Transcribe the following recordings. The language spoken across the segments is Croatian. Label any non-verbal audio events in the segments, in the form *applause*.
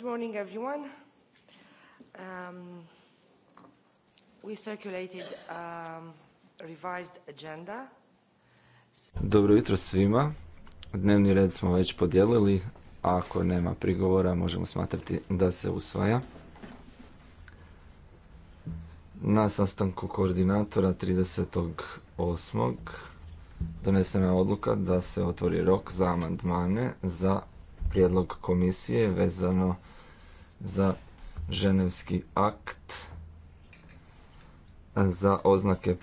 Good morning, everyone. Um, we circulated um, revised agenda. Dobro jutro svima. Dnevni red smo već podijelili. Ako nema prigovora, možemo smatrati da se usvaja. Na sastanku koordinatora 38. donesena je odluka da se otvori rok za amandmane za prijedlog komisije vezano za ženevski akt za oznake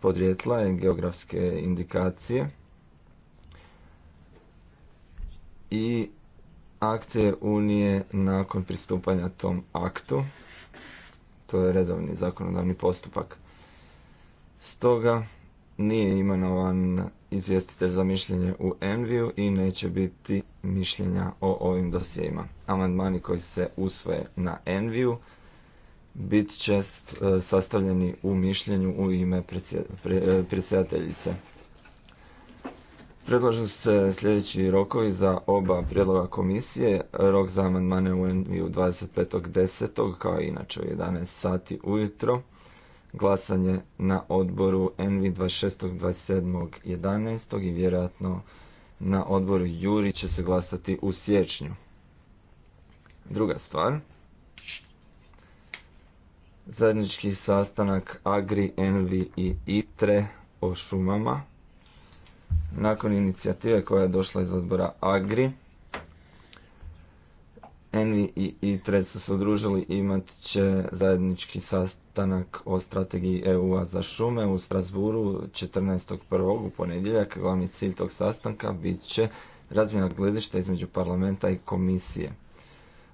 podrijetla i geografske indikacije i akcije Unije nakon pristupanja tom aktu. To je redovni zakonodavni postupak. Stoga nije imenovan izvjestitelj za mišljenje u Enviju i neće biti mišljenja o ovim dosijima. Amandmani koji se usvoje na Enviju bit će e, sastavljeni u mišljenju u ime e, predsjedateljice. Predlažu se sljedeći rokovi za oba prijedloga komisije. Rok za amandmane u Enviju 25.10. kao i inače u 11 sati ujutro glasanje na odboru Envi 26. 11. i vjerojatno na odboru Juri će se glasati u siječnju. Druga stvar, zajednički sastanak Agri, Envi i ITRE o šumama. Nakon inicijative koja je došla iz odbora Agri, Envi i ITRE su se udružili i imat će zajednički sastanak o strategiji EU-a za šume u Strasburu 14.1. u ponedjeljak. Glavni cilj tog sastanka bit će razmjena gledišta između parlamenta i komisije.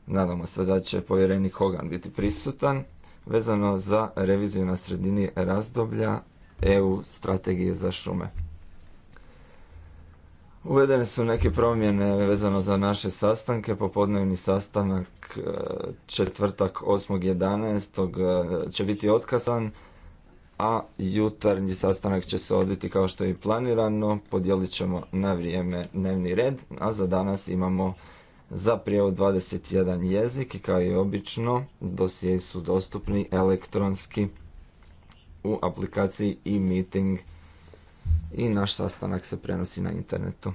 Nadamo se da će povjerenik Hogan biti prisutan vezano za reviziju na sredini razdoblja EU strategije za šume. Uvedene su neke promjene vezano za naše sastanke, popodnevni sastanak e, četvrtak 8.11. E, će biti otkazan, a jutarnji sastanak će se odviti kao što je i planirano, podijelit ćemo na vrijeme dnevni red, a za danas imamo za prijevod 21 jezik i kao i obično dosjei su dostupni elektronski u aplikaciji i meeting i naš sastanak se prenosi na internetu.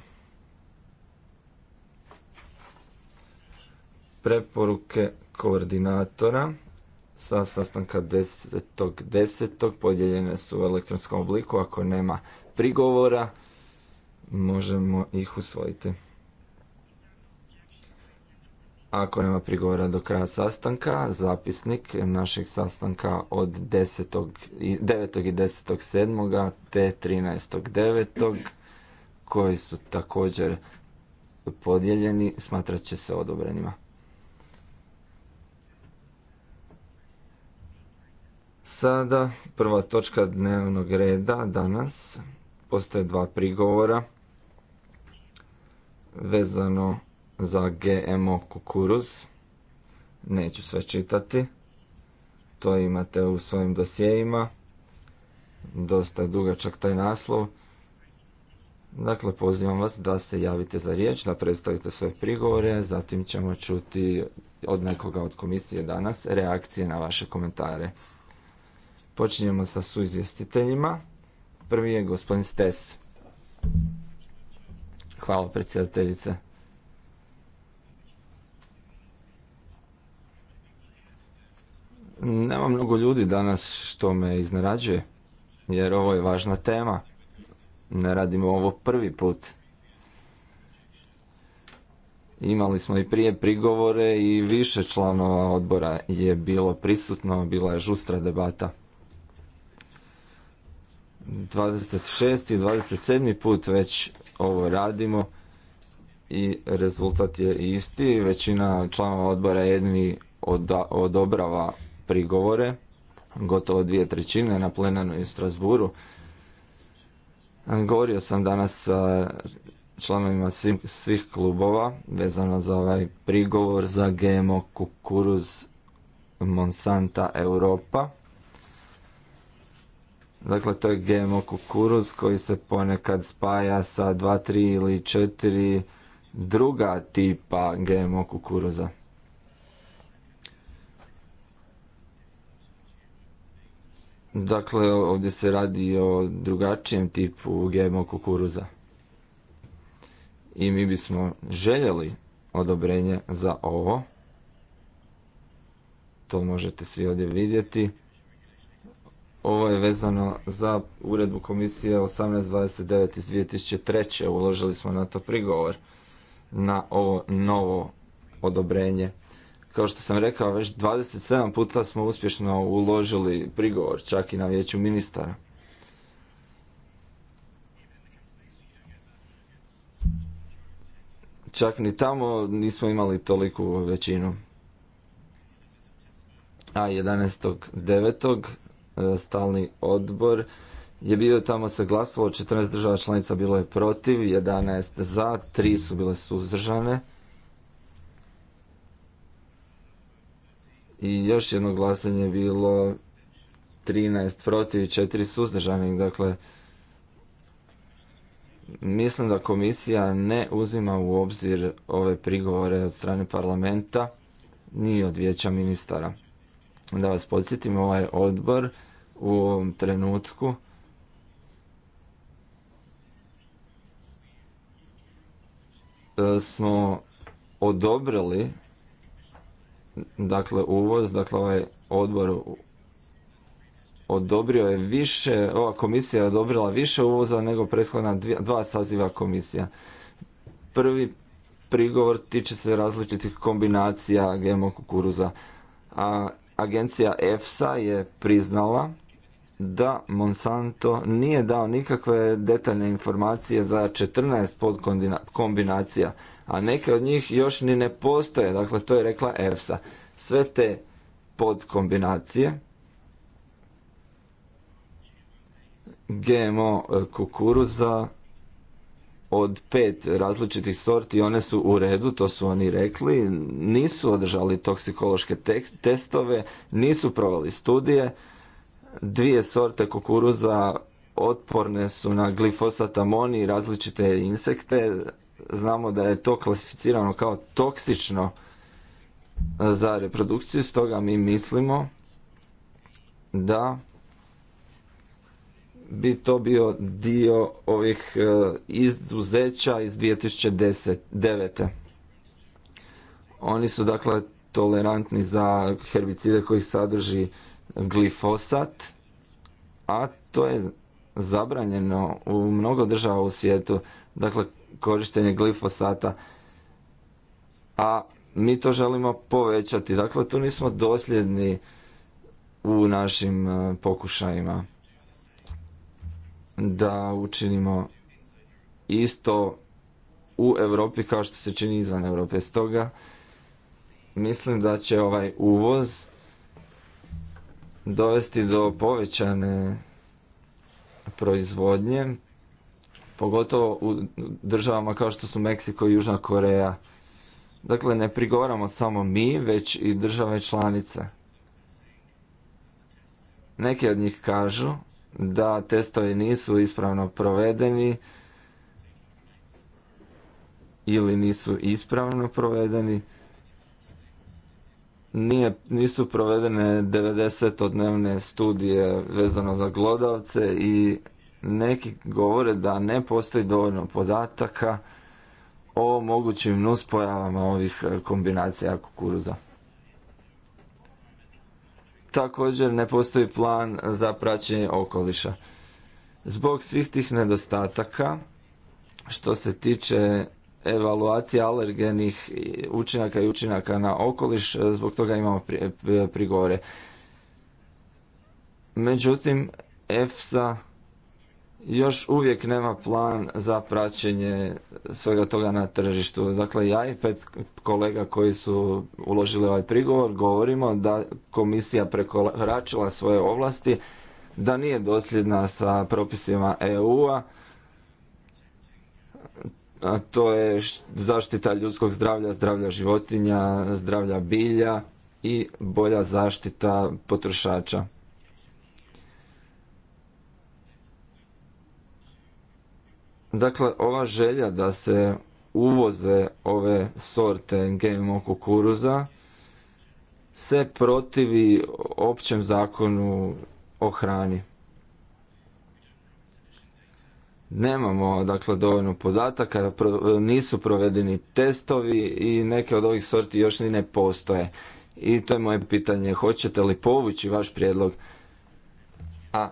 Preporuke koordinatora sa sastanka 10.10. podijeljene su u elektronskom obliku. Ako nema prigovora, možemo ih usvojiti. Ako nema prigovora do kraja sastanka, zapisnik našeg sastanka od 10. 9. i sedmoga te 13.9. koji su također podijeljeni smatrat će se odobrenima. Sada prva točka dnevnog reda danas. Postoje dva prigovora vezano za GMO kukuruz. Neću sve čitati. To imate u svojim dosjejima. Dosta je dugačak taj naslov. Dakle, pozivam vas da se javite za riječ, da predstavite svoje prigovore, zatim ćemo čuti od nekoga od komisije danas reakcije na vaše komentare. Počinjemo sa suizvjestiteljima. Prvi je gospodin Stes. Hvala predsjedateljice. Nema mnogo ljudi danas što me iznenađuje, jer ovo je važna tema. Ne radimo ovo prvi put. Imali smo i prije prigovore i više članova odbora je bilo prisutno, bila je žustra debata. 26. i 27. put već ovo radimo i rezultat je isti. Većina članova odbora jedni odobrava prigovore, gotovo dvije trećine na plenarnu i Strasburu. Govorio sam danas sa članovima svih klubova vezano za ovaj prigovor za GMO kukuruz Monsanta Europa. Dakle, to je GMO kukuruz koji se ponekad spaja sa 2, 3 ili četiri druga tipa GMO kukuruza. Dakle, ovdje se radi o drugačijem tipu GMO kukuruza. I mi bismo željeli odobrenje za ovo. To možete svi ovdje vidjeti. Ovo je vezano za uredbu komisije 1829 iz 2003. Uložili smo na to prigovor na ovo novo odobrenje kao što sam rekao, već 27 puta smo uspješno uložili prigovor, čak i na vijeću ministara. Čak ni tamo nismo imali toliku većinu. A 11.9. E, stalni odbor je bio tamo se glasalo, 14 država članica bilo je protiv, 11 za, 3 su bile suzdržane. i još jedno glasanje bilo 13 protiv i 4 suzdržanih. Dakle, mislim da komisija ne uzima u obzir ove prigovore od strane parlamenta ni od vijeća ministara. Da vas podsjetim, ovaj odbor u ovom trenutku smo odobrili dakle uvoz, dakle ovaj odbor odobrio je više, ova komisija je odobrila više uvoza nego prethodna dva saziva komisija. Prvi prigovor tiče se različitih kombinacija GMO kukuruza. A agencija EFSA je priznala da Monsanto nije dao nikakve detaljne informacije za 14 podkombinacija, a neke od njih još ni ne postoje, dakle to je rekla EFSA. Sve te podkombinacije GMO e, kukuruza od pet različitih sorti, one su u redu, to su oni rekli, nisu održali toksikološke testove, nisu provali studije, Dvije sorte kukuruza otporne su na glifosat amoni i različite insekte. Znamo da je to klasificirano kao toksično za reprodukciju, stoga mi mislimo da bi to bio dio ovih e, izuzeća iz 2009. Oni su dakle tolerantni za herbicide koji sadrži glifosat, a to je zabranjeno u mnogo država u svijetu, dakle korištenje glifosata, a mi to želimo povećati. Dakle, tu nismo dosljedni u našim e, pokušajima da učinimo isto u Europi kao što se čini izvan Europe. Stoga mislim da će ovaj uvoz dovesti do povećane proizvodnje, pogotovo u državama kao što su Meksiko i Južna Koreja. Dakle, ne prigovaramo samo mi, već i države članice. Neki od njih kažu da testovi nisu ispravno provedeni ili nisu ispravno provedeni nije, nisu provedene 90-odnevne studije vezano za glodavce i neki govore da ne postoji dovoljno podataka o mogućim nuspojavama ovih e, kombinacija kukuruza. Također ne postoji plan za praćenje okoliša. Zbog svih tih nedostataka, što se tiče evaluacija alergenih učinaka i učinaka na okoliš, e, zbog toga imamo e, prigovore. Međutim, EFSA još uvijek nema plan za praćenje svega toga na tržištu. Dakle, ja i pet kolega koji su uložili ovaj prigovor govorimo da komisija prekoračila svoje ovlasti, da nije dosljedna sa propisima EU-a, a to je zaštita ljudskog zdravlja, zdravlja životinja, zdravlja bilja i bolja zaštita potrošača. Dakle, ova želja da se uvoze ove sorte GMO kukuruza se protivi općem zakonu o hrani nemamo dakle dovoljno podataka, nisu provedeni testovi i neke od ovih sorti još ni ne postoje. I to je moje pitanje, hoćete li povući vaš prijedlog? A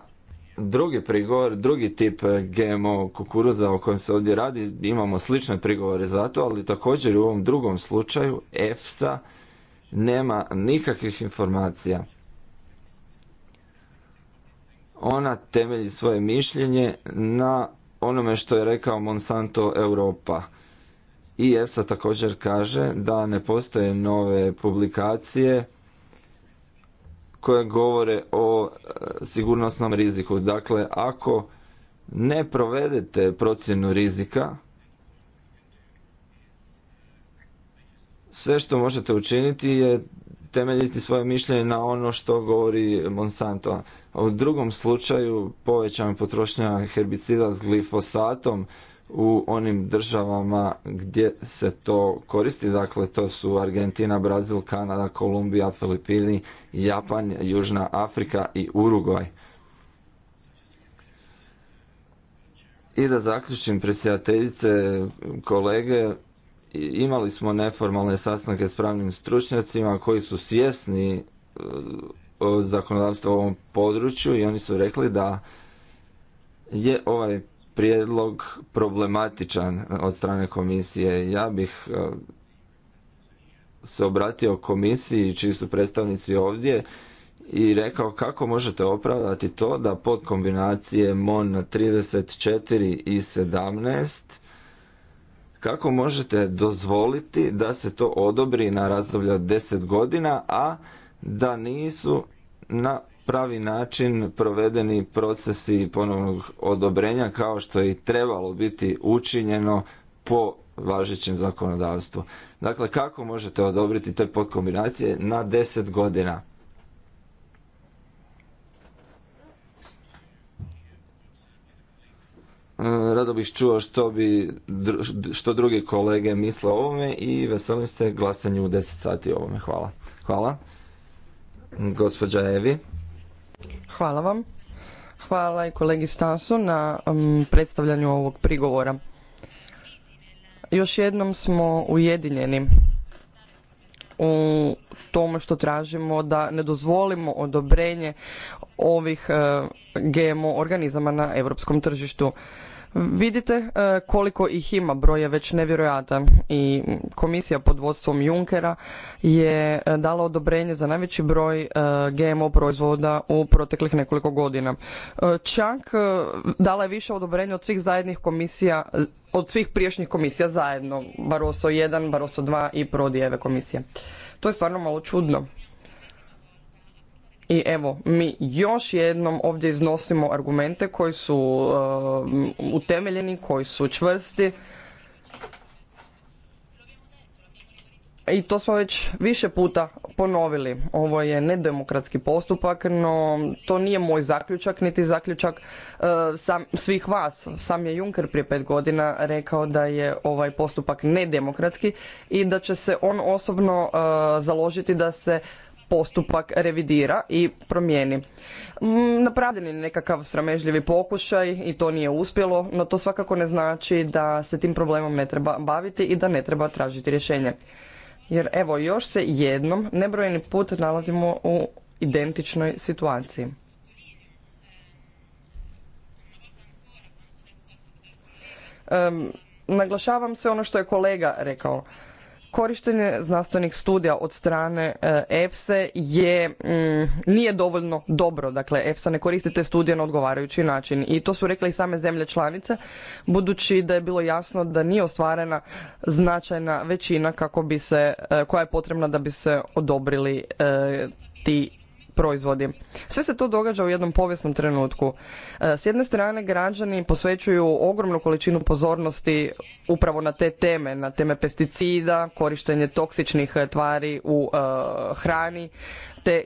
drugi prigovor, drugi tip eh, GMO kukuruza o kojem se ovdje radi, imamo slične prigovore za to, ali također u ovom drugom slučaju EFSA nema nikakvih informacija. Ona temelji svoje mišljenje na onome što je rekao Monsanto Europa. I EFSA također kaže da ne postoje nove publikacije koje govore o e, sigurnosnom riziku. Dakle, ako ne provedete procjenu rizika, sve što možete učiniti je temeljiti svoje mišljenje na ono što govori Monsanto. U drugom slučaju povećana potrošnja herbicida s glifosatom u onim državama gdje se to koristi, dakle to su Argentina, Brazil, Kanada, Kolumbija, Filipini, Japan, Južna Afrika i Urugvaj. I da zaključim predsjedateljice, kolege, imali smo neformalne sastanke s pravnim stručnjacima koji su svjesni e, zakonodavstva u ovom području i oni su rekli da je ovaj prijedlog problematičan od strane komisije. Ja bih e, se obratio komisiji čiji su predstavnici ovdje i rekao kako možete opravdati to da pod kombinacije MON 34 i 17 kako možete dozvoliti da se to odobri na razdoblje od 10 godina, a da nisu na pravi način provedeni procesi ponovnog odobrenja kao što je i trebalo biti učinjeno po važećem zakonodavstvu. Dakle, kako možete odobriti te podkombinacije na 10 godina? E, rado bih čuo što, bi, što drugi kolege misle o ovome i veselim se glasanju u 10 sati o ovome. Hvala. Hvala. Gospođa Evi. Hvala vam. Hvala i kolegi Stasu na predstavljanju ovog prigovora. Još jednom smo ujedinjeni u tome što tražimo da ne dozvolimo odobrenje ovih e, GMO organizama na europskom tržištu. Vidite e, koliko ih ima, broj je već nevjerojatan i komisija pod vodstvom Junckera je e, dala odobrenje za najveći broj e, GMO proizvoda u proteklih nekoliko godina. Čak dala je više odobrenja od svih zajednih komisija od svih prijašnjih komisija zajedno, Baroso 1, Baroso 2 i Prodijeve komisije. To je stvarno malo čudno. I evo, mi još jednom ovdje iznosimo argumente koji su um, utemeljeni, koji su čvrsti. I to smo već više puta ponovili. Ovo je nedemokratski postupak, no to nije moj zaključak, niti zaključak uh, sam, svih vas. Sam je Juncker prije pet godina rekao da je ovaj postupak nedemokratski i da će se on osobno uh, založiti da se postupak revidira i promijeni. Mm, napravljen je nekakav sramežljivi pokušaj i to nije uspjelo, no to svakako ne znači da se tim problemom ne treba baviti i da ne treba tražiti rješenje. Jer evo još se jednom nebrojeni put nalazimo u identičnoj situaciji. naglašavam se ono što je kolega rekao korištenje znanstvenih studija od strane e, EFSE je, mm, nije dovoljno dobro. Dakle, EFSA ne koristi te studije na odgovarajući način. I to su rekle i same zemlje članice, budući da je bilo jasno da nije ostvarena značajna većina kako bi se, e, koja je potrebna da bi se odobrili e, ti proizvodi. Sve se to događa u jednom povijesnom trenutku. E, s jedne strane građani posvećuju ogromnu količinu pozornosti upravo na te teme, na teme pesticida, korištenje toksičnih e, tvari u e, hrani te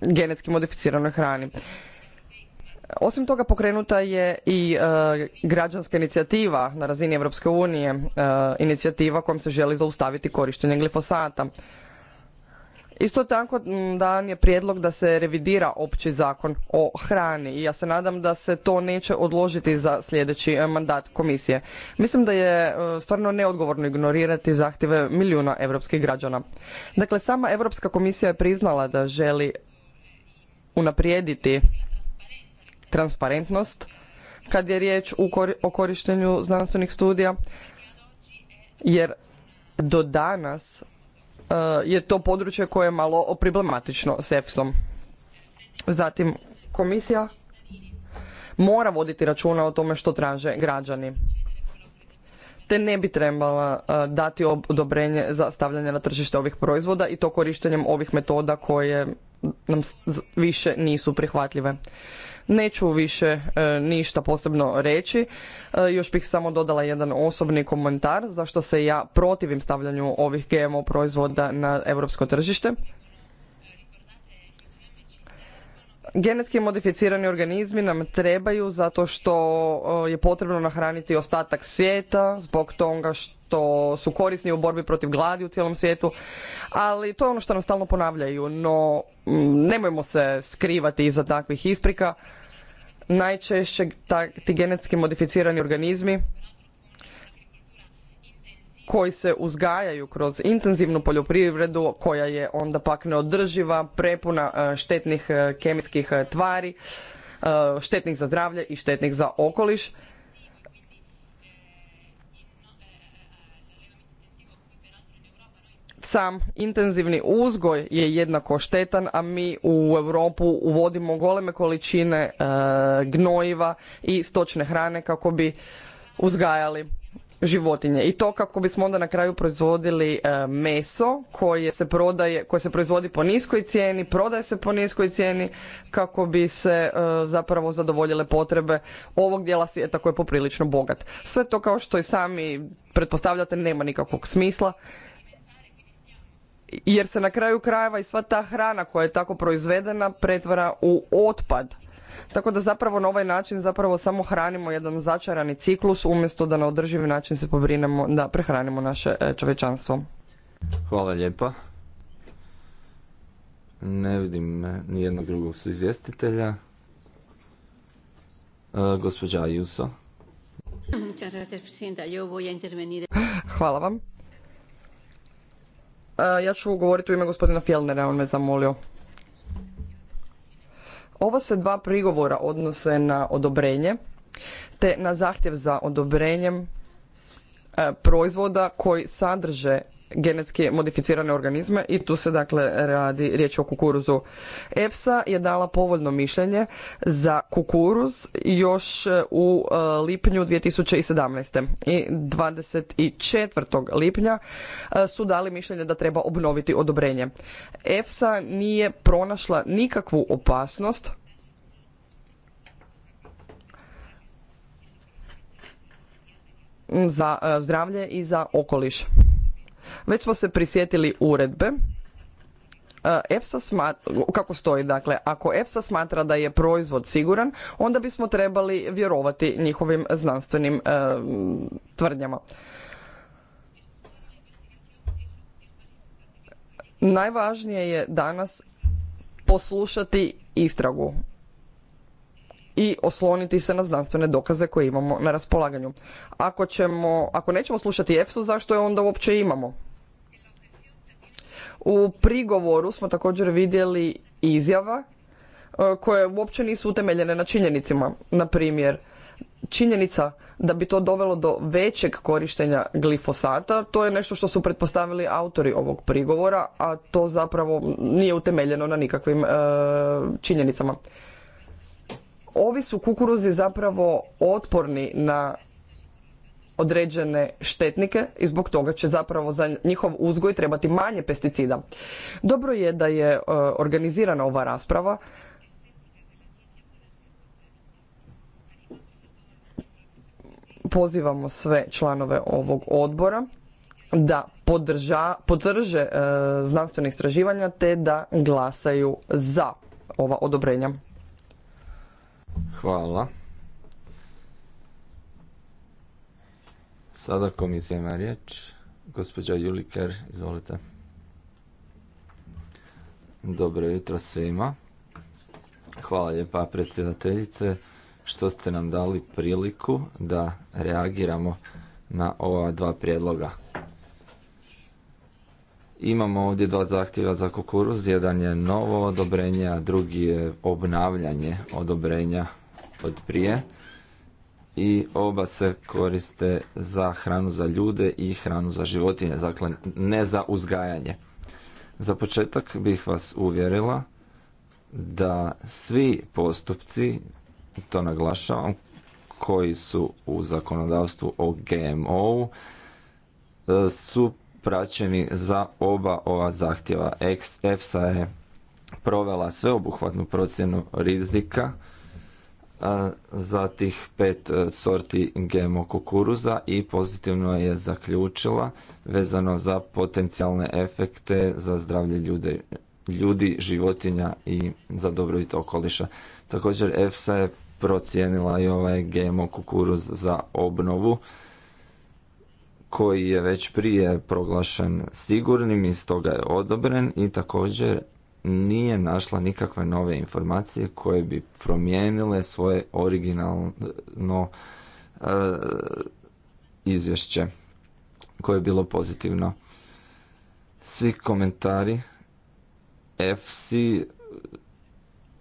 genetski modificiranoj hrani. Osim toga pokrenuta je i građanska inicijativa na razini Europske unije, inicijativa kojom se želi zaustaviti korištenje glifosata. Isto tako mm, dan je prijedlog da se revidira opći zakon o hrani i ja se nadam da se to neće odložiti za sljedeći e, mandat komisije. Mislim da je e, stvarno neodgovorno ignorirati zahtjeve milijuna europskih građana. Dakle, sama Europska komisija je priznala da želi unaprijediti transparentnost kad je riječ o korištenju znanstvenih studija jer do danas Eh, je to područje koje je malo problematično s EFSom. Zatim, komisija mora voditi računa o tome što traže građani te ne bi trebala eh, dati odobrenje za stavljanje na tržište ovih proizvoda i to korištenjem ovih metoda koje nam više nisu prihvatljive. Neću više e, ništa posebno reći. E, još bih samo dodala jedan osobni komentar zašto se ja protivim stavljanju ovih GMO proizvoda na europsko tržište. Genetski modificirani organizmi nam trebaju zato što e, je potrebno nahraniti ostatak svijeta, zbog toga što su korisni u borbi protiv gladi u cijelom svijetu, ali to je ono što nam stalno ponavljaju, no nemojmo se skrivati iza takvih isprika. Najčešće ti genetski modificirani organizmi koji se uzgajaju kroz intenzivnu poljoprivredu koja je onda pak neodrživa, prepuna e, štetnih e, kemijskih e, tvari, štetnih za zdravlje i štetnih za okoliš. sam intenzivni uzgoj je jednako štetan, a mi u Europu uvodimo goleme količine gnojiva i stočne hrane kako bi uzgajali životinje i to kako bismo onda na kraju proizvodili e, meso koje se prodaje, koje se proizvodi po niskoj cijeni, prodaje se po niskoj cijeni kako bi se e, zapravo zadovoljile potrebe ovog dijela svijeta koji je poprilično bogat. Sve to kao što i sami pretpostavljate nema nikakvog smisla jer se na kraju krajeva i sva ta hrana koja je tako proizvedena pretvara u otpad tako da zapravo na ovaj način zapravo samo hranimo jedan začarani ciklus umjesto da na održivi način se pobrinemo da prehranimo naše e, čovečanstvo. Hvala lijepa. Ne vidim e, nijednog drugog su izvjestitelja. E, gospođa Juso. Hvala vam. E, ja ću govoriti u ime gospodina Fjellnera, on me zamolio. Ova se dva prigovora odnose na odobrenje te na zahtjev za odobrenjem e, proizvoda koji sadrže genetski modificirane organizme i tu se dakle radi riječ o kukuruzu. EFSA je dala povoljno mišljenje za kukuruz još e, u e, lipnju 2017. i 24. lipnja e, su dali mišljenje da treba obnoviti odobrenje. EFSA nije pronašla nikakvu opasnost za zdravlje i za okoliš. Već smo se prisjetili uredbe e, EFSA smatra, kako stoji dakle, ako EFSA smatra da je proizvod siguran, onda bismo trebali vjerovati njihovim znanstvenim e, tvrdnjama. Najvažnije je danas poslušati istragu i osloniti se na znanstvene dokaze koje imamo na raspolaganju. Ako, ćemo, ako nećemo slušati EFSU, zašto je onda uopće imamo? U prigovoru smo također vidjeli izjava e, koje uopće nisu utemeljene na činjenicima. Na primjer, činjenica da bi to dovelo do većeg korištenja glifosata, to je nešto što su pretpostavili autori ovog prigovora, a to zapravo nije utemeljeno na nikakvim e, činjenicama ovi su kukuruzi zapravo otporni na određene štetnike i zbog toga će zapravo za njihov uzgoj trebati manje pesticida. Dobro je da je e, organizirana ova rasprava. Pozivamo sve članove ovog odbora da podrže znanstvenih znanstvene istraživanja te da glasaju za ova odobrenja. Hvala. Sada komisija ima riječ. Gospođa Juliker, izvolite. Dobro jutro svima. Hvala lijepa predsjedateljice što ste nam dali priliku da reagiramo na ova dva prijedloga Imamo ovdje dva zahtjeva za kukuruz, jedan je novo odobrenje, a drugi je obnavljanje odobrenja od prije. I oba se koriste za hranu za ljude i hranu za životinje, dakle ne za uzgajanje. Za početak bih vas uvjerila da svi postupci, to naglašavam, koji su u zakonodavstvu o GMO e, su praćeni za oba ova zahtjeva. EFSA je provela sveobuhvatnu procjenu rizika za tih pet e, sorti GMO kukuruza i pozitivno je zaključila vezano za potencijalne efekte za zdravlje ljude, ljudi, životinja i za dobrobit okoliša. Također EFSA je procijenila i ovaj GMO kukuruz za obnovu koji je već prije proglašen sigurnim i stoga je odobren i također nije našla nikakve nove informacije koje bi promijenile svoje originalno e, izvješće koje je bilo pozitivno. Svi komentari FC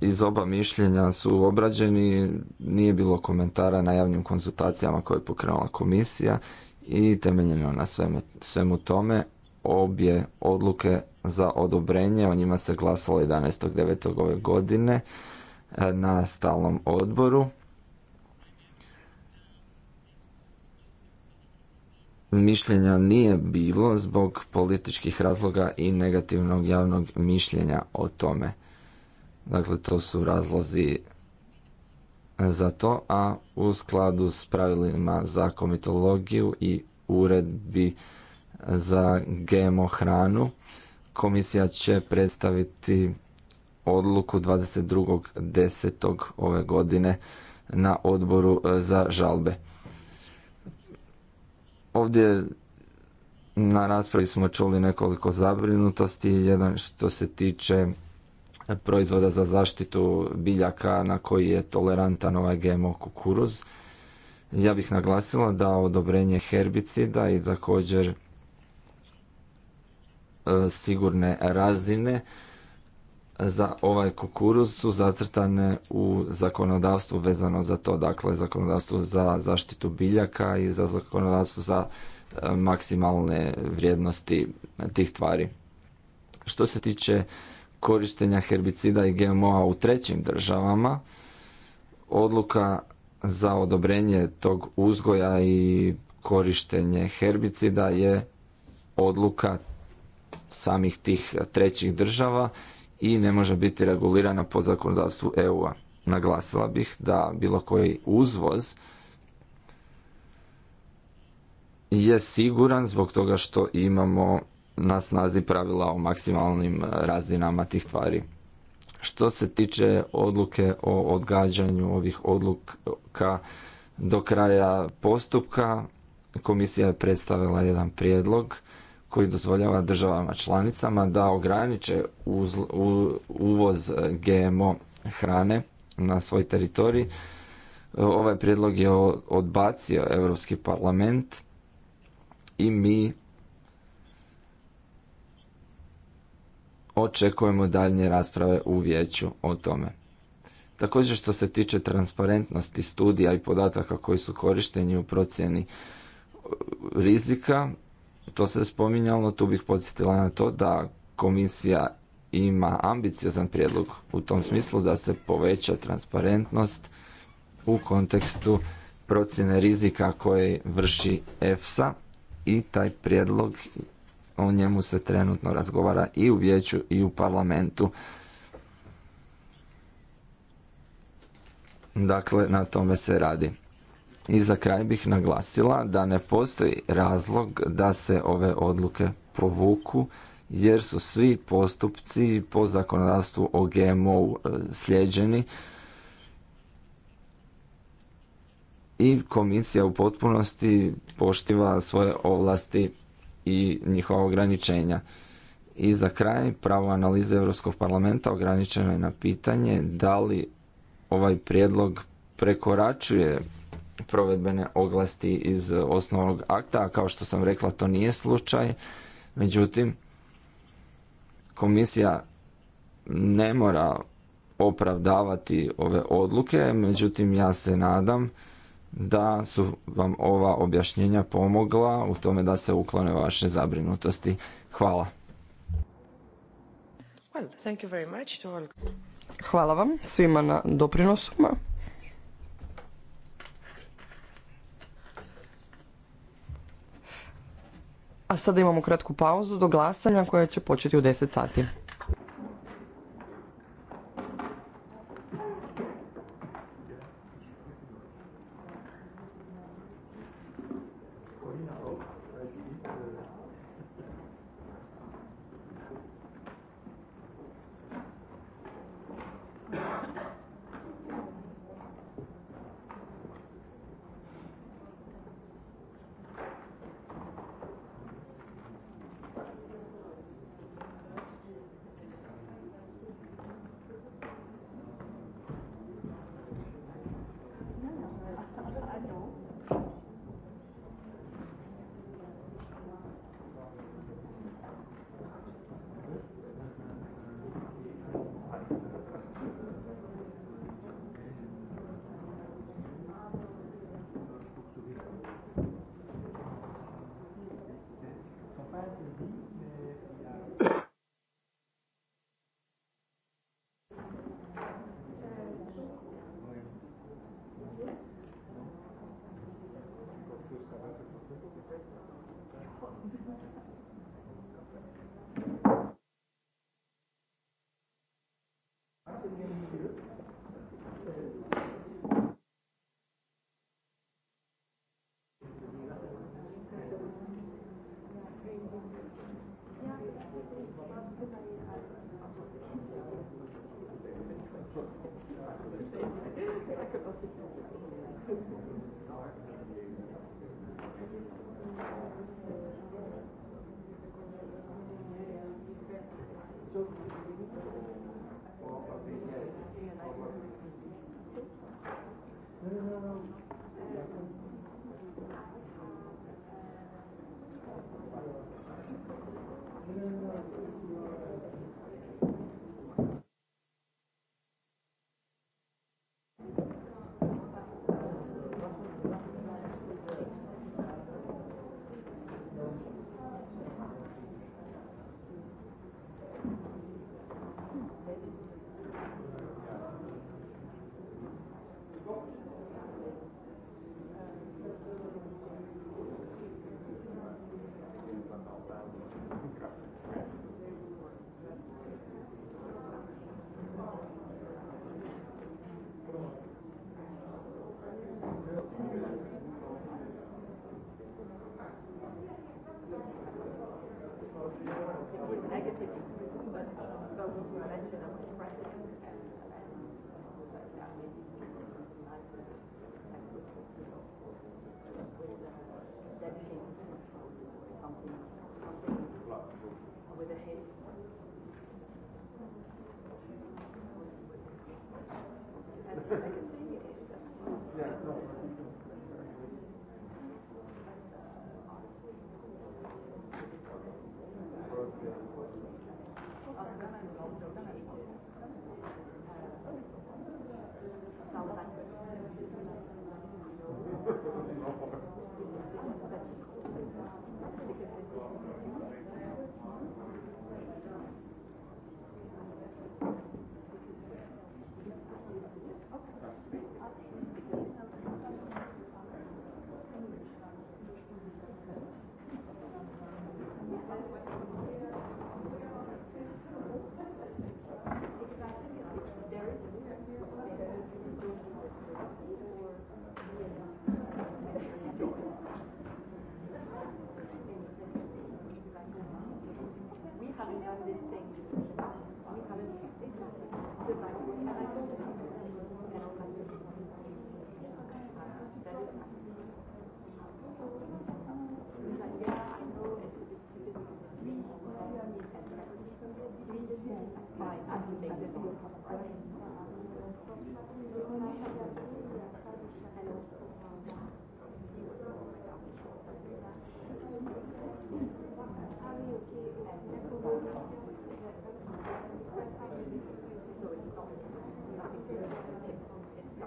iz oba mišljenja su obrađeni, nije bilo komentara na javnim konzultacijama koje je pokrenula komisija i temeljeno na svemu, svemu tome obje odluke za odobrenje, o njima se glasalo 11.9. ove godine e, na stalnom odboru. Mišljenja nije bilo zbog političkih razloga i negativnog javnog mišljenja o tome. Dakle, to su razlozi za to, a u skladu s pravilima za komitologiju i uredbi za GMO hranu, komisija će predstaviti odluku 22.10. ove godine na odboru e, za žalbe. Ovdje na raspravi smo čuli nekoliko zabrinutosti, jedan što se tiče proizvoda za zaštitu biljaka na koji je tolerantan ovaj GMO kukuruz. Ja bih naglasila da odobrenje herbicida i također e, sigurne razine za ovaj kukuruz su zacrtane u zakonodavstvu vezano za to, dakle zakonodavstvu za zaštitu biljaka i za zakonodavstvu za e, maksimalne vrijednosti tih tvari. Što se tiče korištenja herbicida i GMO-a u trećim državama, odluka za odobrenje tog uzgoja i korištenje herbicida je odluka samih tih trećih država i ne može biti regulirana po zakonodavstvu EU-a. Naglasila bih da bilo koji uzvoz je siguran zbog toga što imamo na snazi pravila o maksimalnim e, razinama tih tvari. Što se tiče odluke o odgađanju ovih odluka do kraja postupka, komisija je predstavila jedan prijedlog koji dozvoljava državama članicama da ograniče uvoz GMO hrane na svoj teritorij. E, ovaj prijedlog je odbacio Europski parlament i mi očekujemo daljnje rasprave u vijeću o tome. Također što se tiče transparentnosti studija i podataka koji su korišteni u procjeni e, rizika, to se spominjalo, tu bih podsjetila na to da komisija ima ambiciozan prijedlog u tom smislu da se poveća transparentnost u kontekstu procjene rizika koje vrši EFSA i taj prijedlog o njemu se trenutno razgovara i u vijeću i u parlamentu. Dakle, na tome se radi. I za kraj bih naglasila da ne postoji razlog da se ove odluke povuku jer su svi postupci po zakonodavstvu o GMO e, slijeđeni i komisija u potpunosti poštiva svoje ovlasti i njihova ograničenja. I za kraj, pravo analize Europskog parlamenta ograničeno je na pitanje da li ovaj prijedlog prekoračuje provedbene oglasti iz osnovnog akta, a kao što sam rekla to nije slučaj. Međutim, komisija ne mora opravdavati ove odluke, međutim ja se nadam da su vam ova objašnjenja pomogla u tome da se uklone vaše zabrinutosti. Hvala. Hvala vam svima na doprinosima. A sada imamo kratku pauzu do glasanja koja će početi u 10 sati.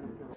Hvala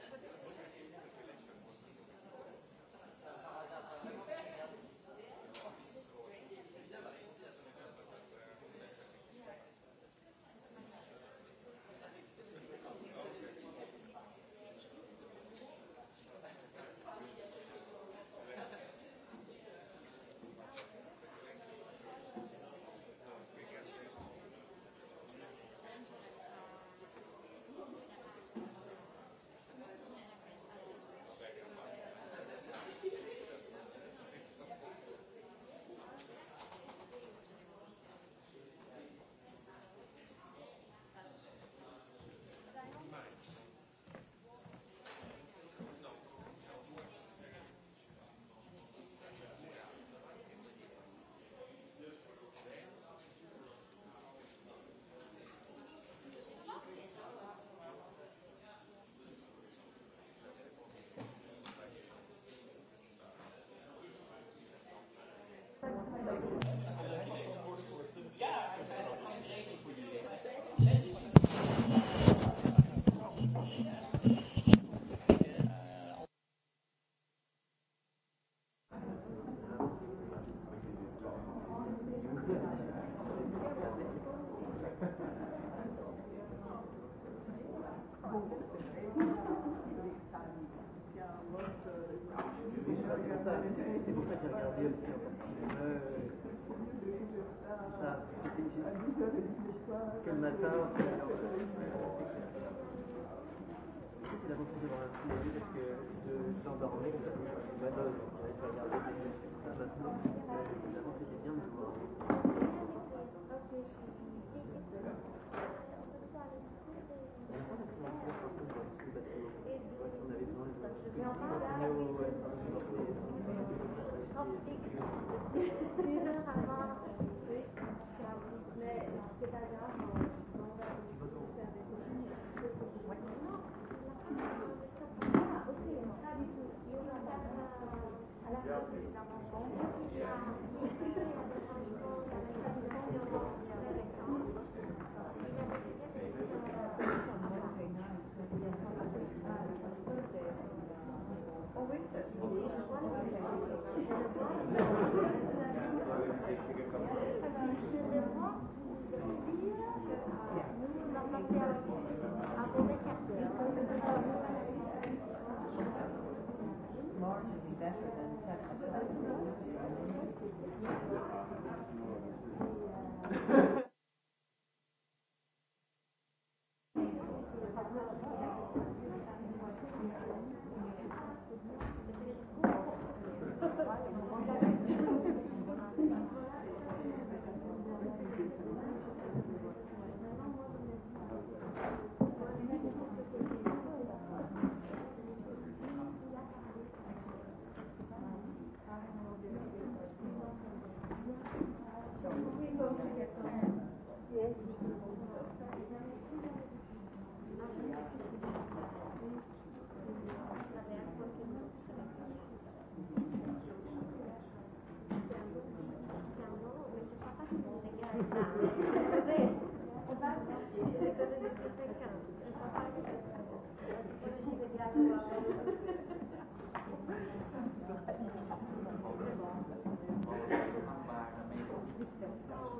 Hvala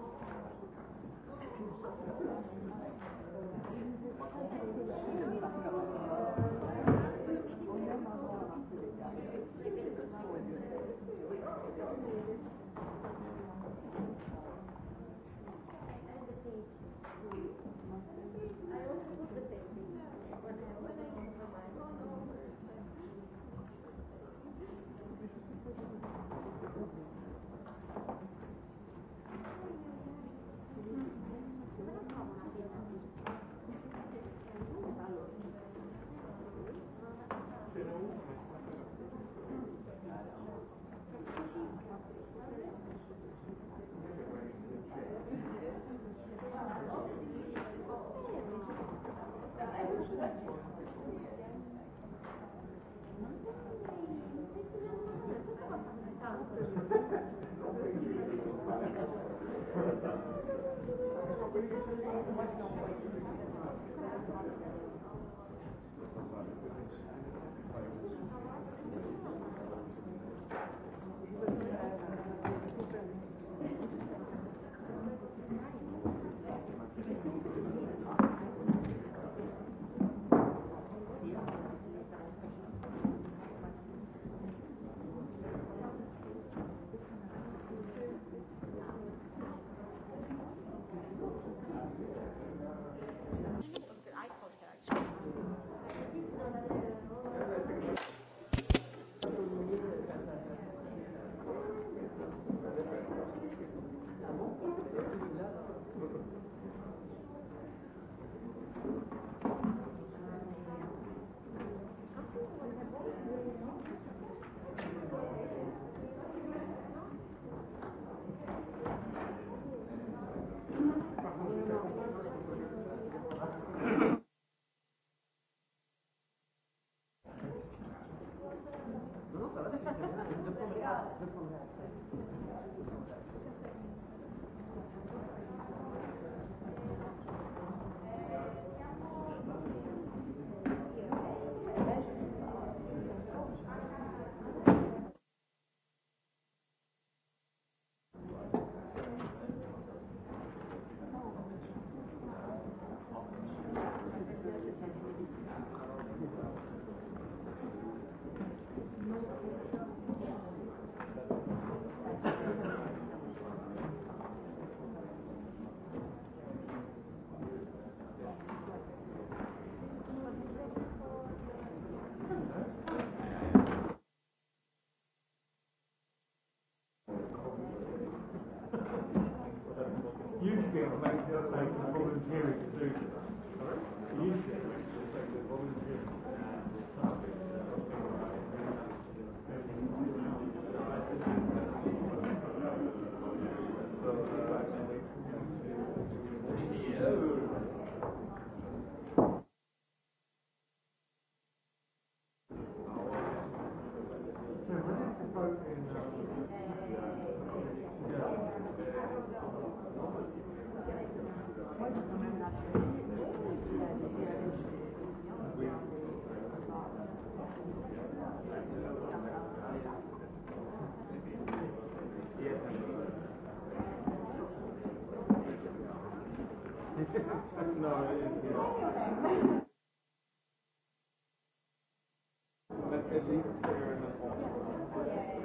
least they're in the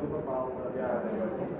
dobro pao mora da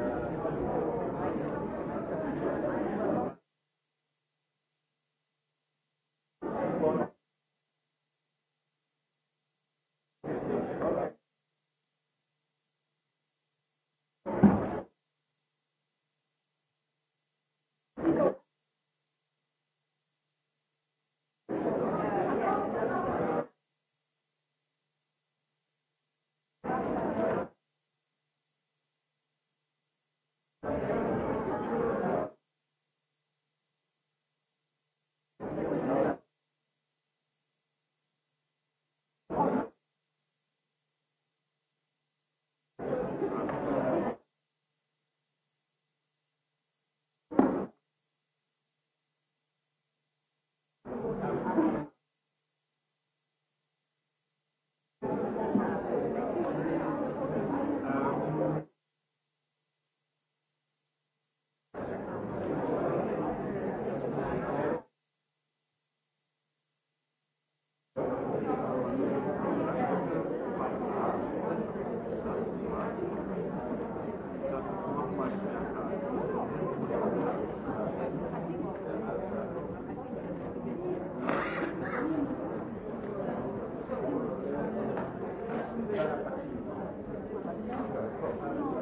Hvala Oh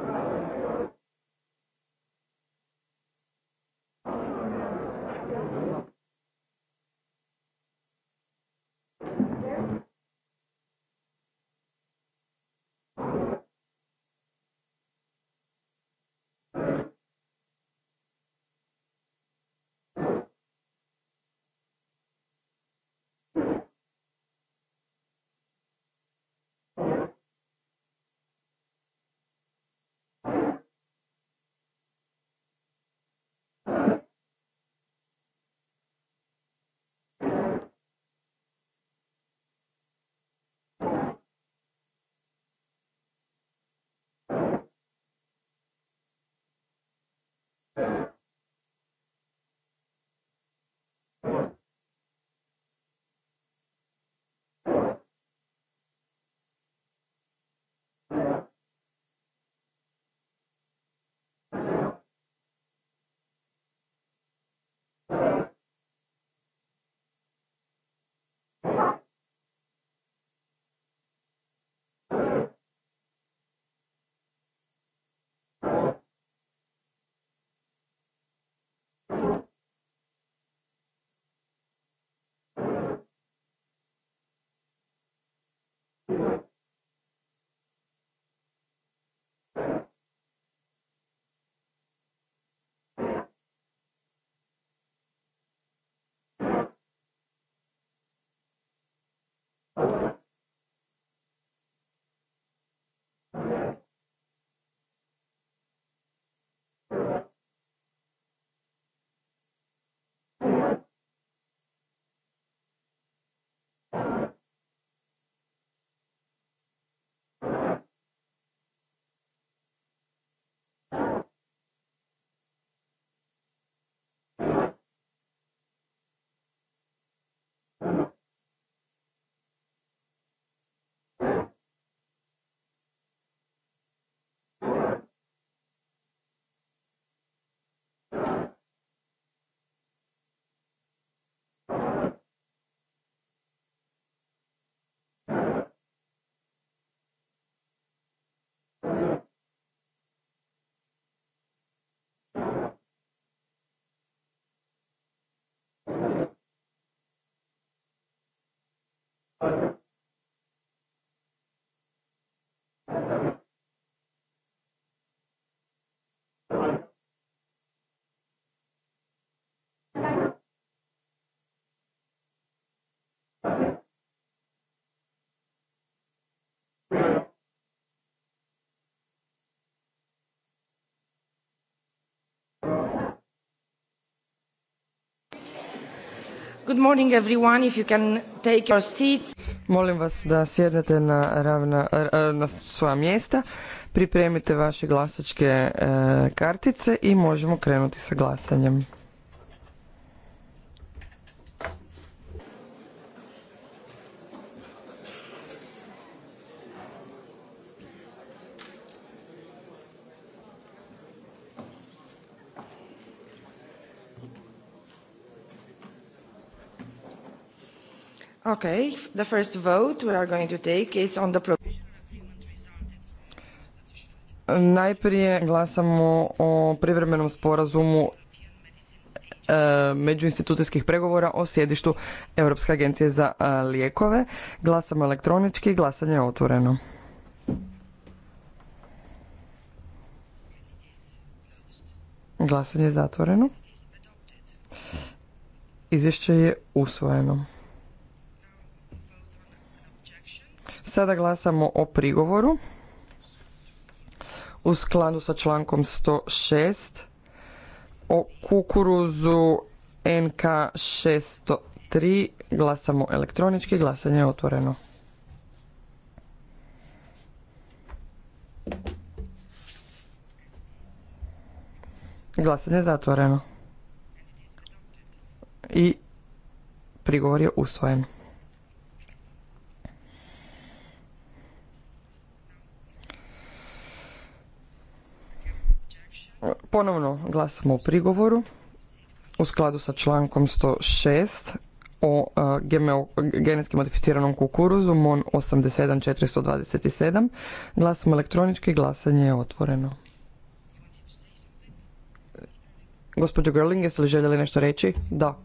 me Good morning everyone, if you can take your seats. Molim vas da sjednete na, ravna, na svoja mjesta, pripremite vaše glasačke e, kartice i možemo krenuti sa glasanjem. Okay, the first vote we are going to take on the Najprije glasamo o privremenom sporazumu e, međuinstitucijskih pregovora o sjedištu Europske agencije za e, lijekove. Glasamo elektronički, glasanje je otvoreno. Glasanje je zatvoreno. Izvješće je usvojeno. Sada glasamo o prigovoru. U skladu sa člankom 106 o kukuruzu NK 603 glasamo elektronički, glasanje je otvoreno. Glasanje je zatvoreno. I prigovor je usvojen. Ponovno glasamo o prigovoru u skladu sa člankom 106 o e, genetski modificiranom kukuruzu MON 87427. Glasamo elektronički, glasanje je otvoreno. Gospođo Gerling, jeste li željeli nešto reći? Da.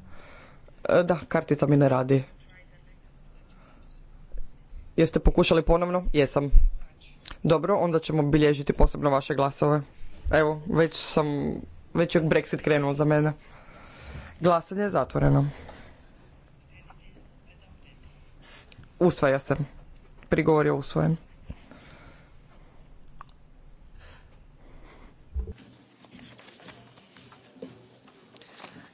E, da, kartica mi ne radi. Jeste pokušali ponovno? Jesam. Dobro, onda ćemo bilježiti posebno vaše glasove. Evo, već sam, već je Brexit krenuo za mene. Glasanje je zatvoreno. Usvaja se. Prigovor je usvojen.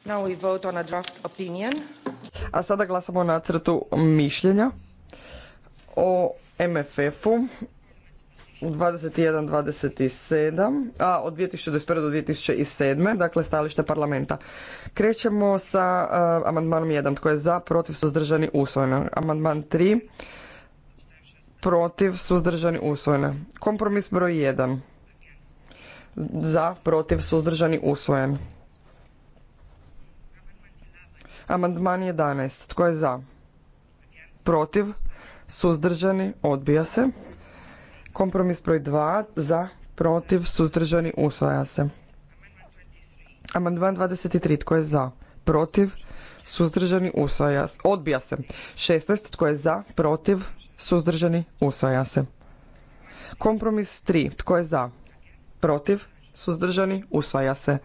Now we vote on a draft A sada glasamo na crtu mišljenja o MFF-u 21-27, a od 2021. do 2007. dakle stajalište parlamenta. Krećemo sa uh, amandmanom 1, tko je za, protiv, suzdržani, usvojeno. Amandman 3, protiv, suzdržani, usvojeno. Kompromis broj 1, za, protiv, suzdržani, usvojen. Amandman 11, tko je za, protiv, suzdržani, odbija se. Kompromis broj 2 za, protiv, suzdržani, usvaja se. Amandman 23. Tko je za? Protiv? Suzdržani? Usvaja se. Odbija se. 16. Tko je za? Protiv? Suzdržani? Usvaja se. Kompromis 3. Tko je za? Protiv? Suzdržani? Usvaja se.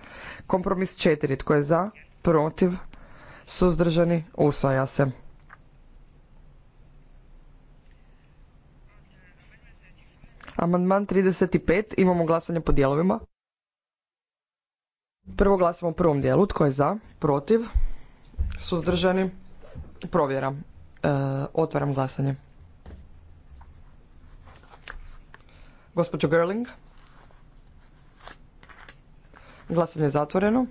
Kompromis 4. Tko je za? Protiv? Suzdržani? Usvaja se. Amandman 35. Imamo glasanje po dijelovima. Prvo glasamo u prvom dijelu. Tko je za? Protiv? Suzdržani? Provjera. E, otvaram glasanje. Gospođo Gerling? Glasanje je zatvoreno.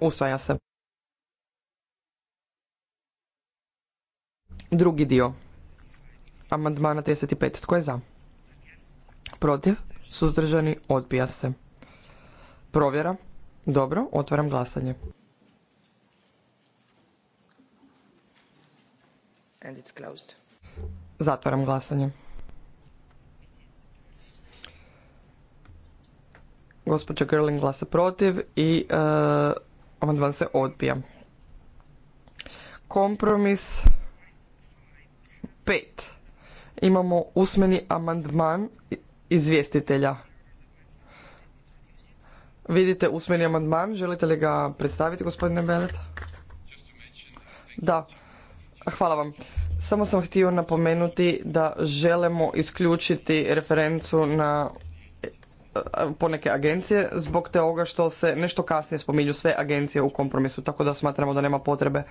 Usvaja se. Drugi dio amandmana 35. Tko je za? Protiv? Suzdržani? Odbija se. Provjera. Dobro, otvaram glasanje. Zatvaram glasanje. Gospođa Gerling glasa protiv i uh, amandman se odbija. Kompromis 5 imamo usmeni amandman izvjestitelja. Vidite usmeni amandman, želite li ga predstaviti gospodine Belet? Da, hvala vam. Samo sam htio napomenuti da želimo isključiti referencu na poneke agencije zbog toga što se nešto kasnije spominju sve agencije u kompromisu, tako da smatramo da nema potrebe e,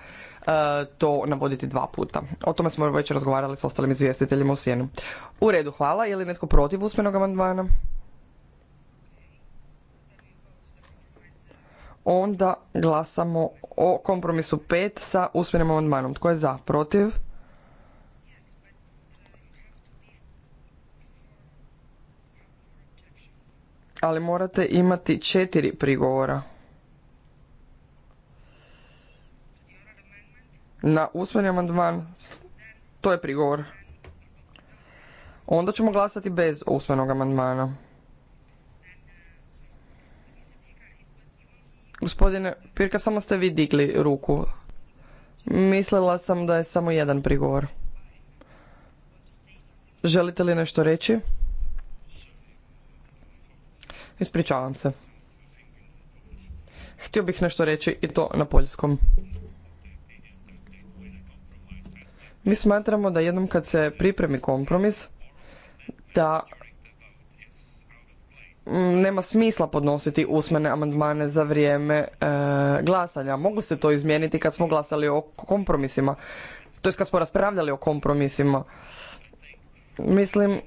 to navoditi dva puta. O tome smo već razgovarali s ostalim izvjestiteljima u sjenu. U redu, hvala. Je li netko protiv usmenog amandmana? Onda glasamo o kompromisu 5 sa usmenim amandmanom. Tko je za? Protiv? ali morate imati četiri prigovora. Na usmeni amandman, to je prigovor. Onda ćemo glasati bez usmenog amandmana. Gospodine Pirka, samo ste vi digli ruku. Mislila sam da je samo jedan prigovor. Želite li nešto reći? Ispričavam se. Htio bih nešto reći i to na poljskom. Mi smatramo da jednom kad se pripremi kompromis, da mm, nema smisla podnositi usmene amandmane za vrijeme e, glasanja. Mogu se to izmijeniti kad smo glasali o kompromisima, to jest kad smo raspravljali o kompromisima. Mislim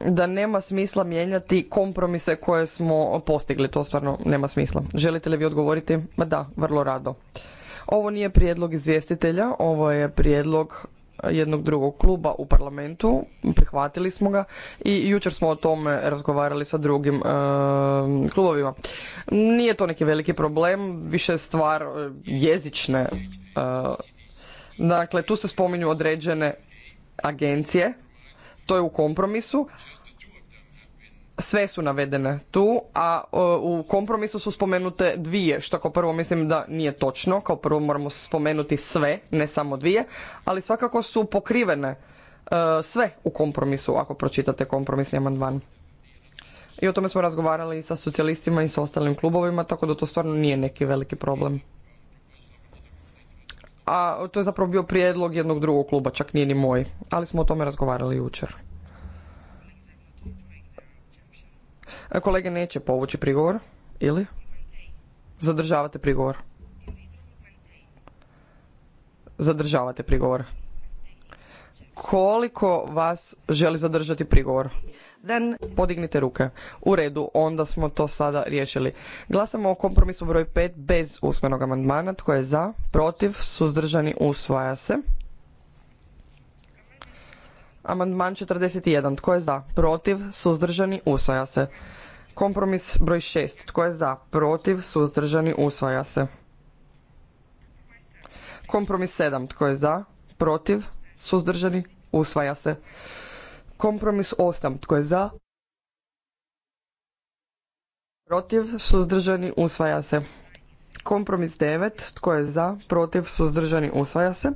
da nema smisla mijenjati kompromise koje smo postigli. To stvarno nema smisla. Želite li vi odgovoriti? Ma da, vrlo rado. Ovo nije prijedlog izvjestitelja, ovo je prijedlog jednog drugog kluba u parlamentu, prihvatili smo ga i jučer smo o tome razgovarali sa drugim e, klubovima. Nije to neki veliki problem, više je stvar e, jezične. E, dakle, tu se spominju određene agencije, to je u kompromisu, sve su navedene tu, a u kompromisu su spomenute dvije, što kao prvo mislim da nije točno, kao prvo moramo spomenuti sve, ne samo dvije, ali svakako su pokrivene e, sve u kompromisu, ako pročitate kompromisni amandman. I o tome smo razgovarali i sa socijalistima i sa ostalim klubovima, tako da to stvarno nije neki veliki problem. A to je zapravo bio prijedlog jednog drugog kluba, čak nije ni moj, ali smo o tome razgovarali jučer. E, kolege neće povući prigovor, ili? Zadržavate prigovor. Zadržavate prigovor. Koliko vas želi zadržati prigovor? Podignite ruke. U redu, onda smo to sada riješili. Glasamo o kompromisu broj 5 bez usmenog amandmana. Tko je za? Protiv? Suzdržani? Usvaja se. Amandman 41. Tko je za? Protiv? Suzdržani? Usvaja se. Kompromis broj 6. Tko je za? Protiv? Suzdržani? Usvaja se. Kompromis 7. Tko je za? Protiv? Suzdržani? Usvaja se. Kompromis 8. Tko je za? Protiv? Suzdržani? Usvaja se. Kompromis 9. Tko je za? Protiv? Suzdržani? Usvaja se.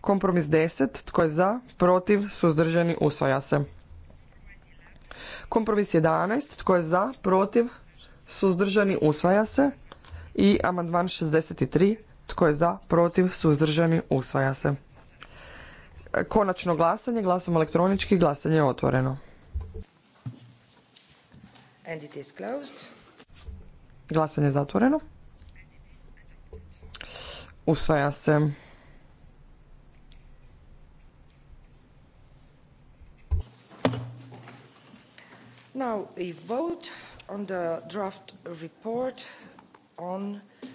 Kompromis 10. Tko je za? Protiv? Suzdržani? Usvaja se. Kompromis 11. Tko je za? Protiv? Suzdržani? Usvaja se. I amandman 63. Tko je za? Protiv? Suzdržani? Usvaja se. Konačno glasanje. Glasamo elektronički. Glasanje je otvoreno. Glasanje je zatvoreno. Usvaja se.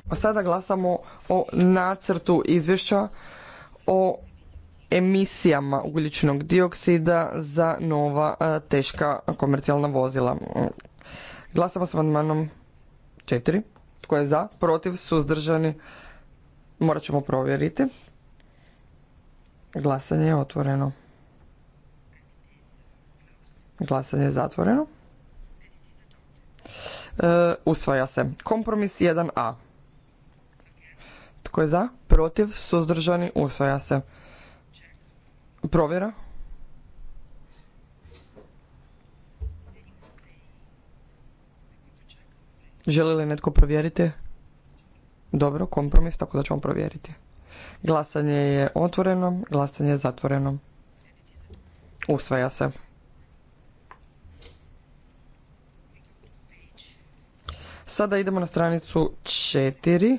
Pa sada glasamo o nacrtu izvješća o emisijama ugljičnog dioksida za nova e, teška komercijalna vozila. Glasamo s amandmanom 4. Tko je za? Protiv? Suzdržani? Morat ćemo provjeriti. Glasanje je otvoreno. Glasanje je zatvoreno. E, usvaja se. Kompromis 1a. Tko je za? Protiv? Suzdržani? Usvaja se. Provjera. Želi li netko provjeriti? Dobro, kompromis, tako da ćemo provjeriti. Glasanje je otvoreno, glasanje je zatvoreno. Usvaja se. Sada idemo na stranicu 4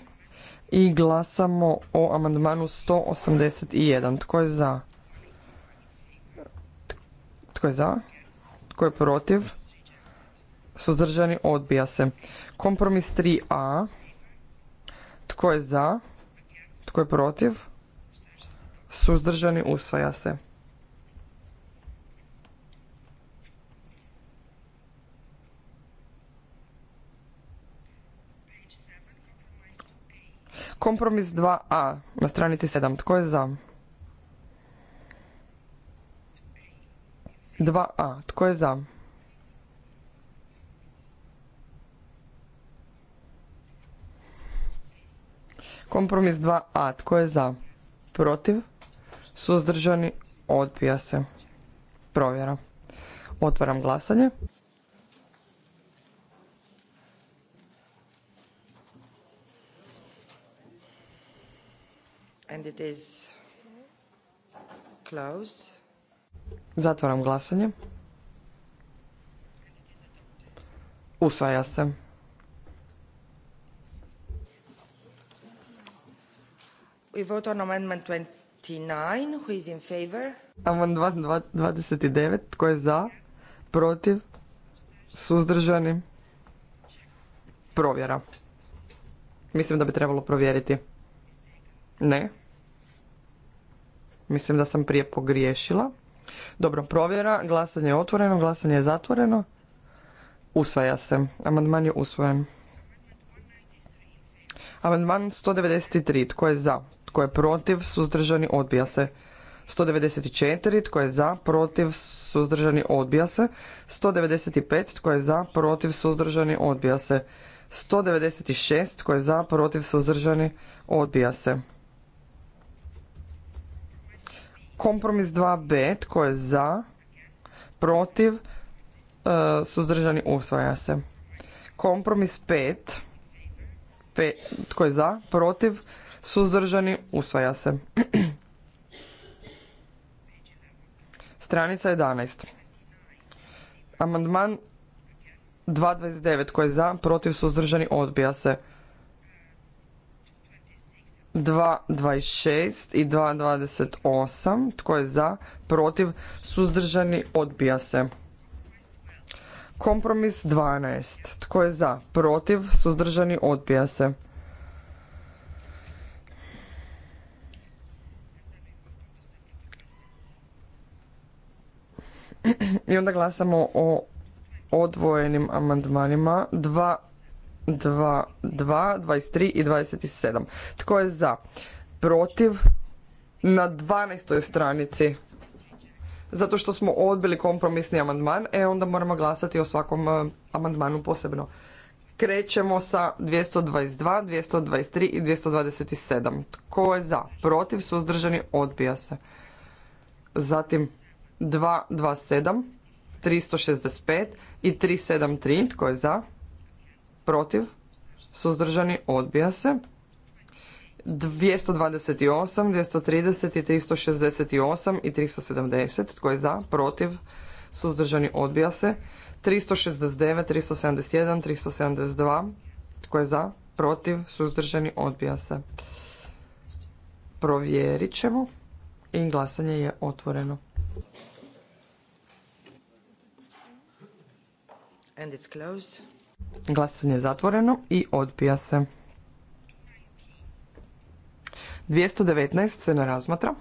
i glasamo o amandmanu 181. Tko je za? Tko je za? Tko je protiv? Suzdržani odbija se. Kompromis 3a. Tko je za? Tko je protiv? Suzdržani usvaja se. Kompromis 2a na stranici 7. Tko je za? 2a. Tko je za? Kompromis 2a. Tko je za? Protiv? Suzdržani? Odbija se. Provjera. Otvaram glasanje. and it is closed. Zatvaram glasanje. Usvaja se. We vote on amendment 29. Who is in favor? Amandman 29. Tko je za? Protiv? Suzdržani? Provjera. Mislim da bi trebalo provjeriti. Ne. Mislim da sam prije pogriješila. Dobro, provjera. Glasanje je otvoreno, glasanje je zatvoreno. Usvaja se. Amandman je usvojen. Amandman 193. Tko je za? Tko je protiv? Suzdržani odbija se. 194. Tko je za? Protiv? Suzdržani odbija se. 195. Tko je za? Protiv? Suzdržani odbija se. 196. Tko je za? Protiv? Suzdržani odbija se. Kompromis 2b, e, tko je za, protiv, suzdržani usvaja se. Kompromis 5, tko je za, protiv, suzdržani usvaja se. Stranica 11. Amandman 229 tko je za, protiv, suzdržani, odbija se. 226 i 228. Tko je za? Protiv? Suzdržani? Odbija se. Kompromis 12. Tko je za? Protiv? Suzdržani? Odbija se. I onda glasamo o odvojenim amandmanima. 2 2, 23 i 27. Tko je za? Protiv? Na 12. stranici. Zato što smo odbili kompromisni amandman, e onda moramo glasati o svakom e, amandmanu posebno. Krećemo sa 222, 223 i 227. Tko je za? Protiv? Suzdržani? Odbija se. Zatim 227, 365 i 373. Tko je za? protiv, suzdržani, odbija se. 228, 230 i 368 i 370. Tko je za? Protiv? Suzdržani odbija se. 369, 371, 372. Tko je za? Protiv? Suzdržani odbija se. Provjerit ćemo. I glasanje je otvoreno. And it's closed. Glasanje je zatvoreno i odbija se. 219 se ne razmatra.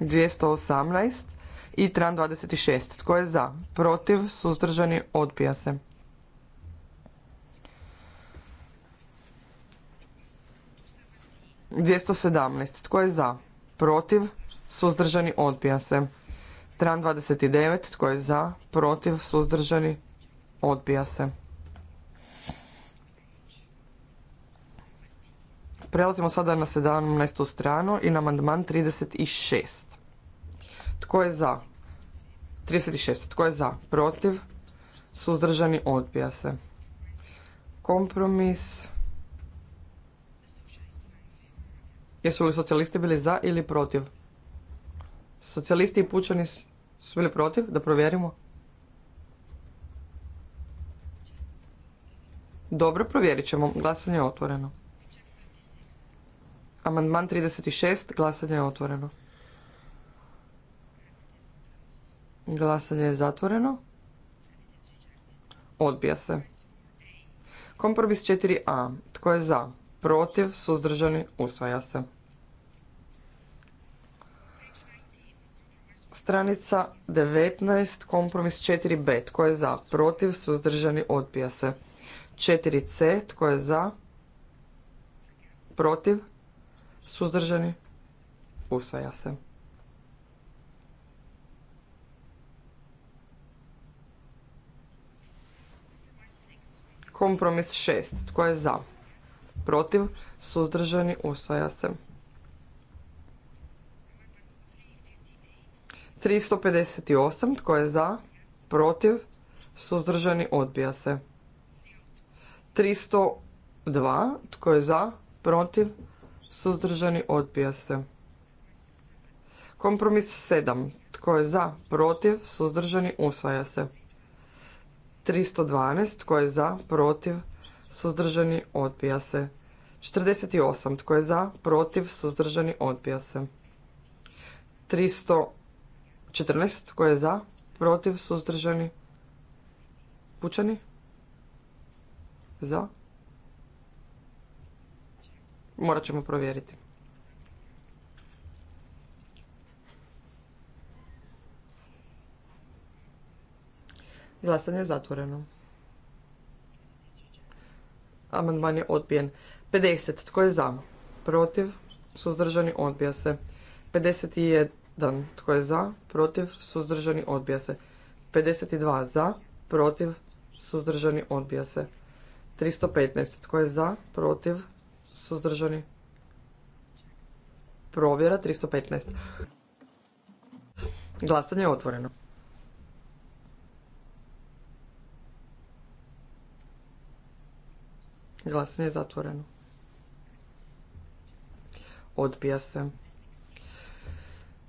218 i tran 26. Tko je za? Protiv, suzdržani, odbija se. Dvjesto Tko je za? Protiv, suzdržani, odbija se. Tran 29. Tko je za? Protiv, suzdržani, Odbija se. Prelazimo sada na 17. stranu i na amandman 36. Tko je za? 36. Tko je za? Protiv? Suzdržani? Odbija se. Kompromis. Jesu li socijalisti bili za ili protiv? Socijalisti i pučani su bili protiv? Da provjerimo. Dobro, provjerit ćemo. Glasanje je otvoreno. Amandman 36. Glasanje je otvoreno. Glasanje je zatvoreno. Odbija se. Kompromis 4a. Tko je za? Protiv? Suzdržani? Usvaja se. Stranica 19. Kompromis 4b. Tko je za? Protiv? Suzdržani? Odbija se. 4C. Tko je za? Protiv? Suzdržani? Usvaja se. Kompromis 6. Tko je za? Protiv? Suzdržani? Usvaja se. 358. Tko je za? Protiv? Suzdržani? Odbija se. 302. Tko je za? Protiv? Suzdržani? Odbija se. Kompromis 7. Tko je za? Protiv? Suzdržani? Usvaja se. 312. Tko je za? Protiv? Suzdržani? Odbija se. 48. Tko je za? Protiv? Suzdržani? Odbija se. 314. Tko je za? Protiv? Suzdržani? Pučani? za. Morat ćemo provjeriti. Glasanje je zatvoreno. Amandman je odbijen. 50. Tko je za? Protiv? Suzdržani? Odbija se. 51. Tko je za? Protiv? Suzdržani? Odbija se. 52. Za? Protiv? Suzdržani? Odbija se. 315. Tko je za? Protiv? Suzdržani? Provjera 315. Glasanje je otvoreno. Glasanje je zatvoreno. Odbija se.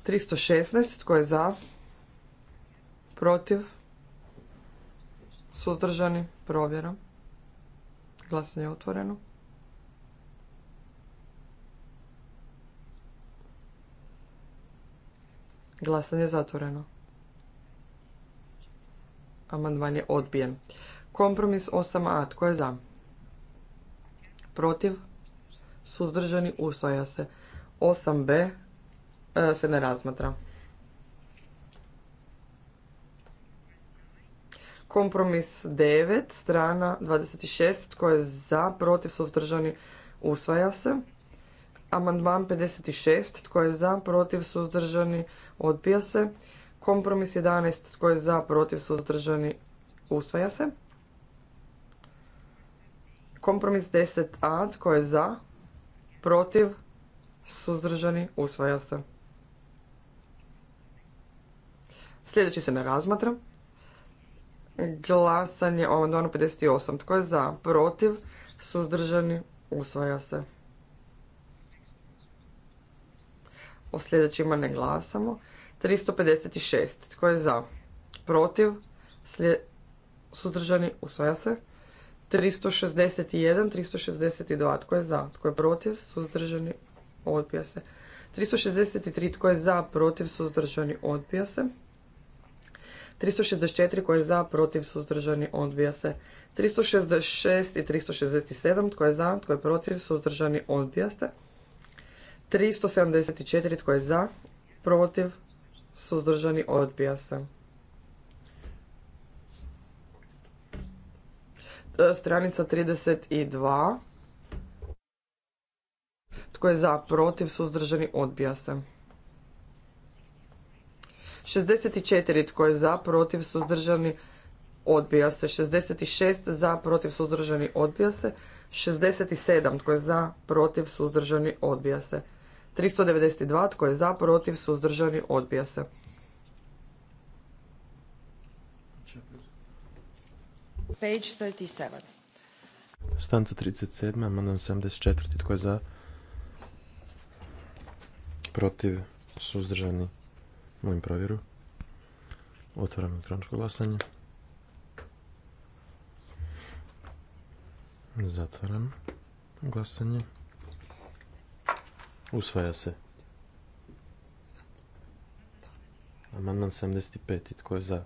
316. Tko je za? Protiv? Suzdržani? Provjera. Glasanje je otvoreno. Glasanje je zatvoreno. Amandman je odbijen. Kompromis 8a. Tko je za? Protiv? Suzdržani usvaja se. 8b e, se ne razmatra. Kompromis 9, strana 26, tko je za, protiv, suzdržani, usvaja se. Amandman 56, tko je za, protiv, suzdržani, odbija se. Kompromis 11, tko je za, protiv, suzdržani, usvaja se. Kompromis 10a, tko je za, protiv, suzdržani, usvaja se. Sljedeći se ne razmatra. Glasanje o amandmanu 58. Tko je za? Protiv? Suzdržani? Usvaja se. O sljedećima ne glasamo. 356. Tko je za? Protiv? Suzdržani? Usvaja se. 361, 362. Tko je za? Tko je protiv? Suzdržani? Odbija se. 363. Tko je za? Protiv? Suzdržani? Odbija se. 364 tko je za, protiv, suzdržani, odbija se. 366 i 367 tko je za, tko je protiv, suzdržani, odbija se. 374 tko je za, protiv, suzdržani, odbija se. E, stranica 32. Tko je za, protiv, suzdržani, odbija se. 64 tko je za, protiv, suzdržani, odbija se. 66 za, protiv, suzdržani, odbija se. 67 tko je za, protiv, suzdržani, odbija se. 392 tko je za, protiv, suzdržani, odbija se. Page 37. Stanca 37, mandan 74. Tko je za? Protiv, suzdržani, Molim provjeru. Otvaram elektroničko glasanje. Zatvaram glasanje. Usvaja se. Amandman 75. Tko je za?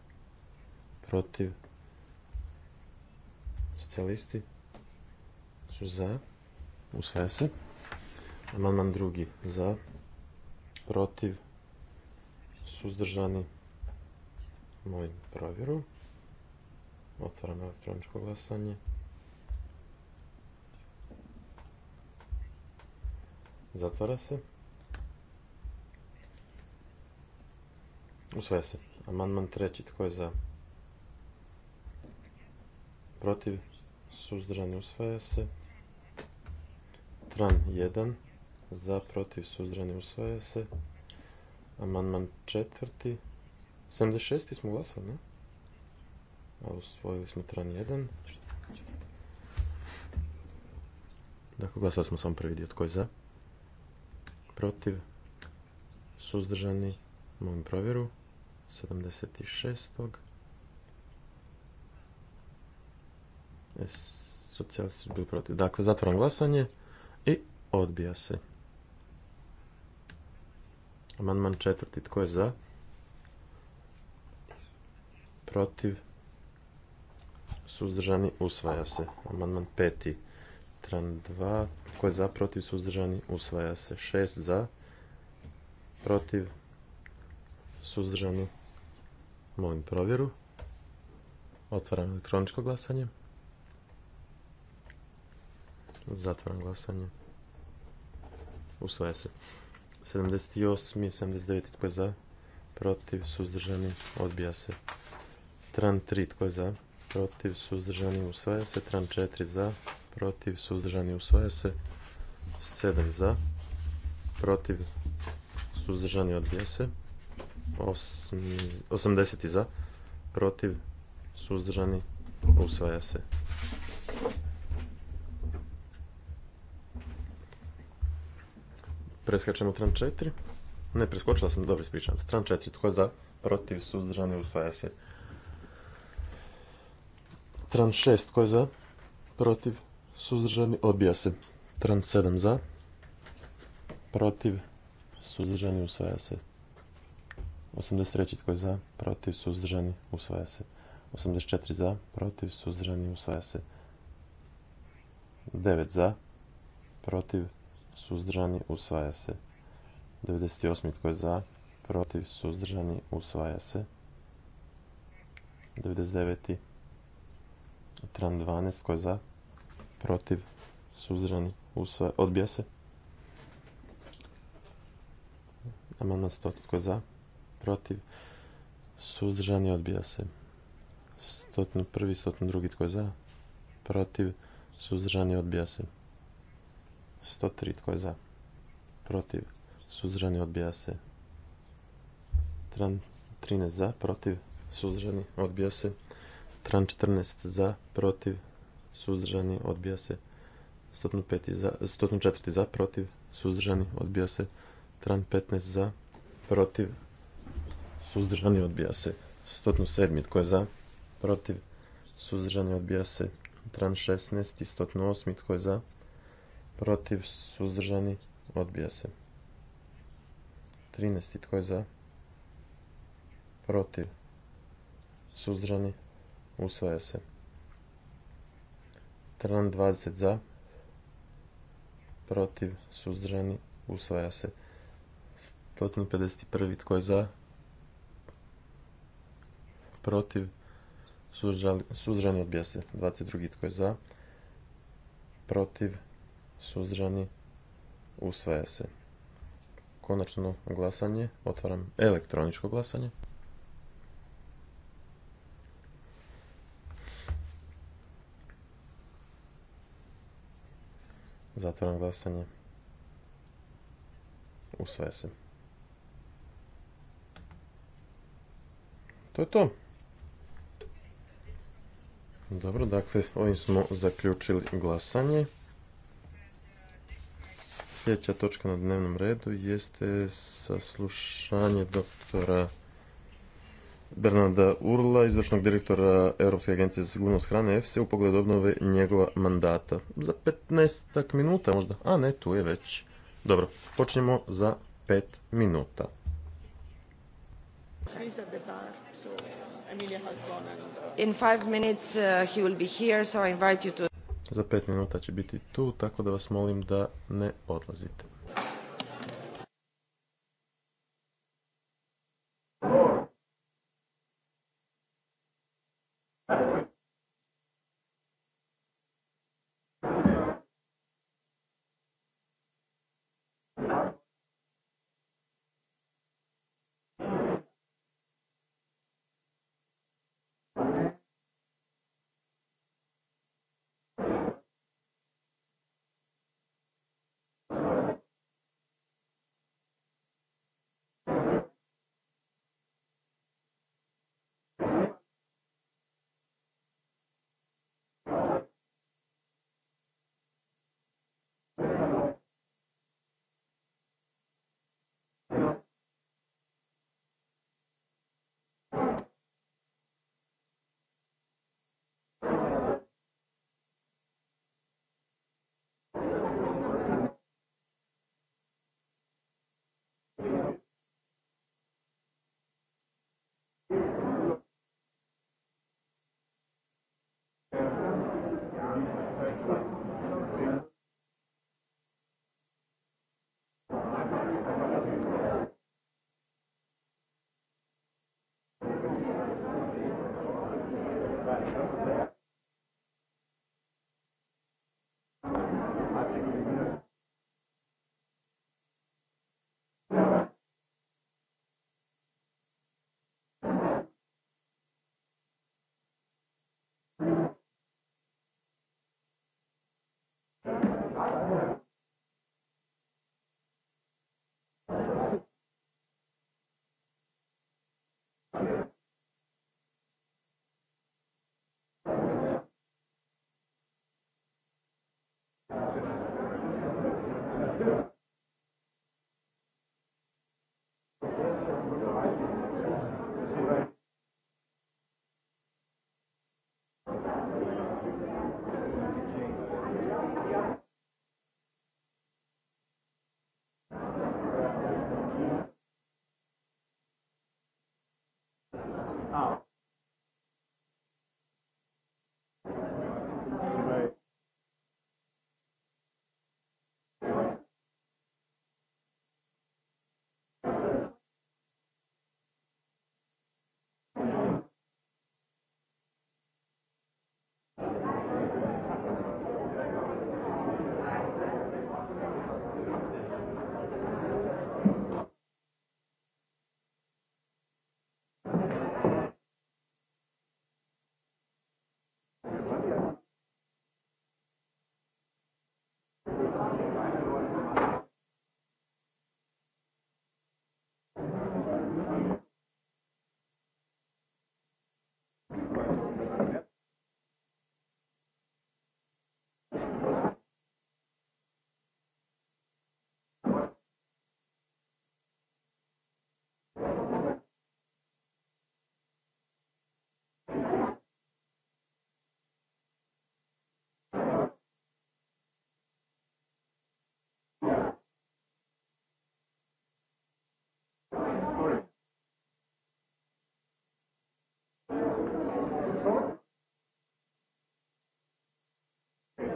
Protiv? Socijalisti? Su za? Usvaja se. Amandman drugi. Za? Protiv? suzdržani? moju provjeru. Otvaram elektroničko glasanje. Zatvara se. Usvaja se. Amandman treći. Tko je za? Protiv? Suzdržani usvaja se. Tran 1. Za, protiv, suzdržani usvaja se. Amandman četvrti. 76. smo glasali, ne? A usvojili smo tran 1. Dakle, glasali smo samo prvi dio. Tko je za? Protiv? Suzdržani? Molim provjeru. 76. E, socijalisti su bili protiv. Dakle, zatvaram glasanje i odbija se. Amandman četvrti. Tko je za? Protiv? Suzdržani usvaja se. Amandman peti. Tran dva, Tko je za? Protiv? Suzdržani usvaja se. Šest za? Protiv? Suzdržani? Molim provjeru. Otvaram elektroničko glasanje. Zatvaram glasanje. Usvaja se. 78 i 79 tko je za, protiv, suzdržani, odbija se. Tran 3 tko je za, protiv, suzdržani, usvaja se. Tran 4 za, protiv, suzdržani, usvaja se. 7 za, protiv, suzdržani, odbija se. 80 za, protiv, suzdržani, usvaja se. Preskačemo tran 4. Ne, preskočila sam, dobro ispričavam se. 4, tko je za? Protiv, suzdržani, usvaja se. Tran 6, tko je za? Protiv, suzdržani, odbija se. Tran 7 za. Protiv, suzdržani, usvaja se. 83. tko je za? Protiv, suzdržani, usvaja se. 84 za, protiv, suzdržani, usvaja se. 9 za, protiv, suzdržani, usvaja se. 98. tko je za, protiv, suzdržani, usvaja se. 99. Tran 12 tko je za, protiv, suzdržani, usvaja, odbija se. Amandman 100. tko je za, protiv, suzdržani, odbija se. 101. 102. tko je za, protiv, suzdržani, odbija se. 103. Tko je za? Protiv. Suzdržani odbija se. Tran 13 za, protiv. Suzdržani odbija se. Tran 14 za, protiv. Suzdržani odbija se. 105 za, 104 za, protiv. Suzdržani odbija se. Tran 15 za, protiv. Suzdržani odbija se. 107. Tko je za? Protiv. Suzdržani odbija se. Tran 16 i 108. Tko je za? protiv, suzdržani, odbija se. 13. Tko je za? Protiv, suzdržani, usvaja se. Tran 20 za, protiv, suzdržani, usvaja se. 151. Tko je za? Protiv, suzdržani, odbija se. 22. Tko je za? Protiv, suzdržani, usvaja se. Konačno glasanje, otvaram elektroničko glasanje. Zatvaram glasanje. Usvaja se. To je to. Dobro, dakle, ovim smo zaključili glasanje. Sljedeća točka na dnevnom redu jeste saslušanje doktora Bernarda Urla, izvršnog direktora Europske agencije za sigurnost hrane EFSE u pogledu obnove njegova mandata. Za 15 minuta možda, a ne, tu je već. Dobro, počnemo za 5 minuta. In five minutes uh, he will be here, so I invite you to... Za pet minuta će biti tu, tako da vas molim da ne odlazite.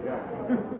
Yeah.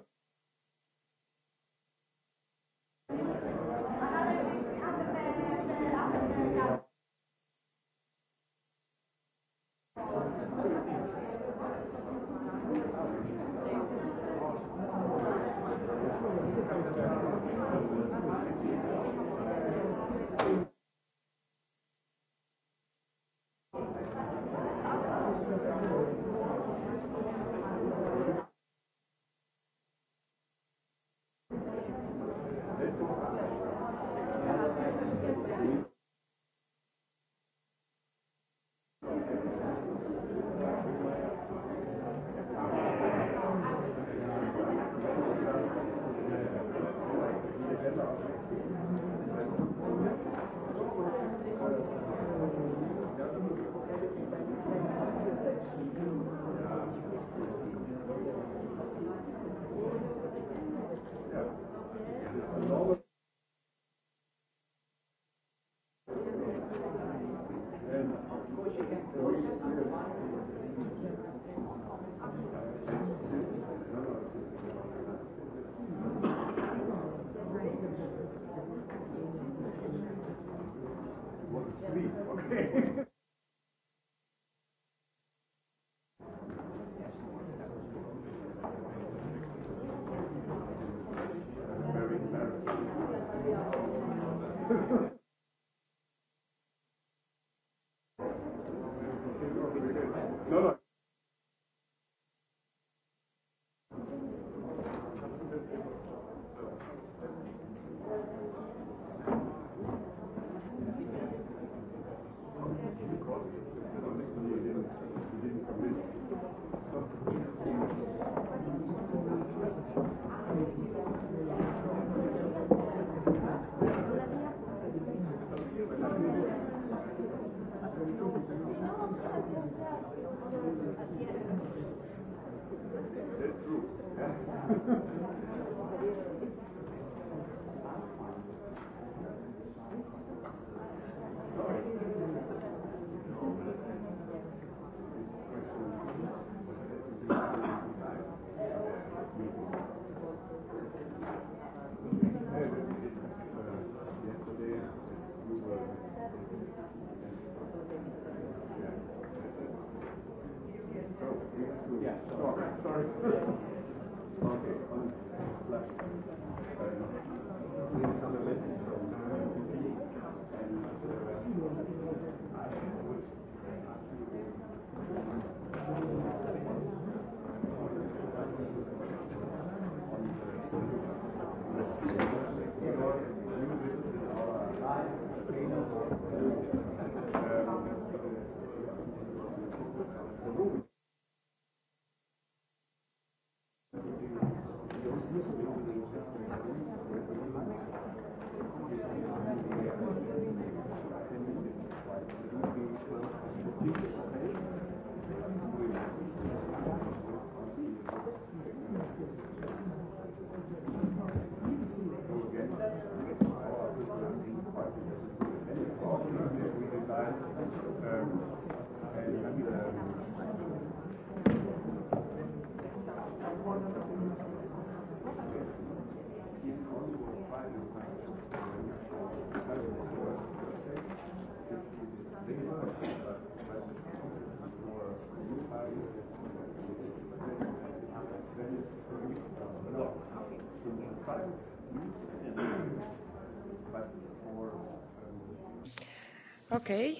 Okay.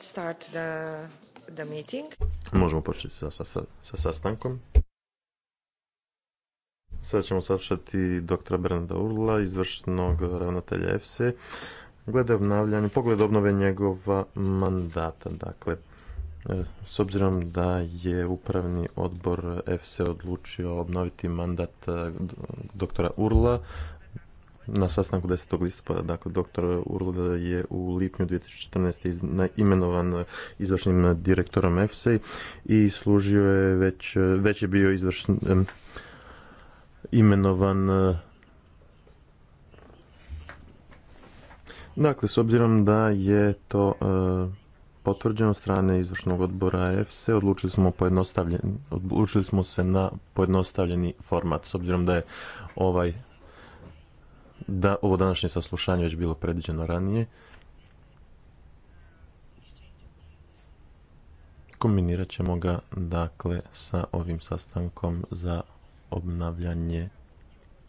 start meeting. Možemo početi sa, sastankom. Sada ćemo saslušati doktora Bernarda Urla, izvršnog ravnatelja EFSE, glede obnavljanja, pogled obnove njegova mandata. Dakle, e, s obzirom da je upravni odbor EFSE odlučio obnoviti mandat e, doktora Urla, na sastanku 10. listopada, dakle, doktor Urlada je u lipnju 2014. imenovan izvršnim direktorom EFSA i služio je već, već je bio izvršen, imenovan e, Dakle, s obzirom da je to e, potvrđeno strane izvršnog odbora Fse odlučili smo, odlučili smo se na pojednostavljeni format, s obzirom da je ovaj da ovo današnje saslušanje već bilo predviđeno ranije. Kombinirat ćemo ga dakle sa ovim sastankom za obnavljanje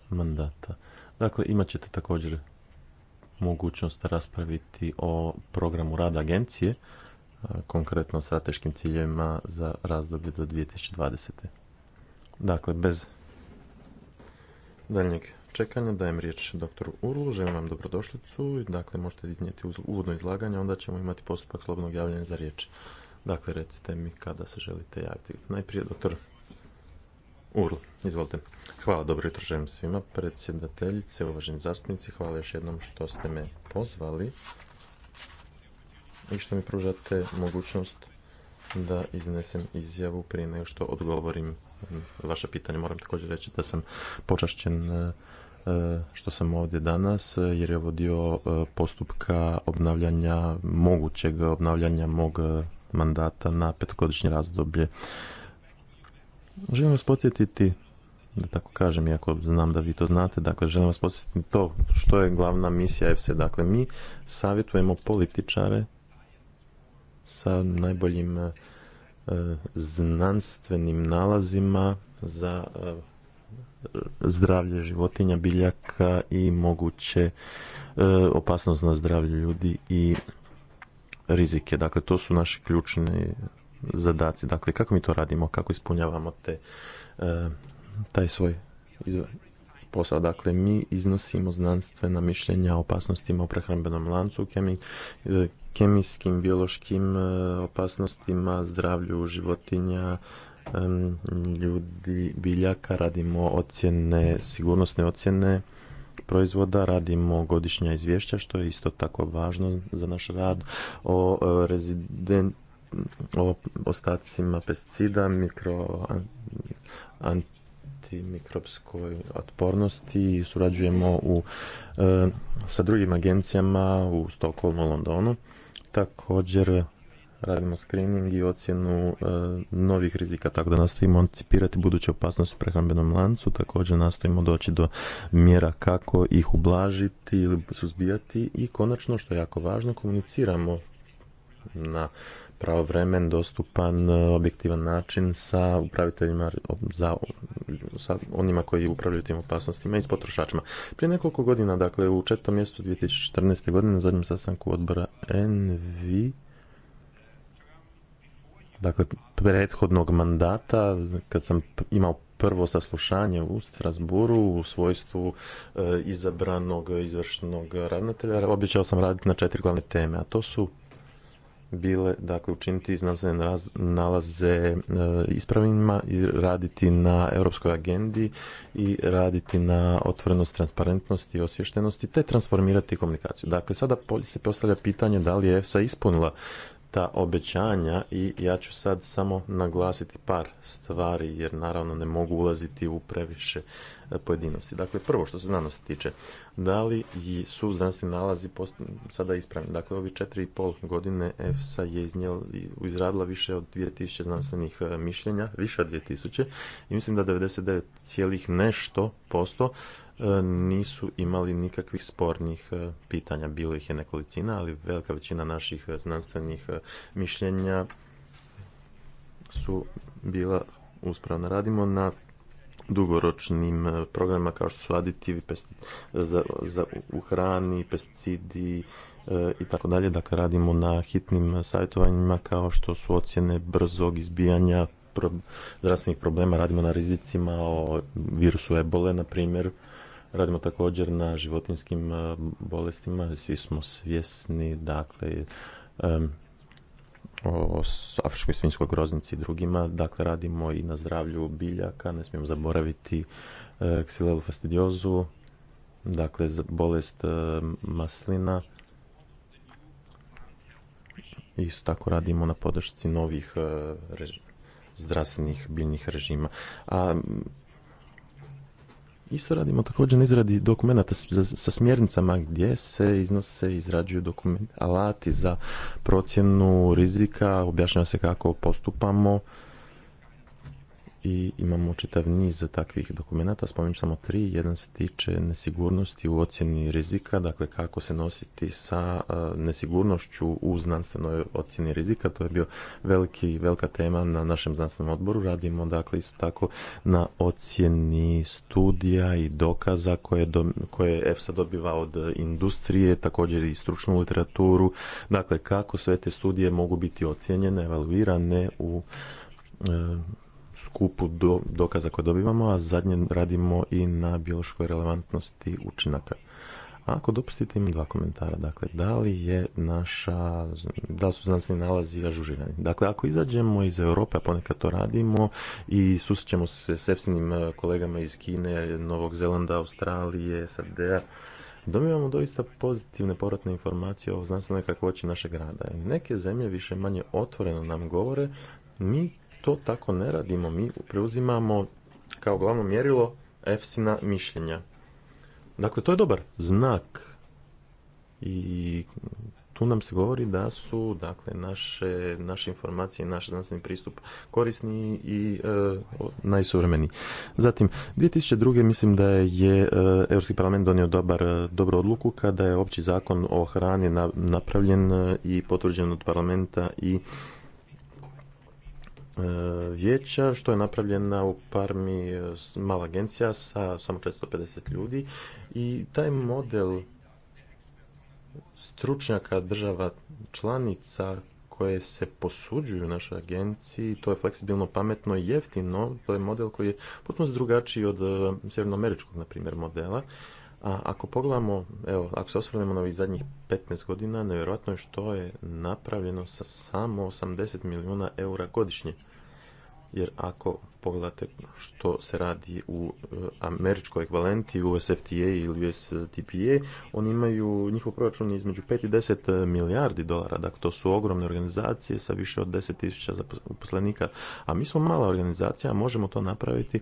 mandata. Dakle, imat ćete također mogućnost raspraviti o programu rada agencije, konkretno strateškim ciljevima za razdoblje do 2020. Dakle, bez daljnjeg čekanja dajem riječ doktoru Urlu, želim vam dobrodošlicu. Dakle, možete iznijeti uvodno izlaganje, onda ćemo imati postupak slobodnog javljanja za riječ. Dakle, recite mi kada se želite javiti. Najprije doktor Url, izvolite. Hvala, dobro jutro želim svima, predsjedateljice, uvaženi zastupnici, hvala još jednom što ste me pozvali i što mi pružate mogućnost da iznesem izjavu prije nego što odgovorim vaše pitanje. Moram također reći da sam počašćen E, što sam ovdje danas e, jer je vodio e, postupka obnavljanja mogućeg obnavljanja mog mandata na petogodišnje razdoblje. Želim vas podsjetiti da tako kažem, iako znam da vi to znate, dakle želim vas podsjetiti to što je glavna misija EFSE. Dakle, mi savjetujemo političare sa najboljim znanstvenim nalazima za zdravlje životinja, biljaka i moguće e, opasnost na zdravlje ljudi i rizike. Dakle, to su naši ključni zadaci. Dakle, kako mi to radimo, kako ispunjavamo te, e, taj svoj posao. Dakle, mi iznosimo znanstvena mišljenja o opasnostima u prehrambenom lancu, kemi, e, kemijskim, biološkim opasnostima, zdravlju životinja, ljudi biljaka, radimo ocjene, sigurnosne ocjene proizvoda, radimo godišnja izvješća, što je isto tako važno za naš rad, o e, rezident ostacima pesticida, mikro, antimikropskoj otpornosti i surađujemo u, e, sa drugim agencijama u Stokholmu, Londonu. Također radimo screening i ocjenu e, novih rizika, tako da nastojimo anticipirati buduće opasnosti u prehrambenom lancu, također nastojimo doći do mjera kako ih ublažiti ili suzbijati i konačno, što je jako važno, komuniciramo na pravovremen, dostupan, e, objektivan način sa upraviteljima, za, sa onima koji upravljaju tim opasnostima i s potrošačima. Prije nekoliko godina, dakle u četvrtom mjestu 2014. godine na zadnjem sastanku odbora NV dakle, prethodnog mandata, kad sam imao prvo saslušanje u Strasburu u svojstvu e, izabranog izvršnog ravnatelja, obećao sam raditi na četiri glavne teme, a to su bile, dakle, učiniti znanstvene nalaze e, i raditi na europskoj agendi i raditi na otvorenost, transparentnosti i osvještenosti, te transformirati komunikaciju. Dakle, sada se postavlja pitanje da li je EFSA ispunila ta obećanja i ja ću sad samo naglasiti par stvari jer naravno ne mogu ulaziti u previše e, pojedinosti. Dakle, prvo što se znanosti tiče, da li su znanstveni nalazi sada ispravni? Dakle, ovi četiri i pol godine EFSA je izradila više od 2000 znanstvenih e, mišljenja, više od 2000 i mislim da 99 cijelih nešto posto E, nisu imali nikakvih spornih e, pitanja. Bilo ih je nekolicina, ali velika većina naših e, znanstvenih mišljenja su bila uspravna. Radimo na dugoročnim programima kao što su aditivi za, za, u hrani, pesticidi i tako dalje. Dakle, radimo na hitnim savjetovanjima kao što su ocjene brzog izbijanja zdravstvenih problema, radimo na rizicima o virusu ebole, na primjer, Radimo također na životinskim e, bolestima. Svi smo svjesni, dakle, e, o afričkoj svinjskoj groznici i drugima. Dakle, radimo i na zdravlju biljaka. Ne smijemo zaboraviti e, ksilelu fastidiozu, dakle, bolest maslina. Isto tako radimo na podršci novih zdravstvenih biljnih režima. A Isto radimo također na izradi dokumenta sa smjernicama gdje se iznose, izrađuju dokument, alati za procjenu rizika, objašnjava se kako postupamo i imamo čitav niz takvih dokumenata. Spominjem samo tri. Jedan se tiče nesigurnosti u ocjeni rizika, dakle kako se nositi sa e, nesigurnošću u znanstvenoj ocjeni rizika. To je bio veliki, velika tema na našem znanstvenom odboru. Radimo dakle isto tako na ocjeni studija i dokaza koje, do, koje EFSA dobiva od industrije, također i stručnu literaturu. Dakle, kako sve te studije mogu biti ocjenjene, evaluirane u e, skupu do, dokaza koje dobivamo, a zadnje radimo i na biološkoj relevantnosti učinaka. A ako dopustite im dva komentara. Dakle, da li je naša, da su znanstveni nalazi ažužirani. Dakle, ako izađemo iz Europe, a ponekad to radimo i susrećemo se s epsinim eh, kolegama iz Kine, Novog Zelanda, Australije, SAD-a, dobivamo doista pozitivne povratne informacije o znanstvenoj kakvoći našeg rada. neke zemlje više manje otvoreno nam govore mi to tako ne radimo. Mi preuzimamo kao glavno mjerilo EFSINA mišljenja. Dakle, to je dobar znak i tu nam se govori da su dakle, naše, naše informacije naš znanstveni pristup korisni i e, najsuvremeniji. Zatim, 2002. mislim da je e, Europski parlament donio dobar, e, dobru odluku kada je opći zakon o hrani napravljen e, i potvrđen od parlamenta i E, vijeća, što je napravljena u Parmi e, mala agencija sa samo 450 ljudi i taj model stručnjaka država članica koje se posuđuju u našoj agenciji, to je fleksibilno, pametno i jeftino, to je model koji je potpuno drugačiji od e, sjevernoameričkog, na primjer, modela. A ako pogledamo, evo, ako se osvrnemo na ovih zadnjih 15 godina, nevjerojatno je što je napravljeno sa samo 80 milijuna eura godišnje jer ako pogledate što se radi u e, američkoj ekvalenti, u SFTA ili STPA, oni imaju, njihov proračun između 5 i 10 milijardi dolara, dakle to su ogromne organizacije sa više od tisuća zaposlenika a mi smo mala organizacija, možemo to napraviti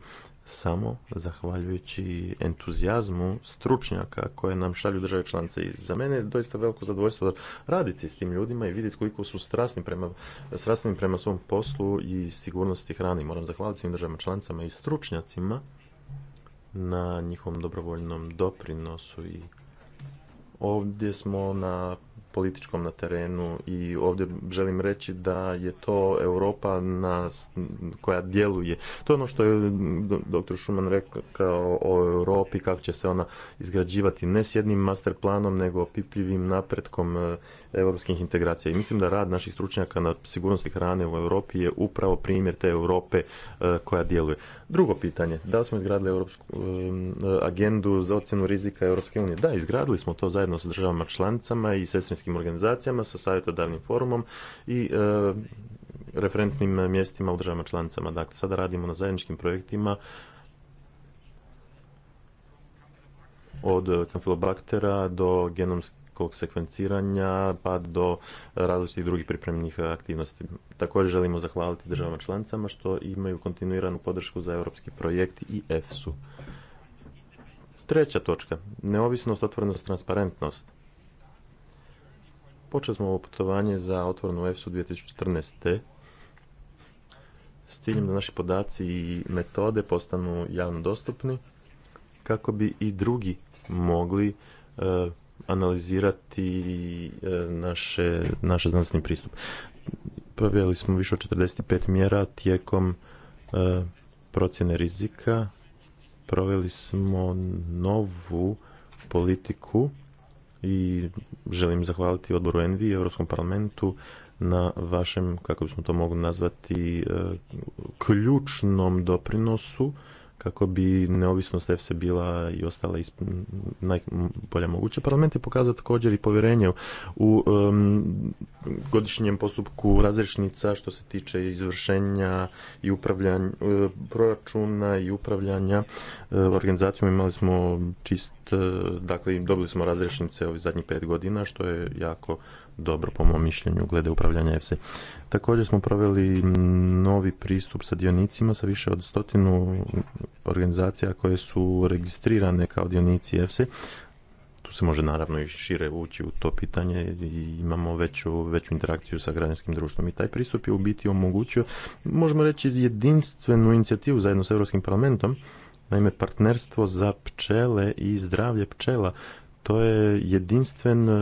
samo zahvaljujući entuzijazmu stručnjaka koje nam šalju države članice. I za mene je doista veliko zadovoljstvo raditi s tim ljudima i vidjeti koliko su strasni prema, strasni prema svom poslu i sigurnosti hrane. Moram zahvaliti svim državama članicama i stručnjacima na njihovom dobrovoljnom doprinosu i ovdje smo na političkom na terenu i ovdje želim reći da je to Europa na, koja djeluje. To je ono što je dr. Šuman rekao o Europi, kako će se ona izgrađivati ne s jednim master planom, nego pipljivim napretkom e, europskih integracija. I mislim da rad naših stručnjaka na sigurnosti hrane u Europi je upravo primjer te Europe e, koja djeluje. Drugo pitanje, da li smo izgradili Europsku, agendu za ocjenu rizika Europske unije? Da, izgradili smo to zajedno sa državama članicama i sestrinskim organizacijama, sa savjetodavnim forumom i e, referentnim mjestima u državama članicama. Dakle, sada radimo na zajedničkim projektima od kanfilobaktera do genomske genetskog sekvenciranja pa do različitih drugih pripremnih aktivnosti. Također želimo zahvaliti državama članicama što imaju kontinuiranu podršku za europski projekt i EFSU. Treća točka, neovisnost, otvorenost, transparentnost. Počeli smo ovo putovanje za otvorenu EFSU 2014 s ciljem da naši podaci i metode postanu javno dostupni kako bi i drugi mogli e, analizirati e, naše, naše znanstveni pristup. Proveli smo više od 45 mjera tijekom e, procjene rizika. Proveli smo novu politiku i želim zahvaliti odboru Envi i Europskom parlamentu na vašem, kako bismo to mogli nazvati, e, ključnom doprinosu kako bi neovisnost EFSE bila i ostala isp... najbolja moguća. Parlament je pokazao također i povjerenje u godišnjem postupku razrešnica što se tiče izvršenja i upravljanja e, proračuna i upravljanja uh, organizacijom. Imali smo čist, uh, dakle dobili smo razrešnice ovih zadnjih pet godina što je jako dobro po mom mišljenju glede upravljanja FSE. Također smo proveli novi pristup sa dionicima sa više od stotinu organizacija koje su registrirane kao dionici FC Tu se može naravno i šire ući u to pitanje i imamo veću, veću interakciju sa građanskim društvom. I taj pristup je u biti omogućio, možemo reći, jedinstvenu inicijativu zajedno sa Europskim parlamentom, naime partnerstvo za pčele i zdravlje pčela to je jedinstven e,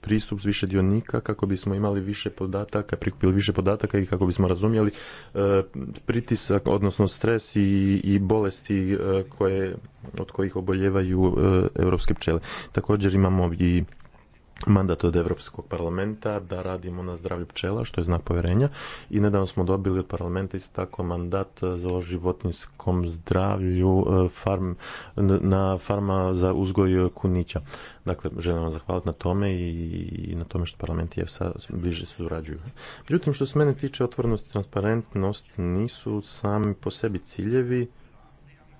pristup s više dionika kako bismo imali više podataka, prikupili više podataka i kako bismo razumjeli e, pritisak, odnosno stres i, i bolesti e, koje, od kojih oboljevaju europske pčele. Također imamo i mandat od Europskog parlamenta da radimo na zdravlju pčela, što je znak povjerenja. I nedavno smo dobili od parlamenta isto tako mandat eh, za životinskom zdravlju eh, farm, na farma za uzgoj eh, kunića. Dakle, želim vam zahvaliti na tome i na tome što parlament i EFSA bliže surađuju. Međutim, što se mene tiče otvornost i transparentnost nisu sami po sebi ciljevi,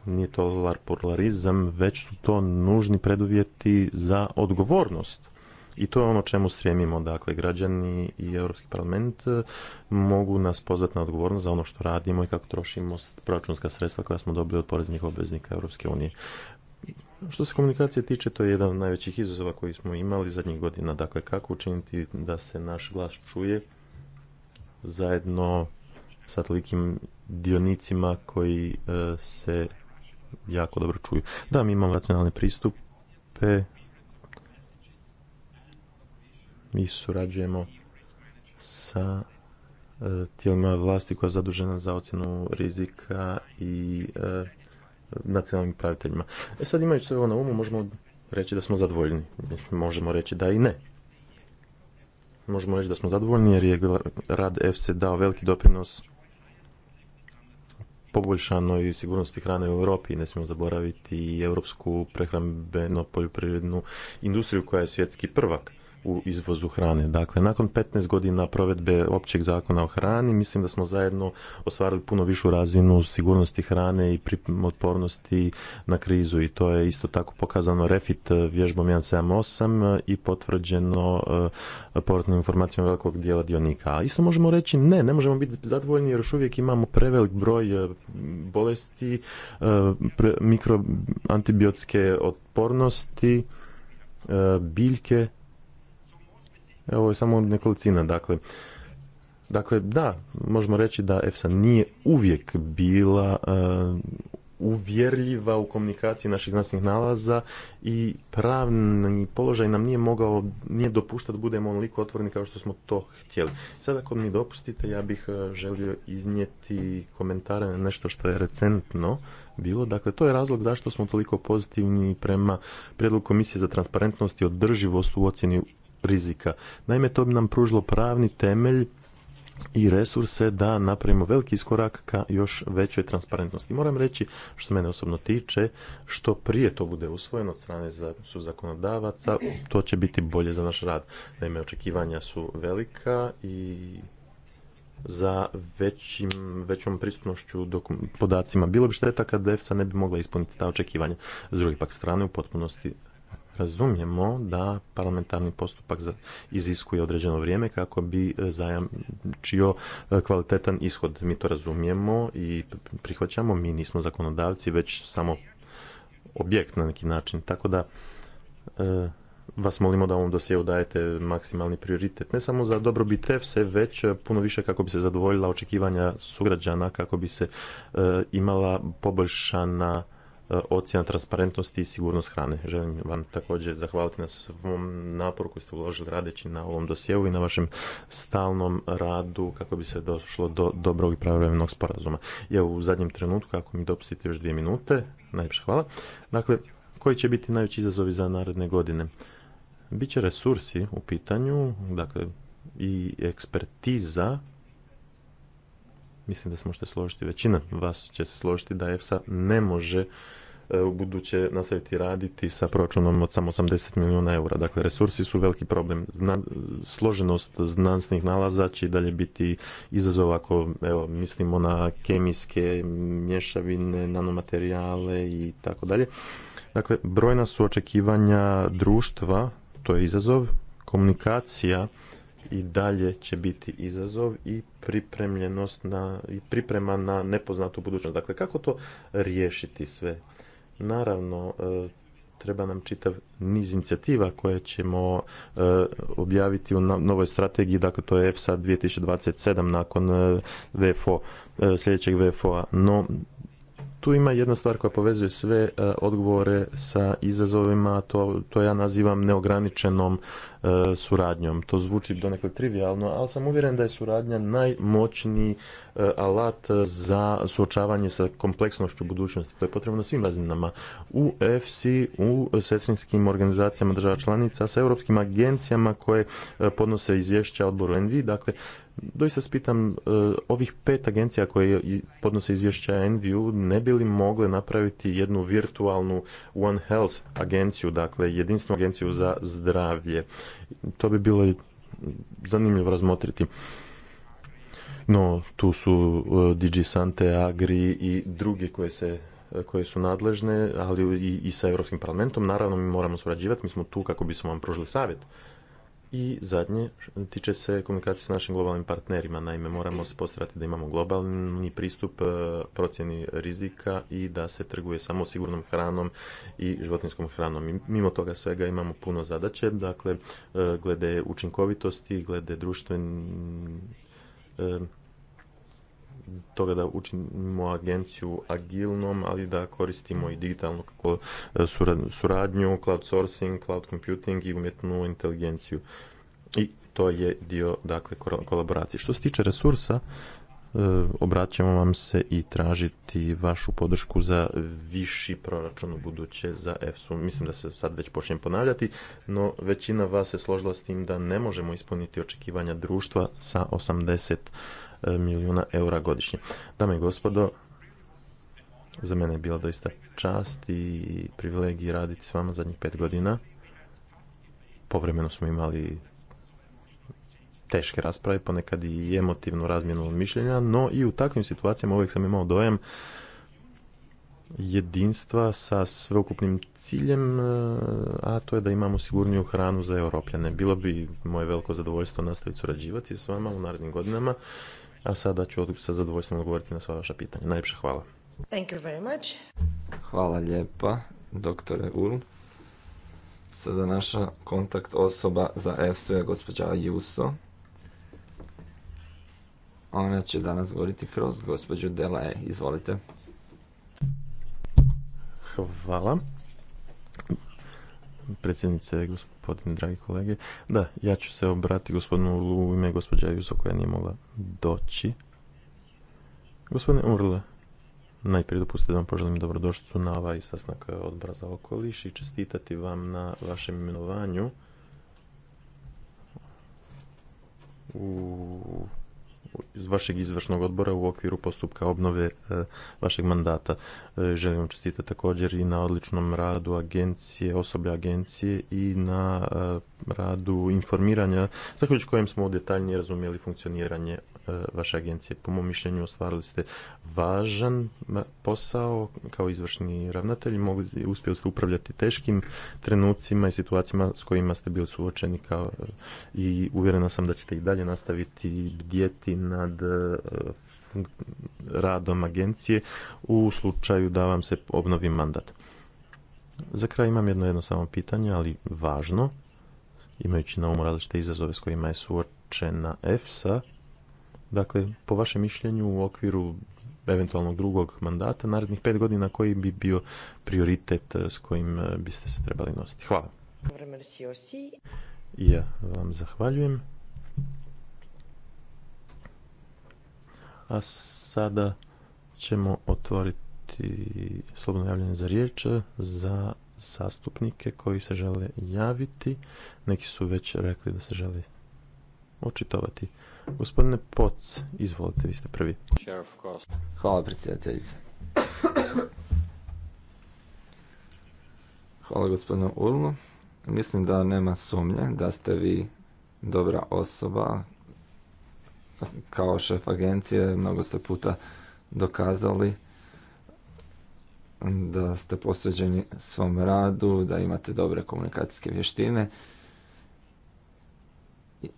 nije to već su to nužni preduvjeti za odgovornost i to je ono čemu stremimo, dakle građani i Europski parlament e, mogu nas pozvati na odgovornost za ono što radimo i kako trošimo proračunska sredstva koja smo dobili od poreznih obveznika Europske unije. Što se komunikacije tiče, to je jedan od najvećih izazova koji smo imali zadnjih godina. Dakle, kako učiniti da se naš glas čuje zajedno sa tolikim dionicima koji e, se jako dobro čuju. Da, mi imamo racionalne pristupe mi surađujemo sa e, tijelima vlasti koja je zadužena za ocjenu rizika i e, nacionalnim praviteljima. E sad imajući sve ovo na umu možemo reći da smo zadovoljni. Možemo reći da i ne. Možemo reći da smo zadovoljni jer je rad EFSE dao veliki doprinos poboljšanoj sigurnosti hrane u Europi. Ne smijemo zaboraviti i europsku prehrambeno poljoprivrednu industriju koja je svjetski prvak u izvozu hrane. Dakle, nakon 15 godina provedbe općeg zakona o hrani, mislim da smo zajedno ostvarili puno višu razinu sigurnosti hrane i otpornosti na krizu i to je isto tako pokazano refit eh, vježbom 178 eh, i potvrđeno eh, povratnom informacijama velikog dijela dionika. A isto možemo reći ne, ne možemo biti zadovoljni jer još uvijek imamo prevelik broj bolesti, mikroantibiotske otpornosti, biljke ovo je samo nekolicina, dakle. Dakle, da, možemo reći da EFSA nije uvijek bila eh, uvjerljiva u komunikaciji naših znanstvenih nalaza i pravni položaj nam nije mogao, nije dopuštati da budemo onoliko otvoreni kao što smo to htjeli. Sada ako mi dopustite, ja bih eh, želio iznijeti komentare na nešto što je recentno bilo. Dakle, to je razlog zašto smo toliko pozitivni prema prijedlogu Komisije za transparentnost i održivost u ocjeni rizika. Naime, to bi nam pružilo pravni temelj i resurse da napravimo veliki iskorak ka još većoj transparentnosti. Moram reći, što se mene osobno tiče, što prije to bude usvojeno od strane su zakonodavaca, to će biti bolje za naš rad. Naime, očekivanja su velika i za većim, većom pristupnošću podacima. Bilo bi šteta kad EFSA ne bi mogla ispuniti ta očekivanja. S druge pak strane, u potpunosti razumijemo da parlamentarni postupak iziskuje određeno vrijeme kako bi e, zajamčio e, kvalitetan ishod. Mi to razumijemo i prihvaćamo, mi nismo zakonodavci, već samo objekt na neki način. Tako da e, vas molimo da ovom dosjeu dajete maksimalni prioritet, ne samo za dobrobit EFSE, već puno više kako bi se zadovoljila očekivanja sugrađana, kako bi se imala poboljšana E, ocjena transparentnosti i sigurnost hrane. Želim vam također zahvaliti na svom naporu koji ste uložili radeći na ovom dosjeu i na vašem stalnom radu kako bi se došlo do dobrog i pravovremenog sporazuma. I u zadnjem trenutku, ako mi dopustite još dvije minute, najljepše hvala. Dakle, koji će biti najveći izazovi za naredne godine? Biće resursi u pitanju, dakle i ekspertiza mislim da se možete složiti, većina vas će se složiti da EFSA ne može e, u buduće nastaviti raditi sa proračunom od samo 80 milijuna eura. Dakle, resursi su veliki problem. složenost znanstvenih nalaza će dalje biti izazov ako evo, mislimo na kemijske mješavine, nanomaterijale i tako dalje. Dakle, brojna su očekivanja društva, to je izazov, komunikacija i dalje će biti izazov i pripremljenost na, i priprema na nepoznatu budućnost. Dakle, kako to riješiti sve? Naravno, e, treba nam čitav niz inicijativa koje ćemo e, objaviti u novoj strategiji, dakle to je EFSA 2027 nakon e, VFO, sljedećeg VFO-a. No, tu ima jedna stvar koja povezuje sve e, odgovore sa izazovima, to, to ja nazivam neograničenom e, suradnjom. To zvuči donekle trivialno, ali sam uvjeren da je suradnja najmoćniji E, alat za suočavanje sa kompleksnošću budućnosti. To je potrebno na svim razinama. U EFSI, u sestrinskim organizacijama država članica, sa europskim agencijama koje e, podnose izvješća odboru Envi. Dakle, doista se pitam e, ovih pet agencija koje podnose izvješća NVU ne bi li mogle napraviti jednu virtualnu One Health agenciju, dakle jedinstvenu agenciju za zdravlje. To bi bilo zanimljivo razmotriti. No, tu su e, DG Sante, Agri i druge koje se e, koje su nadležne, ali i, i sa Europskim parlamentom. Naravno, mi moramo surađivati, mi smo tu kako bismo vam pružili savjet. I zadnje, tiče se komunikacije s našim globalnim partnerima. Naime, moramo se postarati da imamo globalni pristup e, procjeni rizika i da se trguje samo sigurnom hranom i životinskom hranom. mimo toga svega imamo puno zadaće, dakle, glede učinkovitosti, glede društvenih E, toga da učinimo agenciju agilnom, ali da koristimo i digitalnu kako e, suradnju, cloud sourcing, cloud computing i umjetnu inteligenciju. I to je dio dakle kolaboracije. Što se tiče resursa, E, obraćamo vam se i tražiti vašu podršku za viši proračun u buduće za EFSU. Mislim da se sad već počnem ponavljati, no većina vas se složila s tim da ne možemo ispuniti očekivanja društva sa 80 e, milijuna eura godišnje. Dame i gospodo, za mene je bila doista čast i privilegij raditi s vama zadnjih pet godina. Povremeno smo imali teške rasprave, ponekad i emotivnu razmjenu mišljenja, no i u takvim situacijama uvijek sam imao dojam jedinstva sa sveukupnim ciljem, e, a to je da imamo sigurniju hranu za europljane. Bilo bi moje veliko zadovoljstvo nastaviti surađivati s vama u narednim godinama, a sada ću sa zadovoljstvom odgovoriti na sva vaša pitanja. Najljepša hvala. Thank you very much. Hvala lijepa, doktore Ul. Sada naša kontakt osoba za EFSU je gospođa Juso. Ona će danas govoriti kroz gospođu Delaje. Izvolite. Hvala. Predsjednice, gospodine, dragi kolege. Da, ja ću se obrati gospodinu Urlu u ime gospođa Juso koja nije mogla doći. Gospodine Urle, najprije dopustite da vam poželim dobrodošlicu na ovaj sastanak odbora za okoliš i čestitati vam na vašem imenovanju u iz vašeg izvršnog odbora u okviru postupka obnove e, vašeg mandata. E, želim vam čestitati također i na odličnom radu agencije, osoblja agencije i na e, radu informiranja, zahvaljujući kojem smo detaljnije razumjeli funkcioniranje E, vaše agencije. Po mom mišljenju ostvarili ste važan posao kao izvršni ravnatelj. Mogli, uspjeli ste upravljati teškim trenucima i situacijama s kojima ste bili suočeni kao, e, i uvjerena sam da ćete i dalje nastaviti bdjeti nad e, radom agencije u slučaju da vam se obnovi mandat. Za kraj imam jedno jedno samo pitanje, ali važno, imajući na umu različite izazove s kojima je suočena EFSA, Dakle, po vašem mišljenju u okviru eventualnog drugog mandata, narednih pet godina, koji bi bio prioritet eh, s kojim eh, biste se trebali nositi? Hvala. Ja vam zahvaljujem. A sada ćemo otvoriti slobodno javljanje za riječ eh, za zastupnike koji se žele javiti. Neki su već rekli da se žele očitovati. Gospodine Poc, izvolite, vi ste prvi. Hvala predsjedateljice. Hvala gospodine Urlu. Mislim da nema sumnje da ste vi dobra osoba kao šef agencije. Mnogo ste puta dokazali da ste posveđeni svom radu, da imate dobre komunikacijske vještine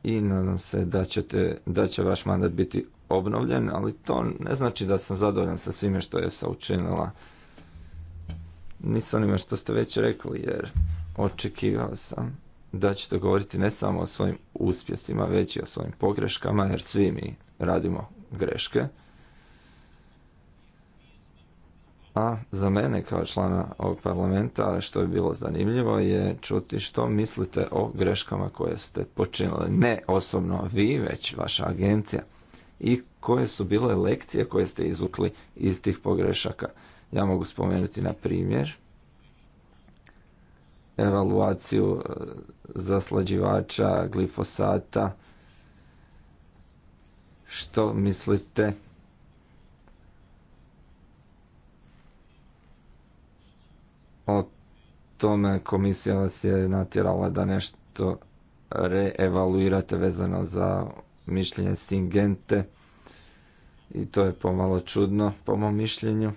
i nadam se da, ćete, da će vaš mandat biti obnovljen, ali to ne znači da sam zadovoljan sa svime što je sa učinila. Ni sa što ste već rekli, jer očekivao sam da ćete govoriti ne samo o svojim uspjesima, već i o svojim pogreškama, jer svi mi radimo greške. A za mene kao člana ovog parlamenta što je bilo zanimljivo je čuti što mislite o greškama koje ste počinili. Ne osobno vi, već vaša agencija. I koje su bile lekcije koje ste izukli iz tih pogrešaka. Ja mogu spomenuti na primjer evaluaciju e, zaslađivača glifosata. Što mislite o tome komisija vas je natjerala da nešto reevaluirate vezano za mišljenje Singente i to je pomalo čudno po mom mišljenju.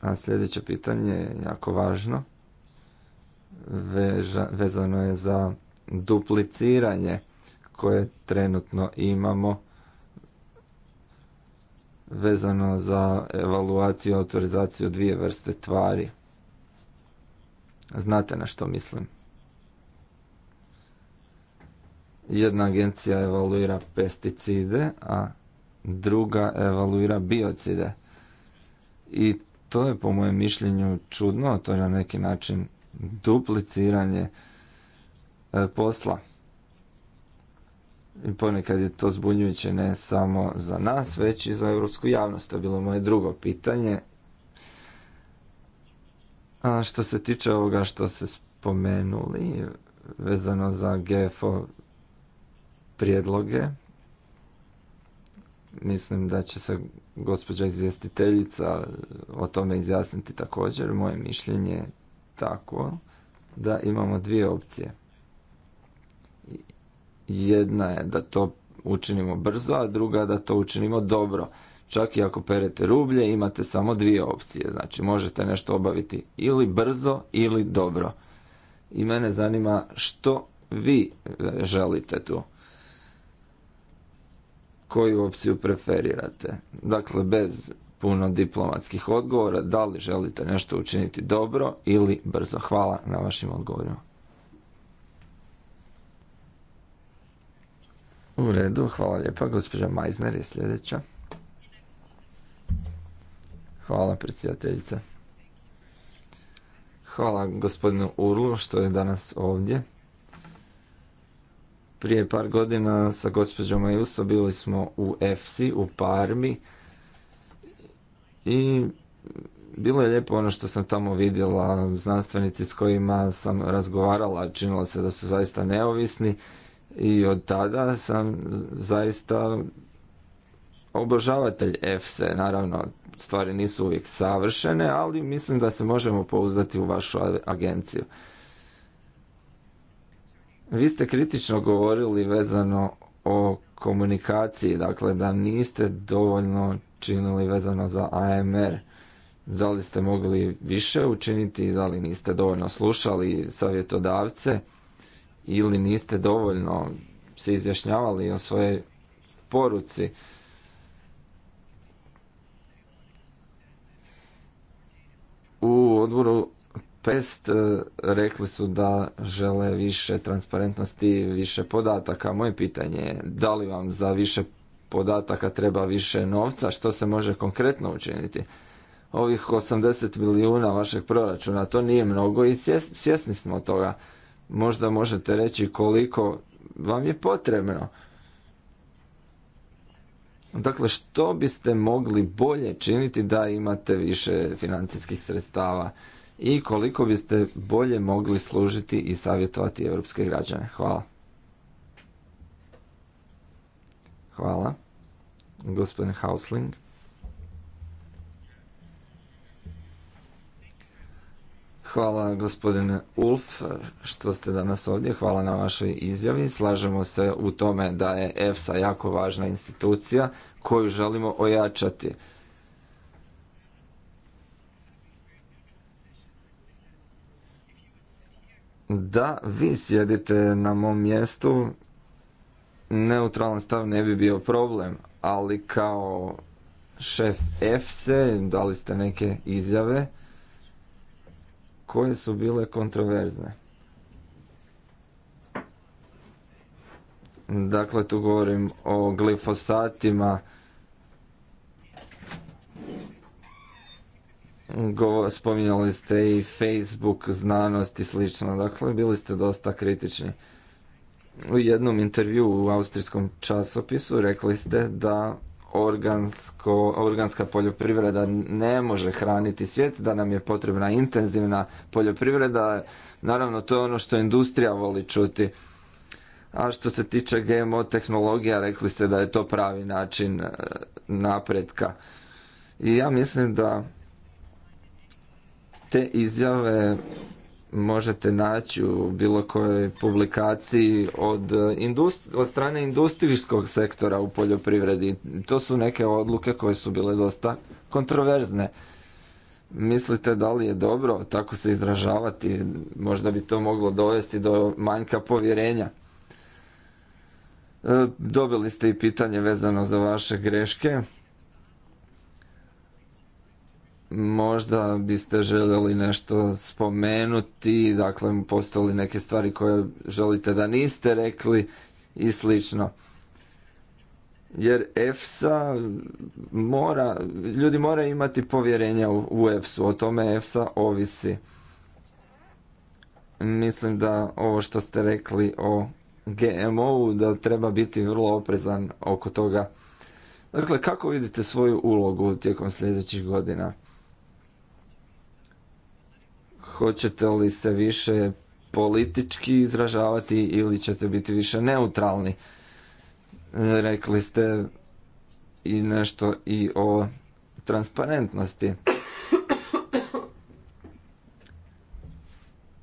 A sljedeće pitanje je jako važno. vezano je za dupliciranje koje trenutno imamo vezano za evaluaciju i autorizaciju dvije vrste tvari. Znate na što mislim. Jedna agencija evaluira pesticide, a druga evaluira biocide. I to je po mojem mišljenju čudno, to je na neki način dupliciranje e, posla ponekad je to zbunjujuće ne samo za nas, već i za europsku javnost. To je bilo moje drugo pitanje. A što se tiče ovoga što se spomenuli, vezano za GFO prijedloge, mislim da će se gospođa izvjestiteljica o tome izjasniti također. Moje mišljenje je tako da imamo dvije opcije. Jedna je da to učinimo brzo, a druga da to učinimo dobro. Čak i ako perete rublje, imate samo dvije opcije. Znači, možete nešto obaviti ili brzo ili dobro. I mene zanima što vi e, želite tu. Koju opciju preferirate? Dakle, bez puno diplomatskih odgovora, da li želite nešto učiniti dobro ili brzo. Hvala na vašim odgovorima. U redu, hvala lijepa. Gospođa Majzner je sljedeća. Hvala predsjedateljice. Hvala gospodinu Urlu što je danas ovdje. Prije par godina sa gospođom Ajuso bili smo u EFSI, u Parmi. I bilo je lijepo ono što sam tamo vidjela, znanstvenici s kojima sam razgovarala, činilo se da su zaista neovisni i od tada sam zaista obožavatelj Fse. Naravno, stvari nisu uvijek savršene, ali mislim da se možemo pouzdati u vašu agenciju. Vi ste kritično govorili vezano o komunikaciji, dakle da niste dovoljno činili vezano za AMR. Da li ste mogli više učiniti, da li niste dovoljno slušali savjetodavce? ili niste dovoljno se izjašnjavali o svojoj poruci. U odboru PEST e, rekli su da žele više transparentnosti i više podataka. Moje pitanje je da li vam za više podataka treba više novca, što se može konkretno učiniti? Ovih 80 milijuna vašeg proračuna, to nije mnogo i svjesni smo toga možda možete reći koliko vam je potrebno. Dakle, što biste mogli bolje činiti da imate više financijskih sredstava i koliko biste bolje mogli služiti i savjetovati europske građane? Hvala. Hvala. Gospodin Hausling. Hvala gospodine Ulf što ste danas ovdje, hvala na vašoj izjavi. Slažemo se u tome da je EFSA jako važna institucija koju želimo ojačati. Da vi sjedite na mom mjestu, neutralan stav ne bi bio problem, ali kao šef EFSA dali ste neke izjave koje su bile kontroverzne. Dakle, tu govorim o glifosatima, spominjali ste i Facebook, znanost i slično. Dakle, bili ste dosta kritični. U jednom intervju u austrijskom časopisu rekli ste da organsko, organska poljoprivreda ne može hraniti svijet, da nam je potrebna intenzivna poljoprivreda. Naravno, to je ono što industrija voli čuti. A što se tiče GMO tehnologija, rekli ste da je to pravi način e, napretka. I ja mislim da te izjave možete naći u bilo kojoj publikaciji od, eh, od strane industrijskog sektora u poljoprivredi. To su neke odluke koje su bile dosta kontroverzne. Mislite da li je dobro tako se izražavati? Možda bi to moglo dovesti do manjka povjerenja. Eh, dobili ste i pitanje vezano za vaše greške. Možda biste željeli nešto spomenuti, dakle postavili neke stvari koje želite da niste rekli i slično. Jer EFSA mora, ljudi moraju imati povjerenja u EFSU, o tome EFSA ovisi. Mislim da ovo što ste rekli o GMO-u, da treba biti vrlo oprezan oko toga. Dakle, kako vidite svoju ulogu tijekom sljedećih godina? Hoćete li se više politički izražavati ili ćete biti više neutralni? Rekli ste i nešto i o transparentnosti.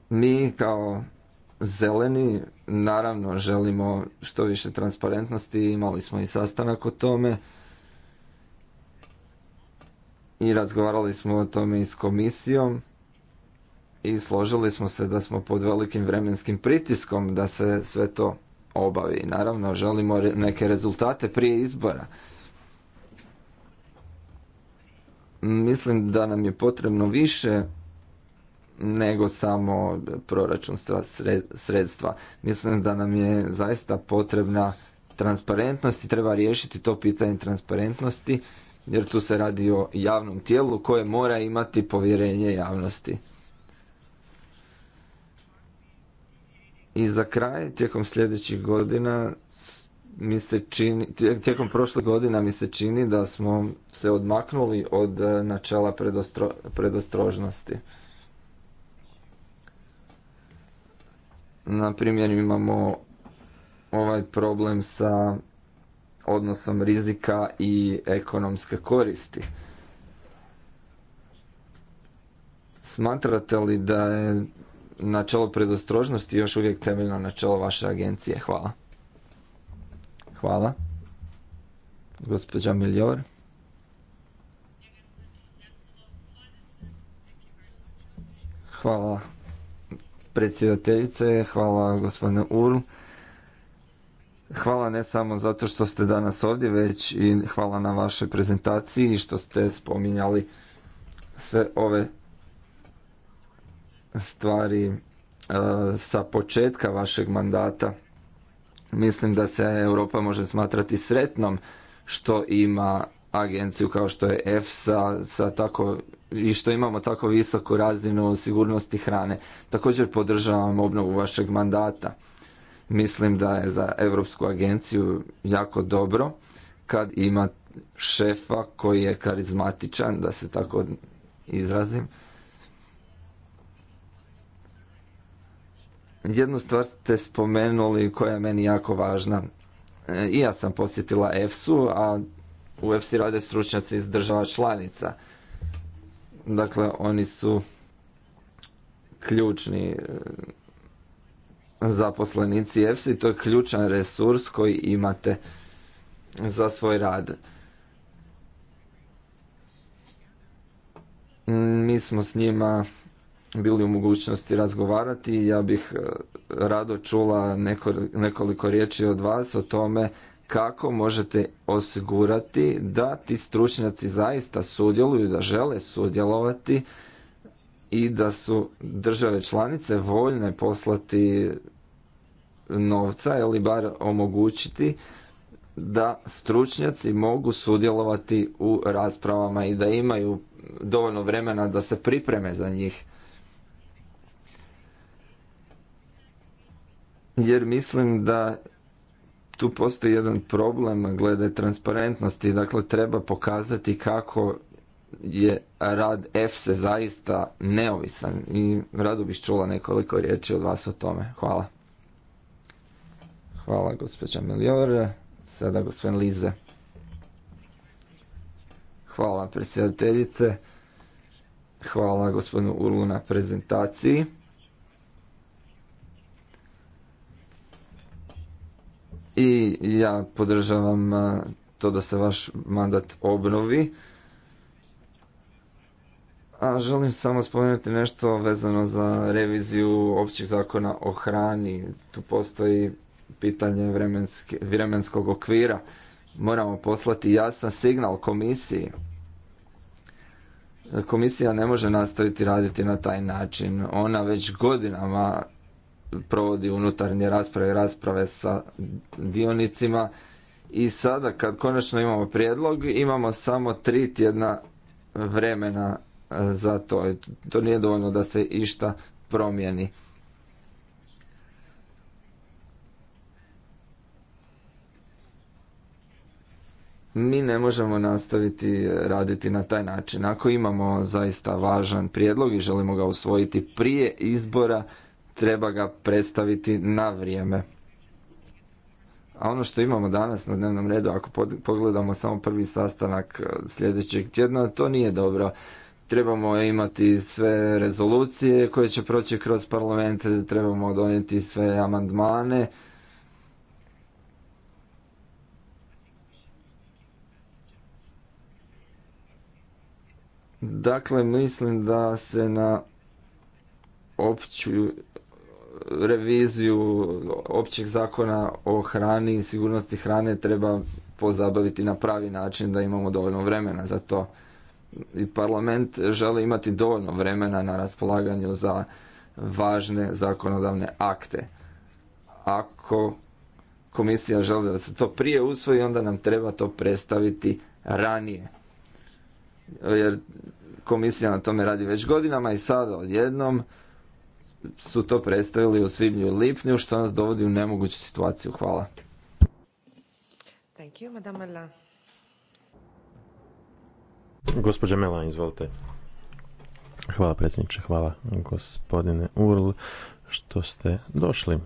Mi kao zeleni naravno želimo što više transparentnosti, imali smo i sastanak o tome i razgovarali smo o tome i s komisijom i složili smo se da smo pod velikim vremenskim pritiskom da se sve to obavi. Naravno, želimo neke rezultate prije izbora. Mislim da nam je potrebno više nego samo proračun sredstva. Mislim da nam je zaista potrebna transparentnost i treba riješiti to pitanje transparentnosti jer tu se radi o javnom tijelu koje mora imati povjerenje javnosti. I za kraj, tijekom sljedećih godina mi se čini, tijekom prošle godina mi se čini da smo se odmaknuli od e, načela predostrožnosti. Na primjer imamo ovaj problem sa odnosom rizika i ekonomske koristi. Smatrate li da je načelo predostrožnosti još uvijek temeljno načelo vaše agencije. Hvala. Hvala. Gospođa Miljor. Hvala predsjedateljice, hvala gospodine Url. Hvala ne samo zato što ste danas ovdje, već i hvala na vašoj prezentaciji i što ste spominjali sve ove stvari e, sa početka vašeg mandata. Mislim da se Europa može smatrati sretnom što ima agenciju kao što je EFSA sa tako i što imamo tako visoku razinu sigurnosti hrane. Također podržavam obnovu vašeg mandata. Mislim da je za Europsku agenciju jako dobro kad ima šefa koji je karizmatičan, da se tako izrazim. jednu stvar ste spomenuli koja je meni jako važna. E, I ja sam posjetila EFSU, a u EFSI rade stručnjaci iz država članica. Dakle, oni su ključni e, zaposlenici EFSI, to je ključan resurs koji imate za svoj rad. Mi smo s njima bili u mogućnosti razgovarati. Ja bih e, rado čula nekoliko riječi od vas o tome kako možete osigurati da ti stručnjaci zaista sudjeluju, da žele sudjelovati i da su države članice voljne poslati novca ili bar omogućiti da stručnjaci mogu sudjelovati u raspravama i da imaju dovoljno vremena da se pripreme za njih. jer mislim da tu postoji jedan problem glede transparentnosti. Dakle, treba pokazati kako je rad EFSE zaista neovisan i rado bih čula nekoliko riječi od vas o tome. Hvala. Hvala gospođa Melior. Sada gospodin Lize. Hvala predsjedateljice. Hvala gospodinu Urlu na prezentaciji. i ja podržavam uh, to da se vaš mandat obnovi. A želim samo spomenuti nešto vezano za reviziju općih zakona o hrani. Tu postoji pitanje vremenskog okvira. Moramo poslati jasan signal komisiji. Komisija ne može nastaviti raditi na taj način. Ona već godinama provodi unutarnje rasprave rasprave sa dionicima. I sada kad konačno imamo prijedlog, imamo samo tri tjedna vremena e, za to. To nije dovoljno da se išta promijeni. Mi ne možemo nastaviti raditi na taj način. Ako imamo zaista važan prijedlog i želimo ga usvojiti prije izbora, treba ga predstaviti na vrijeme. A ono što imamo danas na dnevnom redu, ako pogledamo samo prvi sastanak e, sljedećeg tjedna, to nije dobro. Trebamo imati sve rezolucije koje će proći kroz parlament, trebamo donijeti sve amandmane. Dakle, mislim da se na opću reviziju općeg zakona o hrani i sigurnosti hrane treba pozabaviti na pravi način da imamo dovoljno vremena za to. I parlament želi imati dovoljno vremena na raspolaganju za važne zakonodavne akte. Ako komisija želi da se to prije usvoji, onda nam treba to predstaviti ranije. Jer komisija na tome radi već godinama i sada odjednom su to predstavili u svibnju i lipnju, što nas dovodi u nemoguću situaciju. Hvala. Thank you, Madame Mela. Gospodja Mela, izvolite. Hvala predsjedniče, hvala gospodine Url što ste došli.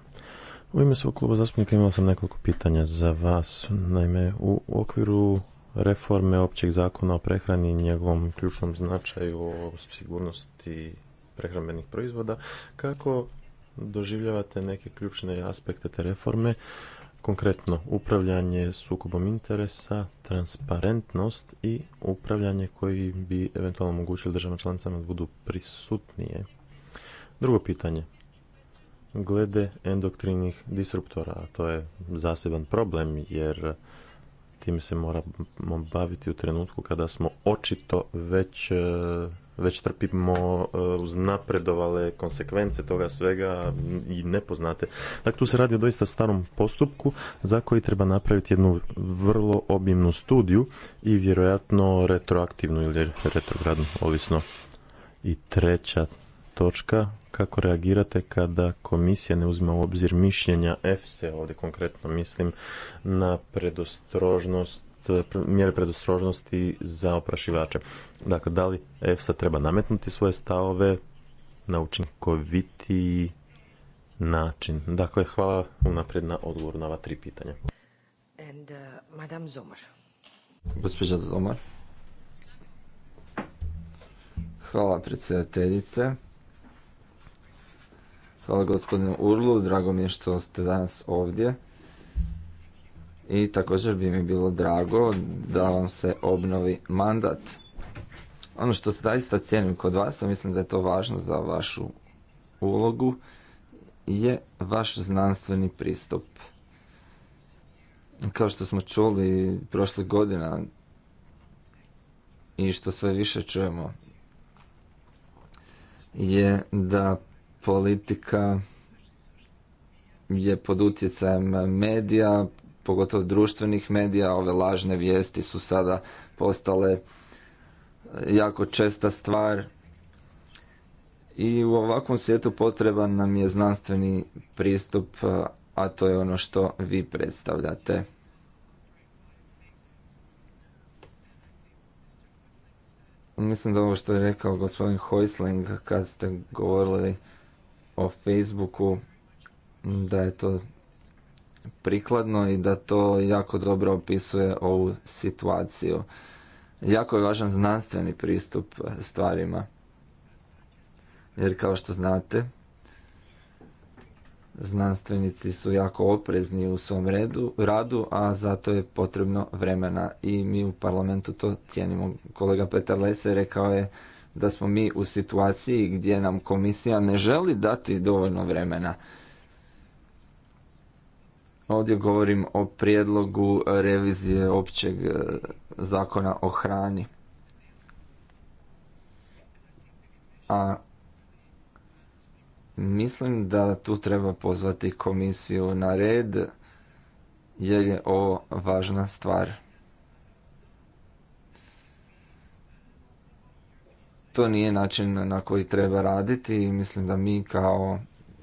U ime svog kluba zastupnika imao sam nekoliko pitanja za vas. Naime, u okviru reforme općeg zakona o prehrani i njegovom ključnom značaju o sigurnosti prehrambenih proizvoda. Kako doživljavate neke ključne aspekte te reforme, konkretno upravljanje sukobom interesa, transparentnost i upravljanje koji bi eventualno omogućili državama članicama da budu prisutnije? Drugo pitanje, glede endoktrinih disruptora, a to je zaseban problem jer time se moramo baviti u trenutku kada smo očito već već trpimo e, uznapredovale konsekvence toga svega i nepoznate. Dakle, tu se radi o doista starom postupku za koji treba napraviti jednu vrlo obimnu studiju i vjerojatno retroaktivnu ili retrogradnu, ovisno. I treća točka, kako reagirate kada komisija ne uzima u obzir mišljenja EFSE, ovdje konkretno mislim na predostrožnost mjere predostrožnosti za oprašivače. Dakle, da li EFSA treba nametnuti svoje stavove na učinkovitiji način? Dakle, hvala unaprijed na odgovor na ova tri pitanja. And, uh, Madame Zomar. Gospođa Zomar. Hvala predsjedateljice. Hvala gospodinu Urlu, drago mi je što ste danas ovdje i također bi mi bilo drago da vam se obnovi mandat. Ono što zaista cijenim kod vas, a mislim da je to važno za vašu ulogu, je vaš znanstveni pristup. Kao što smo čuli prošle godina i što sve više čujemo, je da politika je pod utjecajem medija, pogotovo društvenih medija, ove lažne vijesti su sada postale e, jako česta stvar. I u ovakvom svijetu potreban nam je znanstveni pristup, e, a to je ono što vi predstavljate. Mislim da ovo što je rekao gospodin Hoisling kad ste govorili o Facebooku, da je to prikladno i da to jako dobro opisuje ovu situaciju. Jako je važan znanstveni pristup stvarima. Jer kao što znate, znanstvenici su jako oprezni u svom redu, radu, a zato je potrebno vremena i mi u parlamentu to cijenimo. Kolega Petar Lese rekao je da smo mi u situaciji gdje nam komisija ne želi dati dovoljno vremena Ovdje govorim o prijedlogu revizije općeg e, zakona o hrani. A mislim da tu treba pozvati komisiju na red jer je ovo važna stvar. To nije način na koji treba raditi i mislim da mi kao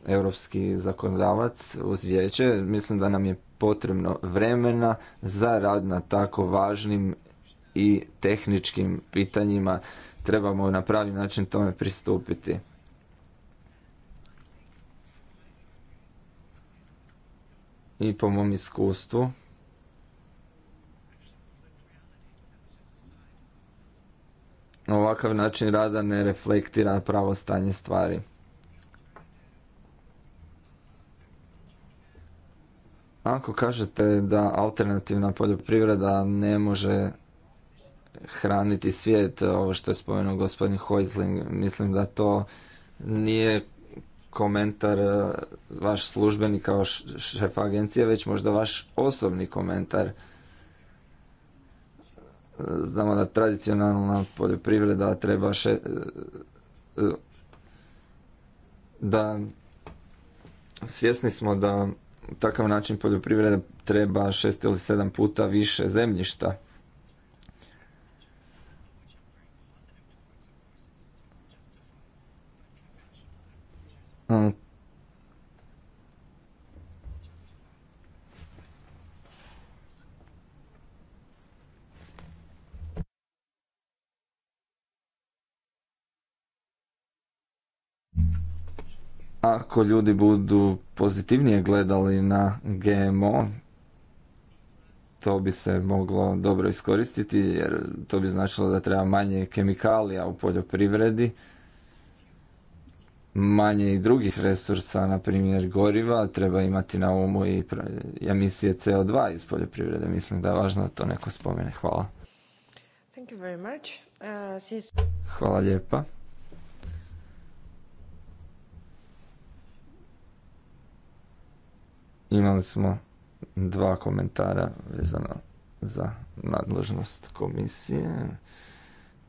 europski zakonodavac uz vijeće. Mislim da nam je potrebno vremena za rad na tako važnim i tehničkim pitanjima. Trebamo na pravi način tome pristupiti. I po mom iskustvu, ovakav način rada ne reflektira pravo stanje stvari. Ako kažete da alternativna poljoprivreda ne može hraniti svijet, ovo što je spomenuo gospodin Hojzling, mislim da to nije komentar e, vaš službeni kao šef agencije, već možda vaš osobni komentar. E, znamo da tradicionalna poljoprivreda treba še, e, da svjesni smo da takav način poljoprivrede treba šest ili sedam puta više zemljišta. E, ako ljudi budu pozitivnije gledali na GMO, to bi se moglo dobro iskoristiti jer to bi značilo da treba manje kemikalija u poljoprivredi, manje i drugih resursa, na primjer goriva, treba imati na umu i emisije CO2 iz poljoprivrede. Mislim da je važno da to neko spomene. Hvala. Uh, Hvala lijepa. Imali smo dva komentara vezano za nadležnost komisije.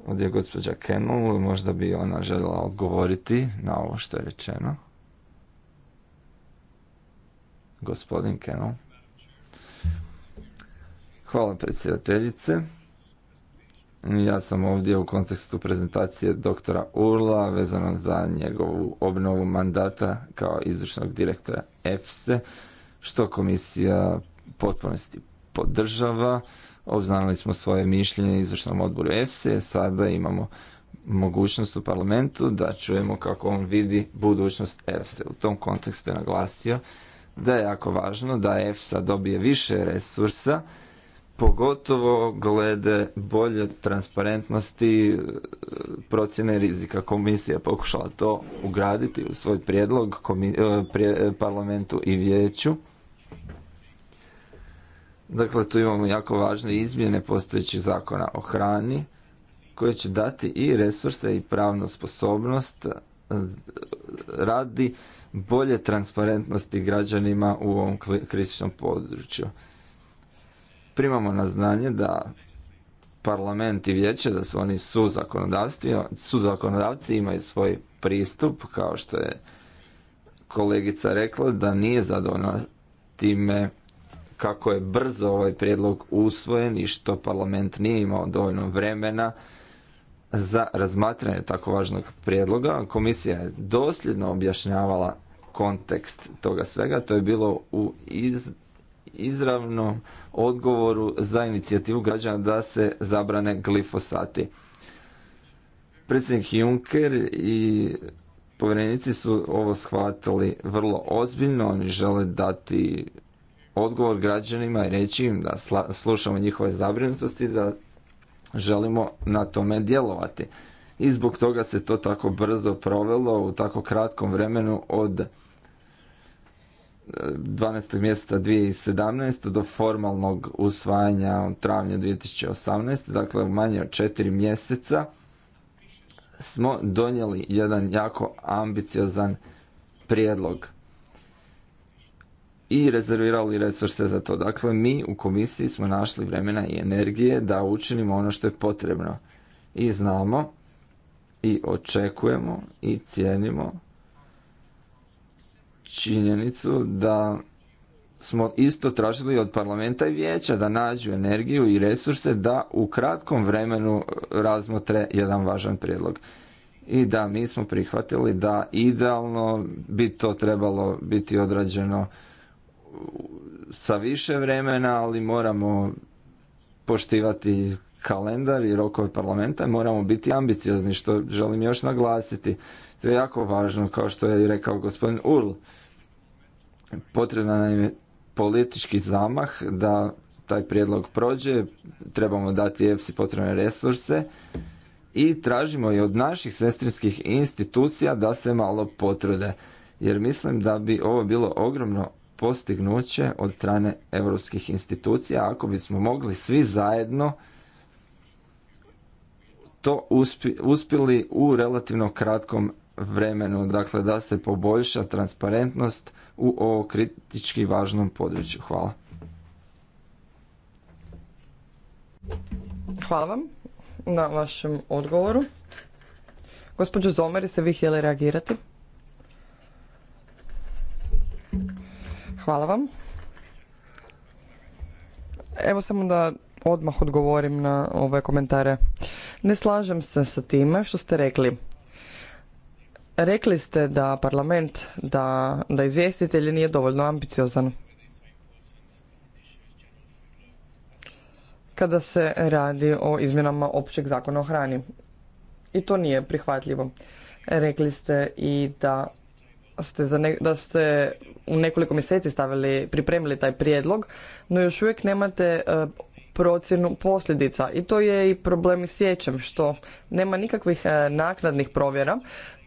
Ovdje je gospođa Kenul, možda bi ona željela odgovoriti na ovo što je rečeno. Gospodin Kenul. Hvala predsjedateljice. Ja sam ovdje u kontekstu prezentacije doktora Urla vezano za njegovu obnovu mandata kao izvršnog direktora EFSE što komisija potpunosti podržava. Obznanili smo svoje mišljenje izvršnom odboru ESE, sada imamo mogućnost u parlamentu da čujemo kako on vidi budućnost EFSA. U tom kontekstu je naglasio da je jako važno da EFSA dobije više resursa, pogotovo glede bolje transparentnosti e, procjene rizika. Komisija pokušala to ugraditi u svoj prijedlog e, e, parlamentu i vijeću Dakle, tu imamo jako važne izmjene postojećih zakona o hrani koje će dati i resurse i pravnu sposobnost e, radi bolje transparentnosti građanima u ovom kritičnom području. Primamo na znanje da parlament i vijeće, da su oni suzakonodavci, imaju svoj pristup, kao što je kolegica rekla, da nije zadovoljna time kako je brzo ovaj prijedlog usvojen i što parlament nije imao dovoljno vremena za razmatranje tako važnog prijedloga. Komisija je dosljedno objašnjavala kontekst toga svega. To je bilo u izravnom odgovoru za inicijativu građana da se zabrane glifosati. Predsjednik Juncker i povjerenici su ovo shvatili vrlo ozbiljno, oni žele dati odgovor građanima i reći im da slušamo njihove zabrinutosti, da želimo na tome djelovati. I zbog toga se to tako brzo provelo u tako kratkom vremenu od 12. E, mjeseca 2017. do formalnog usvajanja u travnju 2018. Dakle, u manje od četiri mjeseca smo donijeli jedan jako ambiciozan prijedlog i rezervirali resurse za to. Dakle, mi u komisiji smo našli vremena i energije da učinimo ono što je potrebno. I znamo i očekujemo i cijenimo činjenicu da smo isto tražili od parlamenta i vijeća da nađu energiju i resurse da u kratkom vremenu razmotre jedan važan prijedlog. I da mi smo prihvatili da idealno bi to trebalo biti odrađeno sa više vremena, ali moramo poštivati kalendar i rokove parlamenta, moramo biti ambiciozni, što želim još naglasiti. To je jako važno, kao što je i rekao gospodin Url. Potrebna nam je politički zamah da taj prijedlog prođe, trebamo dati EFSI potrebne resurse i tražimo i od naših sestrinskih institucija da se malo potrude. Jer mislim da bi ovo bilo ogromno postignuće od strane europskih institucija ako bismo mogli svi zajedno to uspjeli u relativno kratkom vremenu, dakle da se poboljša transparentnost u ovo kritički važnom području. Hvala. Hvala vam na vašem odgovoru. Gospođo Zomer, ste vi htjeli reagirati? Hvala vam. Evo samo da odmah odgovorim na ove komentare. Ne slažem se sa time što ste rekli. Rekli ste da parlament, da, da izvjestitelj nije dovoljno ambiciozan. Kada se radi o izmjenama općeg zakona o hrani. I to nije prihvatljivo. Rekli ste i da ste, za da ste u nekoliko mjeseci stavili, pripremili taj prijedlog, no još uvijek nemate e, procjenu posljedica i to je i problem s vijećem što nema nikakvih e, naknadnih provjera.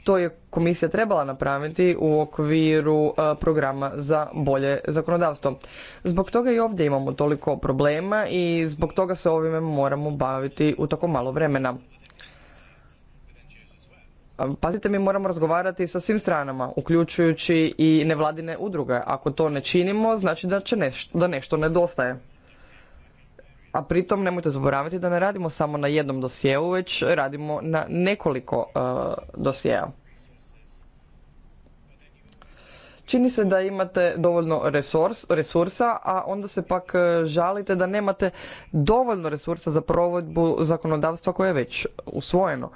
To je komisija trebala napraviti u okviru e, programa za bolje zakonodavstvo. Zbog toga i ovdje imamo toliko problema i zbog toga se ovime moramo baviti u tako malo vremena. Pazite, mi moramo razgovarati sa svim stranama, uključujući i nevladine udruge. Ako to ne činimo, znači da, će nešto, da nešto nedostaje. A pritom nemojte zaboraviti da ne radimo samo na jednom dosjeu, već radimo na nekoliko uh, dosjea. Čini se da imate dovoljno resursa, a onda se pak e, žalite da nemate dovoljno resursa za provodbu zakonodavstva koje je već usvojeno.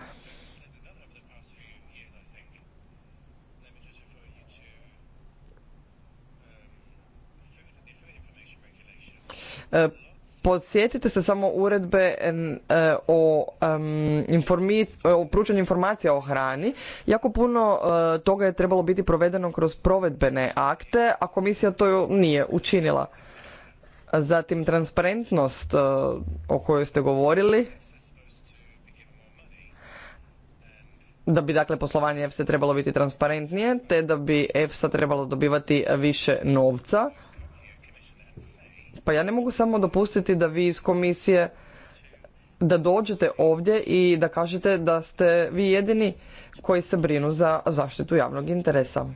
E, Podsjetite se samo uredbe e, o, e, o pručanju informacija o hrani. Jako puno toga je trebalo biti provedeno kroz provedbene akte, a komisija to nije učinila. Zatim transparentnost o kojoj ste govorili. Da bi dakle poslovanje EFSA trebalo biti transparentnije, te da bi EFSA trebalo dobivati više novca pa ja ne mogu samo dopustiti da vi iz komisije da dođete ovdje i da kažete da ste vi jedini koji se brinu za zaštitu javnog interesa.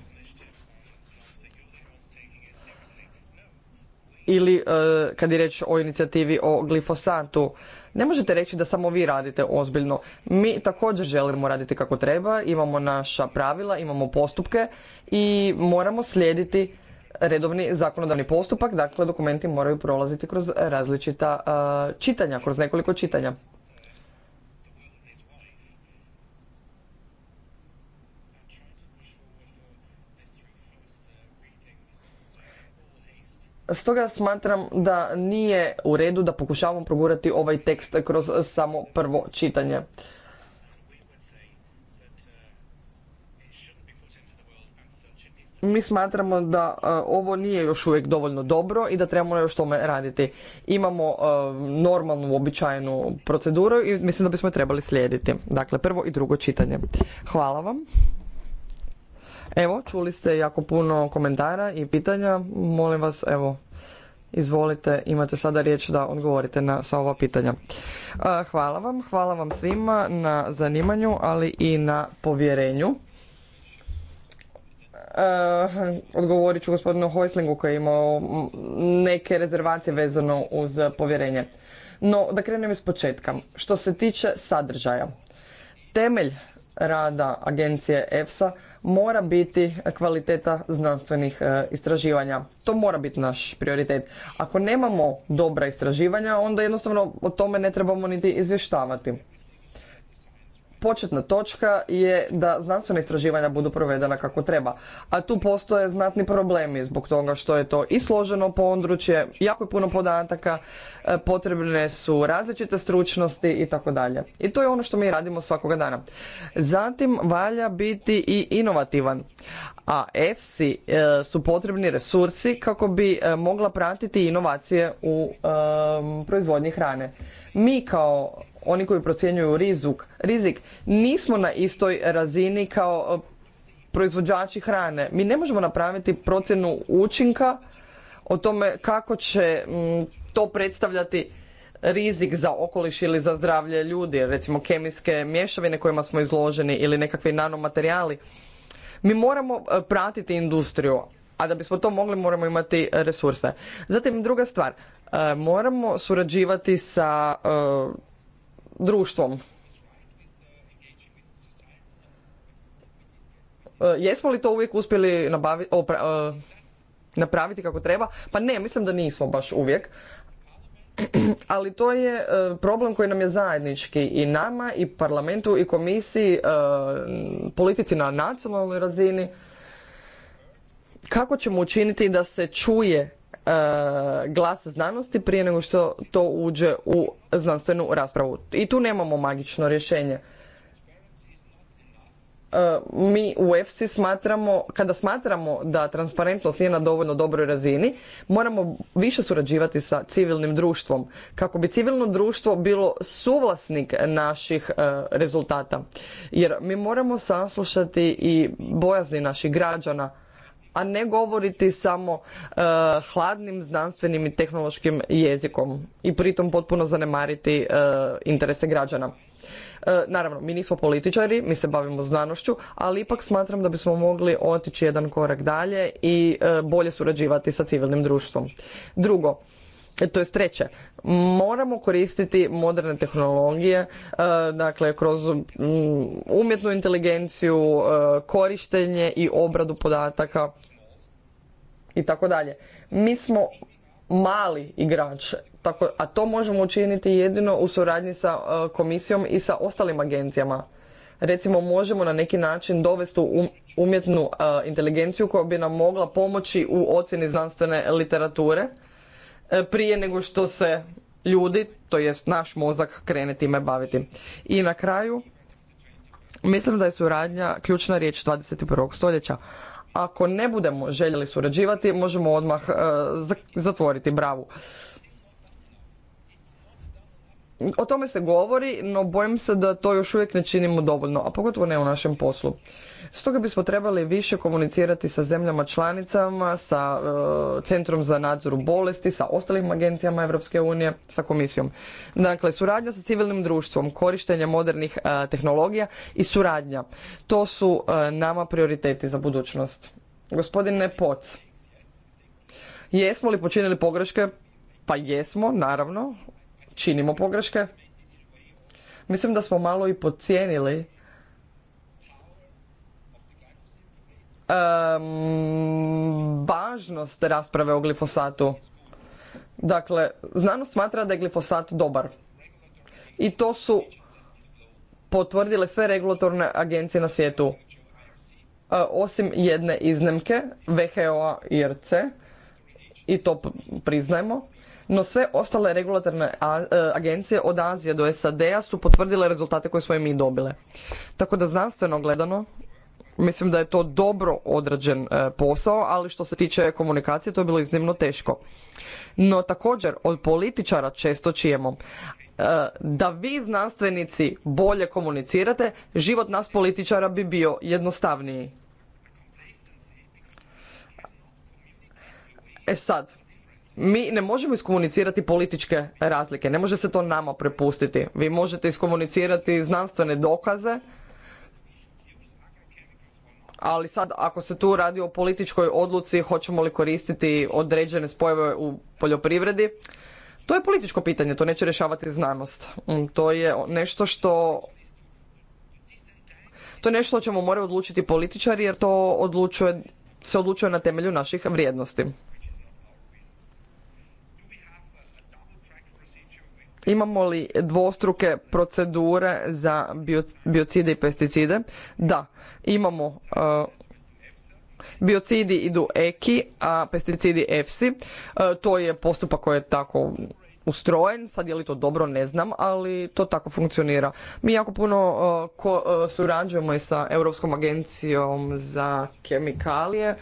Ili e, kad je reč o inicijativi o glifosatu, ne možete reći da samo vi radite ozbiljno. Mi također želimo raditi kako treba, imamo naša pravila, imamo postupke i moramo slijediti redovni zakonodavni postupak, dakle dokumenti moraju prolaziti kroz različita čitanja, kroz nekoliko čitanja. Stoga smatram da nije u redu da pokušavamo progurati ovaj tekst kroz samo prvo čitanje. mi smatramo da e, ovo nije još uvijek dovoljno dobro i da trebamo još tome raditi. Imamo e, normalnu, običajnu proceduru i mislim da bismo je trebali slijediti. Dakle, prvo i drugo čitanje. Hvala vam. Evo, čuli ste jako puno komentara i pitanja. Molim vas, evo, Izvolite, imate sada riječ da odgovorite na sva ova pitanja. E, hvala vam, hvala vam svima na zanimanju, ali i na povjerenju. Eh, odgovorit ću gospodinu Hojslingu koji je imao neke rezervacije vezano uz povjerenje. No, da krenem iz početka. Što se tiče sadržaja, temelj rada agencije EFSA mora biti kvaliteta znanstvenih eh, istraživanja. To mora biti naš prioritet. Ako nemamo dobra istraživanja, onda jednostavno o tome ne trebamo niti izvještavati početna točka je da znanstvena istraživanja budu provedena kako treba. A tu postoje znatni problemi zbog toga što je to i složeno područje, jako je puno podataka, e, potrebne su različite stručnosti i tako dalje. I to je ono što mi radimo svakoga dana. Zatim valja biti i inovativan. A EFSI su potrebni resursi kako bi e, mogla pratiti inovacije u e, proizvodnji hrane. Mi kao oni koji procjenjuju rizik, rizik nismo na istoj razini kao e, proizvođači hrane. Mi ne možemo napraviti procjenu učinka o tome kako će mm, to predstavljati rizik za okoliš ili za zdravlje ljudi, recimo kemijske mješavine kojima smo izloženi ili nekakvi nanomaterijali. Mi moramo e, pratiti industriju, a da bismo to mogli moramo imati resurse. Zatim druga stvar, e, moramo surađivati sa društvom. E, jesmo li to uvijek uspjeli nabavi, e, napraviti kako treba? Pa ne, mislim da nismo baš uvijek. *clears throat* Ali to je e, problem koji nam je zajednički i nama i parlamentu i komisiji, politici na nacionalnoj razini. Kako ćemo učiniti da se čuje E, glas znanosti prije nego što to uđe u znanstvenu raspravu. I tu nemamo magično rješenje. E, mi u EFSI smatramo, kada smatramo da transparentnost nije na dovoljno dobroj razini, moramo više surađivati sa civilnim društvom, kako bi civilno društvo bilo suvlasnik naših e, rezultata. Jer mi moramo saslušati i bojazni naših građana, a ne govoriti samo e, hladnim znanstvenim i tehnološkim jezikom i pritom potpuno zanemariti e, interese građana. E, naravno, mi nismo političari, mi se bavimo znanošću, ali ipak smatram da bismo mogli otići jedan korak dalje i bolje surađivati sa civilnim društvom. Drugo, E, to je treće, moramo koristiti moderne tehnologije, e, dakle kroz umjetnu inteligenciju, e, korištenje i obradu podataka i tako dalje. Mi smo mali igrač, tako, a to možemo učiniti jedino u suradnji sa komisijom i sa ostalim agencijama. Recimo možemo na neki način dovesti u um, umjetnu inteligenciju koja bi nam mogla pomoći u ocjeni znanstvene literature E, prije nego što se ljudi, to jest naš mozak, krene time baviti. I na kraju, mislim da je suradnja ključna riječ 21. stoljeća. Ako ne budemo željeli surađivati, možemo odmah e, zatvoriti bravu o tome se govori, no bojim se da to još uvijek ne činimo dovoljno, a pogotovo ne u našem poslu. Stoga bismo trebali više komunicirati sa zemljama članicama, sa e, Centrom za nadzor bolesti, sa ostalim agencijama Europske unije, sa komisijom. Dakle, suradnja sa civilnim društvom, korištenje modernih e, tehnologija i suradnja. To su e, nama prioriteti za budućnost. Gospodine Poc, jesmo li počinili pogreške? Pa jesmo, naravno, činimo pogreške. Mislim da smo malo i podcijenili važnost rasprave o glifosatu. Dakle, znanost smatra da je glifosat dobar. I to su potvrdile sve regulatorne agencije na svijetu. E, osim jedne iznemke, WHO i RC, i to priznajemo, no sve ostale regulatorne e, agencije od Azije do SAD-a su potvrdile rezultate koje smo i mi dobile. Tako da znanstveno gledano, mislim da je to dobro odrađen e, posao, ali što se tiče komunikacije to je bilo iznimno teško. No također od političara često čijemo e, da vi znanstvenici bolje komunicirate, život nas političara bi bio jednostavniji. E sad, mi ne možemo iskomunicirati političke razlike, ne može se to nama prepustiti. Vi možete iskomunicirati znanstvene dokaze, ali sad ako se tu radi o političkoj odluci hoćemo li koristiti određene spojeve u poljoprivredi, to je političko pitanje, to neće rješavati znanost. Mm, to je nešto što to je nešto o čemu moraju odlučiti političari jer to odlučuje, se odlučuje na temelju naših vrijednosti. Imamo li dvostruke procedure za biocide i pesticide? Da, imamo uh, biocidi idu EKI, a pesticidi EFSI. Uh, to je postupak koji je tako ustrojen, sad je li to dobro ne znam, ali to tako funkcionira. Mi jako puno uh, surađujemo i sa Europskom agencijom za kemikalije.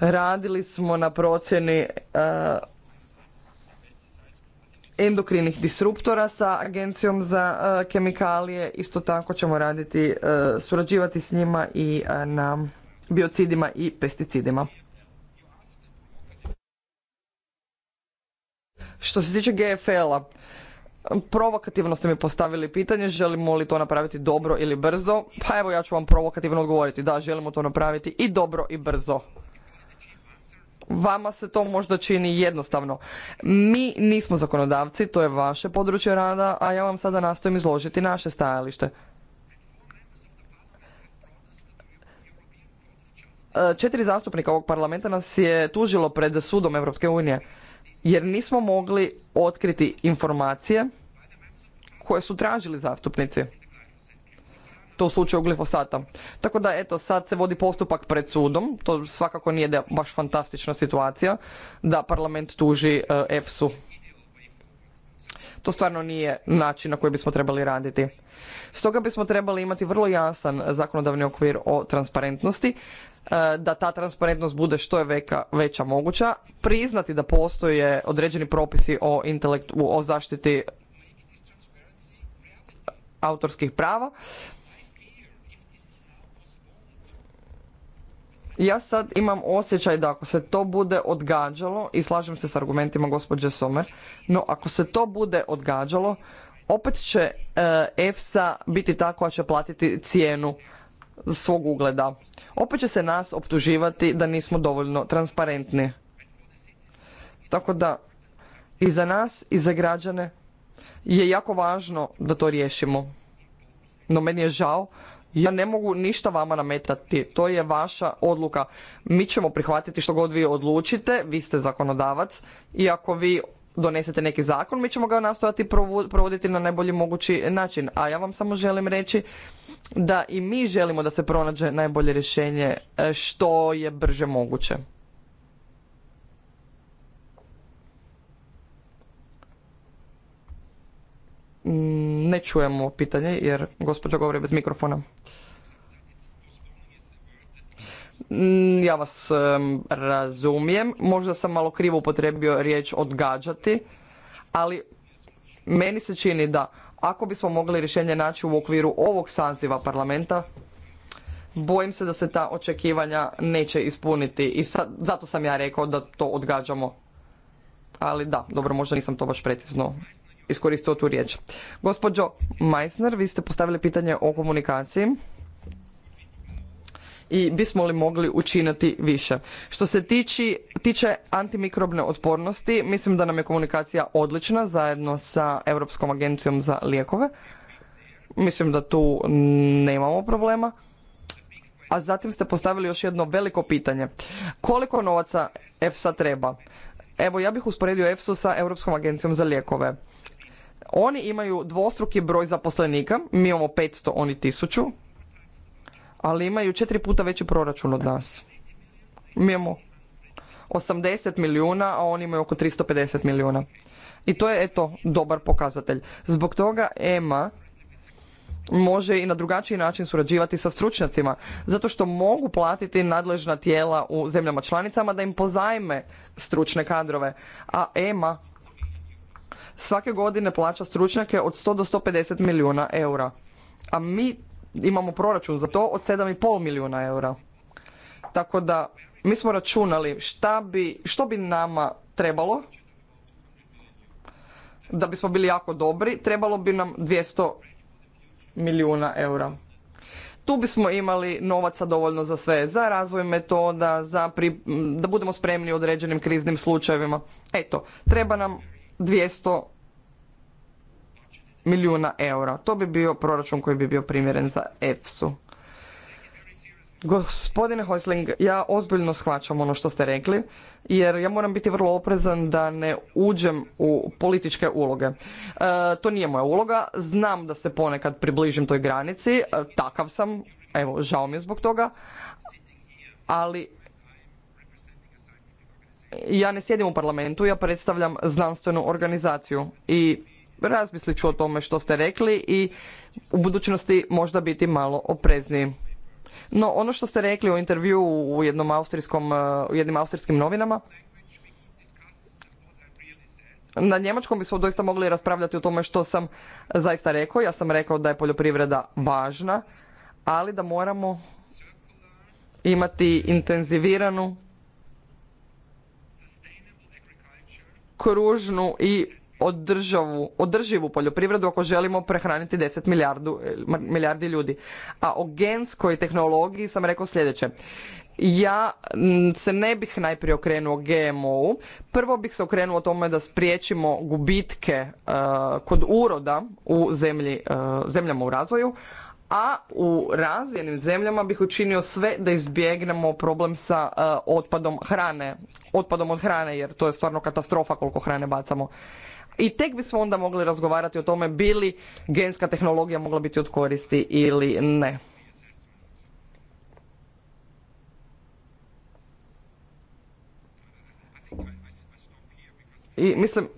Radili smo na procjeni endokrinih disruptora sa agencijom za e, kemikalije. Isto tako ćemo raditi, e, surađivati s njima i e, na biocidima i pesticidima. Što se tiče GFL-a, provokativno ste mi postavili pitanje želimo li to napraviti dobro ili brzo. Pa evo ja ću vam provokativno odgovoriti da želimo to napraviti i dobro i brzo. Vama se to možda čini jednostavno. Mi nismo zakonodavci, to je vaše područje rada, a ja vam sada nastojim izložiti naše stajalište. E, četiri zastupnika ovog parlamenta nas je tužilo pred sudom Europske unije jer nismo mogli otkriti informacije koje su tražili zastupnici to u slučaju glifosata. Tako da eto sad se vodi postupak pred sudom, to svakako nije baš fantastična situacija da parlament tuži eh, EFSU. To stvarno nije način na koji bismo trebali raditi. Stoga bismo trebali imati vrlo jasan zakonodavni okvir o transparentnosti, eh, da ta transparentnost bude što je veka, veća moguća, priznati da postoje određeni propisi o, intelektu, o zaštiti autorskih prava, ja sad imam osjećaj da ako se to bude odgađalo, i slažem se s argumentima gospođe Somer, no ako se to bude odgađalo, opet će e, EFSA biti ta koja će platiti cijenu svog ugleda. Opet će se nas optuživati da nismo dovoljno transparentni. Tako da i za nas i za građane je jako važno da to riješimo. No meni je žao ja ne mogu ništa vama nametati, to je vaša odluka. Mi ćemo prihvatiti što god vi odlučite, vi ste zakonodavac i ako vi donesete neki zakon, mi ćemo ga nastojati provoditi na najbolji mogući način. A ja vam samo želim reći da i mi želimo da se pronađe najbolje rješenje e, što je brže moguće. Mm, ne čujemo pitanje jer gospođa govori bez mikrofona. Mm, ja vas razumijem, možda sam malo krivo upotrebio riječ odgađati, ali meni se čini da ako bismo mogli rješenje naći u okviru ovog saziva parlamenta, bojim se da se ta očekivanja neće ispuniti i sad, zato sam ja rekao da to odgađamo. Ali da, dobro, možda nisam to baš precizno iskoristio tu riječ. Gospođo Meissner, vi ste postavili pitanje o komunikaciji i bismo li mogli učiniti više. Što se tiči, tiče antimikrobne otpornosti, mislim da nam je komunikacija odlična zajedno sa Europskom agencijom za lijekove. Mislim da tu nemamo problema. A zatim ste postavili još jedno veliko pitanje. Koliko novaca EFSA treba? Evo, ja bih usporedio EFSA sa Europskom agencijom za lijekove. Oni imaju dvostruki broj zaposlenika, mi imamo 500, oni 1000, ali imaju četiri puta veći proračun od nas. Mi imamo 80 milijuna, a oni imaju oko 350 milijuna. I to je, eto, dobar pokazatelj. Zbog toga EMA može i na drugačiji način surađivati sa stručnjacima, zato što mogu platiti nadležna tijela u zemljama članicama da im pozajme stručne kadrove, a EMA svake godine plaća stručnjake od 100 do 150 milijuna eura. A mi imamo proračun za to od 7,5 milijuna eura. Tako da mi smo računali šta bi, što bi nama trebalo da bismo bili jako dobri, trebalo bi nam 200 milijuna eura. Tu bismo imali novaca dovoljno za sve, za razvoj metoda, za da budemo spremni u određenim kriznim slučajevima. Eto, treba nam 200 milijuna eura. To bi bio proračun koji bi bio primjeren za EFSU. Gospodine Hosling, ja ozbiljno shvaćam ono što ste rekli, jer ja moram biti vrlo oprezan da ne uđem u političke uloge. E, to nije moja uloga, znam da se ponekad približim toj granici, e, takav sam, evo, žao mi je zbog toga, ali ja ne sjedim u parlamentu, ja predstavljam znanstvenu organizaciju i razmislit ću o tome što ste rekli i u budućnosti možda biti malo oprezniji. No, ono što ste rekli u intervju u, jednom austrijskom, e, u jednim austrijskim novinama, na njemačkom bismo doista mogli raspravljati o tome što sam zaista rekao. Ja sam rekao da je poljoprivreda važna, ali da moramo imati intenziviranu kružnu i održavu, održivu poljoprivredu ako želimo prehraniti 10 milijardu, milijardi ljudi. A o genskoj tehnologiji sam rekao sljedeće. Ja se ne bih najprije okrenuo GMO-u. Prvo bih se okrenuo tome da spriječimo gubitke e, kod uroda u zemlji, e, zemljama u razvoju, a u razvijenim zemljama bih učinio sve da izbjegnemo problem sa eh, otpadom hrane, otpadom od hrane jer to je stvarno katastrofa koliko hrane bacamo. I tek bismo onda mogli razgovarati o tome bili genska tehnologija mogla biti od koristi ili ne. I mislim,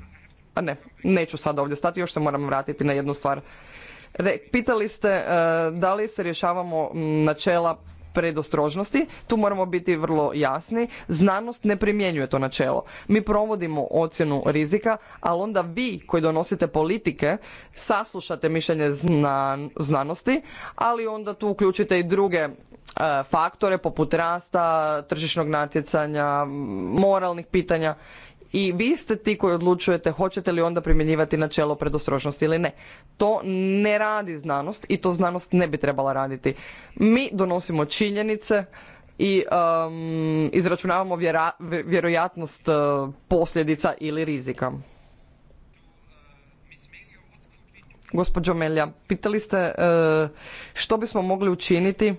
ne, neću sad ovdje stati, još se moram vratiti na jednu stvar. Pitali ste e, da li se rješavamo načela predostrožnosti, tu moramo biti vrlo jasni, znanost ne primjenjuje to načelo. Mi provodimo ocjenu rizika, ali onda vi koji donosite politike saslušate mišljenje znanosti, ali onda tu uključite i druge e, faktore poput rasta, tržišnog natjecanja, moralnih pitanja i vi ste ti koji odlučujete hoćete li onda primjenjivati načelo predostrožnosti ili ne. To ne radi znanost i to znanost ne bi trebala raditi. Mi donosimo činjenice i um, izračunavamo vjerojatnost uh, posljedica ili rizika. Gospođo Melja, pitali ste uh, što bismo mogli učiniti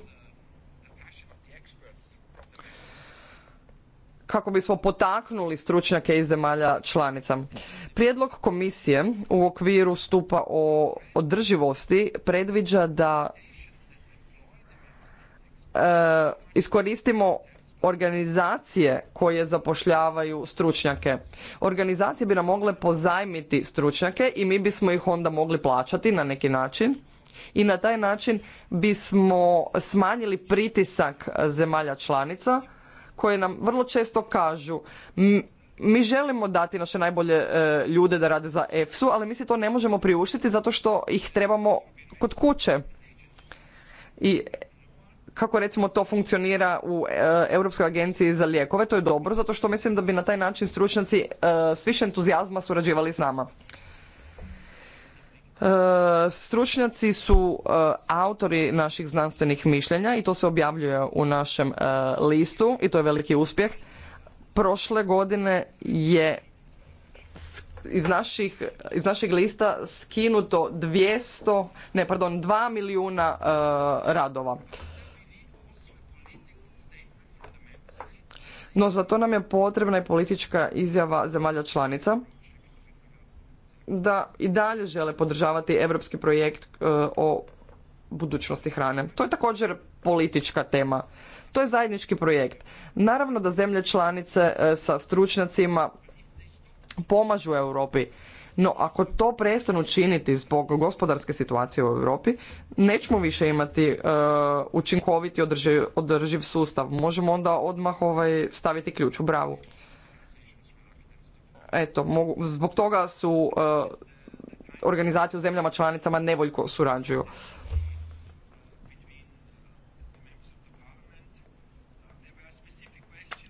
kako bismo potaknuli stručnjake iz zemalja članica. Prijedlog komisije u okviru stupa o održivosti predviđa da e, iskoristimo organizacije koje zapošljavaju stručnjake. Organizacije bi nam mogle pozajmiti stručnjake i mi bismo ih onda mogli plaćati na neki način i na taj način bismo smanjili pritisak zemalja članica koje nam vrlo često kažu mi želimo dati naše najbolje e, ljude da rade za EFSU, ali mi si to ne možemo priuštiti zato što ih trebamo kod kuće. I kako recimo to funkcionira u e, Europskoj agenciji za lijekove, to je dobro zato što mislim da bi na taj način stručnjaci e, s više entuzijazma surađivali s nama. E, stručnjaci su e, autori naših znanstvenih mišljenja i to se objavljuje u našem e, listu i to je veliki uspjeh. Prošle godine je iz, naših, iz našeg lista skinuto 200, ne pardon, 2 milijuna radova. No za to nam je potrebna i politička izjava zemalja članica da i dalje žele podržavati europski projekt e, o budućnosti hrane. To je također politička tema. To je zajednički projekt. Naravno da zemlje članice e, sa stručnjacima pomažu Europi. No, ako to prestanu činiti zbog gospodarske situacije u Europi, nećemo više imati e, učinkoviti održiv, sustav. Možemo onda odmah ovaj, staviti ključ u bravu eto, mogu, zbog toga su e, organizacije u zemljama članicama nevoljko surađuju.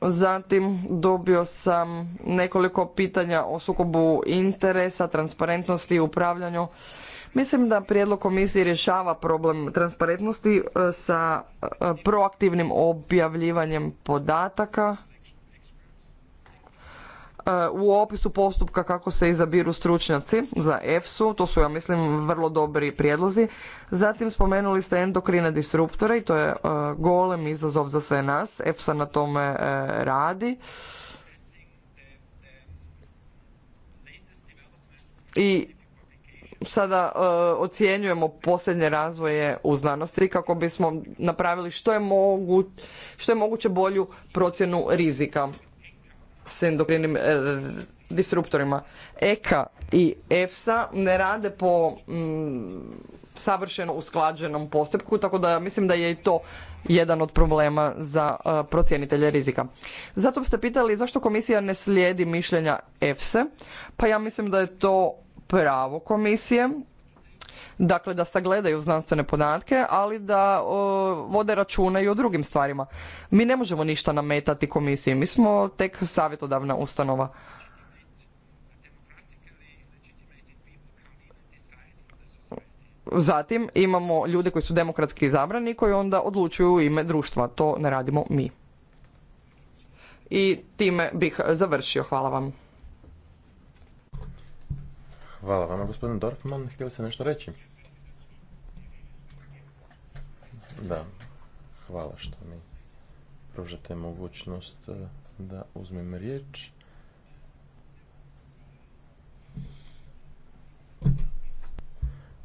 Zatim dobio sam nekoliko pitanja o sukobu interesa, transparentnosti i upravljanju. Mislim da prijedlog komisije rješava problem transparentnosti e, sa e, proaktivnim objavljivanjem podataka E, u opisu postupka kako se izabiru stručnjaci za EFSU, to su ja mislim vrlo dobri prijedlozi. Zatim spomenuli ste endokrine disruptore i to je e, golem izazov za sve nas. EFSA na tome e, radi. I sada ocjenjujemo posljednje razvoje u znanosti kako bismo napravili što je, mogu, što je moguće bolju procjenu rizika s endokrinim e, disruptorima. EKA i EFSA ne rade po mm, savršeno usklađenom postupku, tako da mislim da je i to jedan od problema za procjenitelja procjenitelje rizika. Zato ste pitali zašto komisija ne slijedi mišljenja EFSA. pa ja mislim da je to pravo komisije dakle da sagledaju znanstvene podatke, ali da vode računa i o drugim stvarima. Mi ne možemo ništa nametati komisiji, mi smo tek savjetodavna ustanova. Zatim imamo ljude koji su demokratski izabrani koji onda odlučuju u ime društva. To ne radimo mi. I time bih završio. Hvala vam. Hvala vam, gospodin Dorfman. Htio se nešto reći? Da, hvala što mi pružate mogućnost e, da uzmem riječ.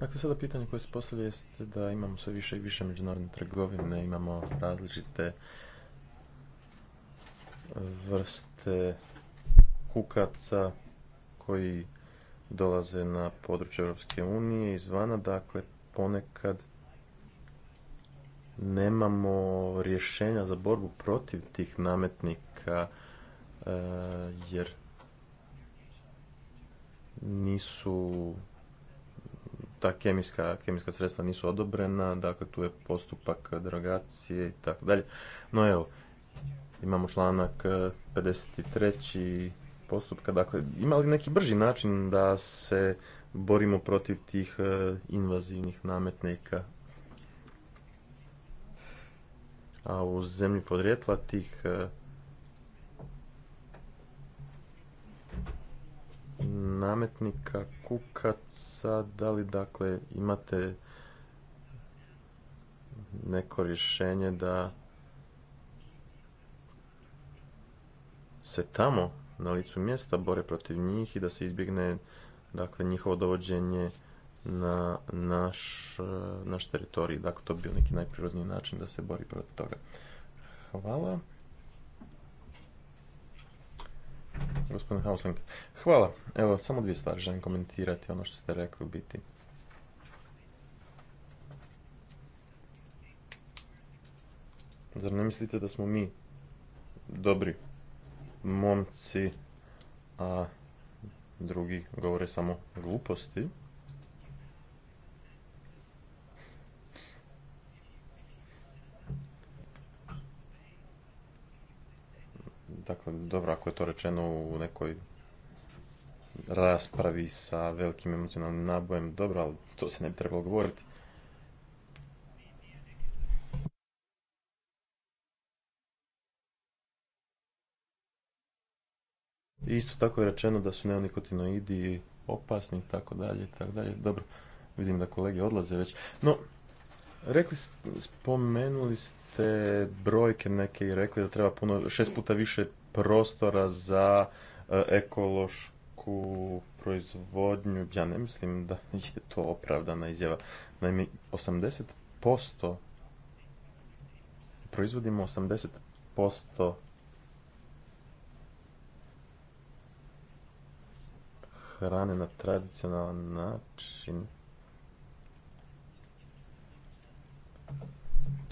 Dakle, sada pitanje koje se postavlja jeste da imamo sve više i više međunarodne trgovine, imamo različite vrste kukaca koji dolaze na područje Europske unije izvana, dakle ponekad nemamo rješenja za borbu protiv tih nametnika e, jer nisu ta kemijska, kemijska sredstva nisu odobrena, dakle tu je postupak drogacije i tako dalje. No evo, imamo članak 53. E, postupka, dakle ima li neki brži način da se borimo protiv tih e, invazivnih nametnika? a u zemlji podrijetla tih e, nametnika, kukaca, da li dakle imate neko rješenje da se tamo na licu mjesta bore protiv njih i da se izbjegne dakle njihovo dovođenje na naš, e, naš teritorij. Dakle, to bi bio neki najprirodniji način da se bori protiv toga. Hvala. Gospodin Hausling. Hvala. Evo, samo dvije stvari želim komentirati ono što ste rekli u biti. Zar ne mislite da smo mi dobri momci, a drugi govore samo gluposti? dakle, dobro, ako je to rečeno u nekoj raspravi sa velikim emocionalnim nabojem, dobro, ali to se ne bi trebalo govoriti. Isto tako je rečeno da su neonikotinoidi opasni i tako dalje, tako dalje. Dobro, vidim da kolege odlaze već. No, rekli, spomenuli ste te brojke neke i rekli da treba puno, šest puta više prostora za e, ekološku proizvodnju. Ja ne mislim da je to opravdana izjava. Naime, 80% proizvodimo 80% hrane na tradicionalan način.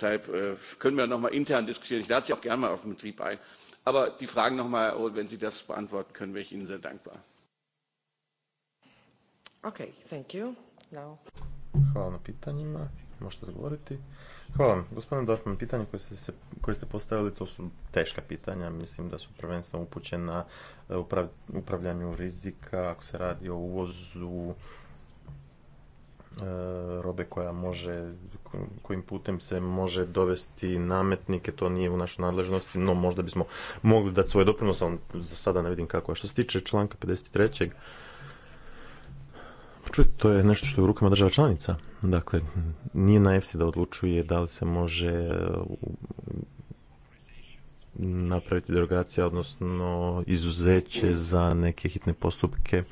Deshalb äh, können wir noch mal intern diskutieren. Ich lade Sie auch gerne mal auf den Betrieb ein. Aber die Fragen noch mal, wenn Sie das beantworten können, wäre ich Ihnen sehr dankbar. Okay, thank you. Now. Hvala na pitanjima. Možete odgovoriti. Hvala vam. Gospodine Dorfman, pitanje koje ste, se, koje ste postavili, to su teška pitanja. Mislim da su prvenstveno upućena e, upravljanju rizika, ako se radi o uvozu E, robe koja može, kojim putem se može dovesti nametnike, to nije u našoj nadležnosti, no možda bismo mogli dati svoje doprinos, ali za sada ne vidim kako. A što se tiče članka 53. Pa čujte, to je nešto što je u rukama država članica. Dakle, nije na EFSI da odlučuje da li se može e, napraviti derogacija, odnosno izuzeće za neke hitne postupke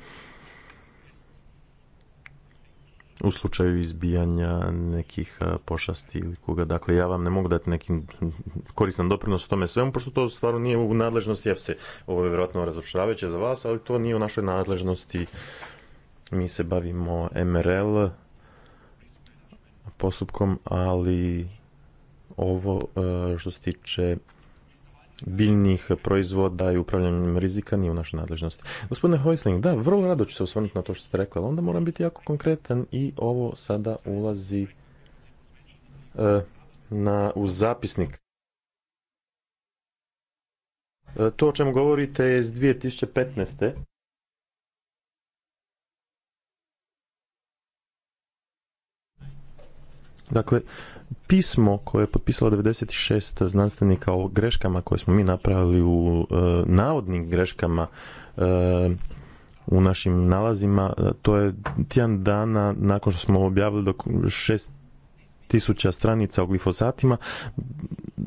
u slučaju izbijanja nekih pošasti ili koga. Dakle, ja vam ne mogu dati nekim koristan doprinos u tome svemu, pošto to stvarno nije u nadležnosti EFSE. Ovo je vjerojatno razočaravajuće za vas, ali to nije u našoj nadležnosti. Mi se bavimo MRL postupkom, ali ovo što se tiče biljnih proizvoda i upravljanjem rizika nije u našoj nadležnosti. Gospodine Hojsling, da, vrlo rado ću se osvrnuti na to što ste rekli, ali onda moram biti jako konkretan i ovo sada ulazi eh, na, u zapisnik. Eh, to o čemu govorite je iz 2015. Dakle, pismo koje je potpisalo 96 znanstvenika o greškama koje smo mi napravili u e, navodnim greškama e, u našim nalazima, e, to je tjedan dana nakon što smo objavili dok šest tisuća stranica o glifosatima.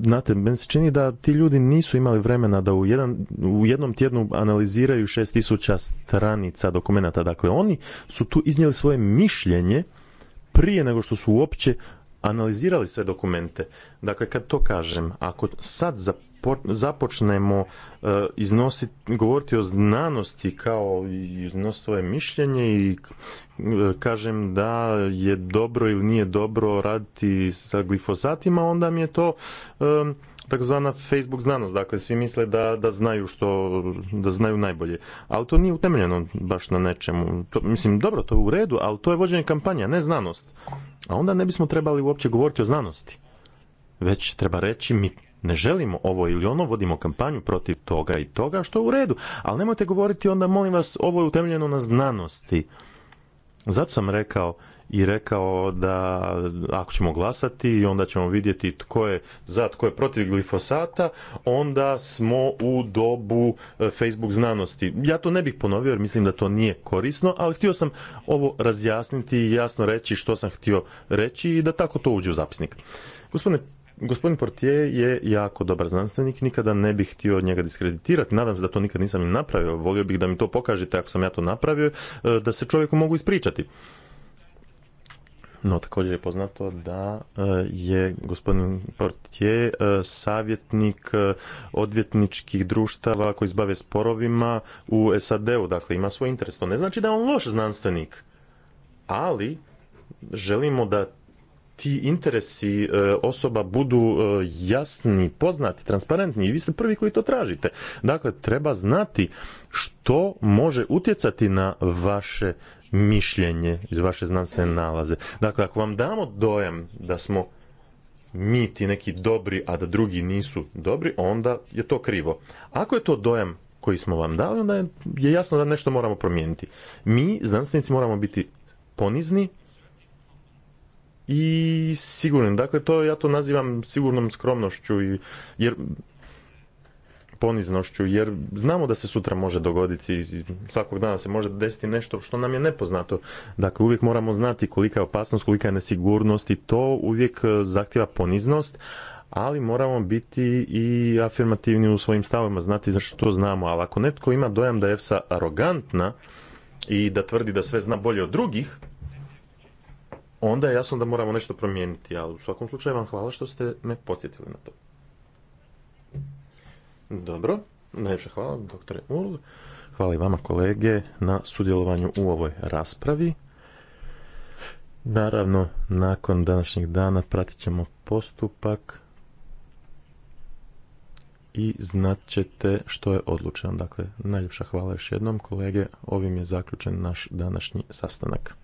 Znate, meni se čini da ti ljudi nisu imali vremena da u, jedan, u jednom tjednu analiziraju šest tisuća stranica dokumenata. Dakle, oni su tu iznijeli svoje mišljenje prije nego što su uopće analizirali sve dokumente. Dakle, kad to kažem, ako sad započnemo e, iznositi, govoriti o znanosti kao iznos svoje mišljenje i e, kažem da je dobro ili nije dobro raditi sa glifosatima, onda mi je to e, takozvana Facebook znanost, dakle svi misle da, da znaju što, da znaju najbolje. Ali to nije utemeljeno baš na nečemu. To, mislim, dobro, to je u redu, ali to je vođenje kampanja, ne znanost. A onda ne bismo trebali uopće govoriti o znanosti. Već treba reći, mi ne želimo ovo ili ono, vodimo kampanju protiv toga i toga, što je u redu. Ali nemojte govoriti onda, molim vas, ovo je utemeljeno na znanosti. Zato sam rekao, i rekao da ako ćemo glasati i onda ćemo vidjeti tko je za, tko je protiv glifosata, onda smo u dobu e, Facebook znanosti. Ja to ne bih ponovio jer mislim da to nije korisno, ali htio sam ovo razjasniti i jasno reći što sam htio reći i da tako to uđe u zapisnik. Gospodine Gospodin Portier je jako dobar znanstvenik, nikada ne bih htio njega diskreditirati, nadam se da to nikad nisam ni napravio, volio bih da mi to pokažete ako sam ja to napravio, e, da se čovjeku mogu ispričati. No, također je poznato da e, je gospodin Portier e, savjetnik e, odvjetničkih društava koji zbave sporovima u SAD-u, dakle ima svoj interes. To ne znači da je on loš znanstvenik, ali želimo da ti interesi osoba budu jasni, poznati, transparentni i vi ste prvi koji to tražite. Dakle, treba znati što može utjecati na vaše mišljenje, iz vaše znanstvene nalaze. Dakle, ako vam damo dojam da smo mi ti neki dobri, a da drugi nisu dobri, onda je to krivo. Ako je to dojam koji smo vam dali, onda je, jasno da nešto moramo promijeniti. Mi, znanstvenici, moramo biti ponizni i sigurni. Dakle, to ja to nazivam sigurnom skromnošću, jer poniznošću, jer znamo da se sutra može dogoditi, svakog dana se može desiti nešto što nam je nepoznato. Dakle, uvijek moramo znati kolika je opasnost, kolika je nesigurnost i to uvijek e, zahtjeva poniznost, ali moramo biti i afirmativni u svojim stavima, znati za što znamo. Ali ako netko ima dojam da je EFSA arogantna i da tvrdi da sve zna bolje od drugih, onda je jasno da moramo nešto promijeniti. Ali u svakom slučaju vam hvala što ste me podsjetili na to. Dobro, najljepša hvala, doktore Url. Hvala i vama kolege na sudjelovanju u ovoj raspravi. Naravno, nakon današnjeg dana pratit ćemo postupak i znat ćete što je odlučeno. Dakle, najljepša hvala još jednom kolege. Ovim je zaključen naš današnji sastanak.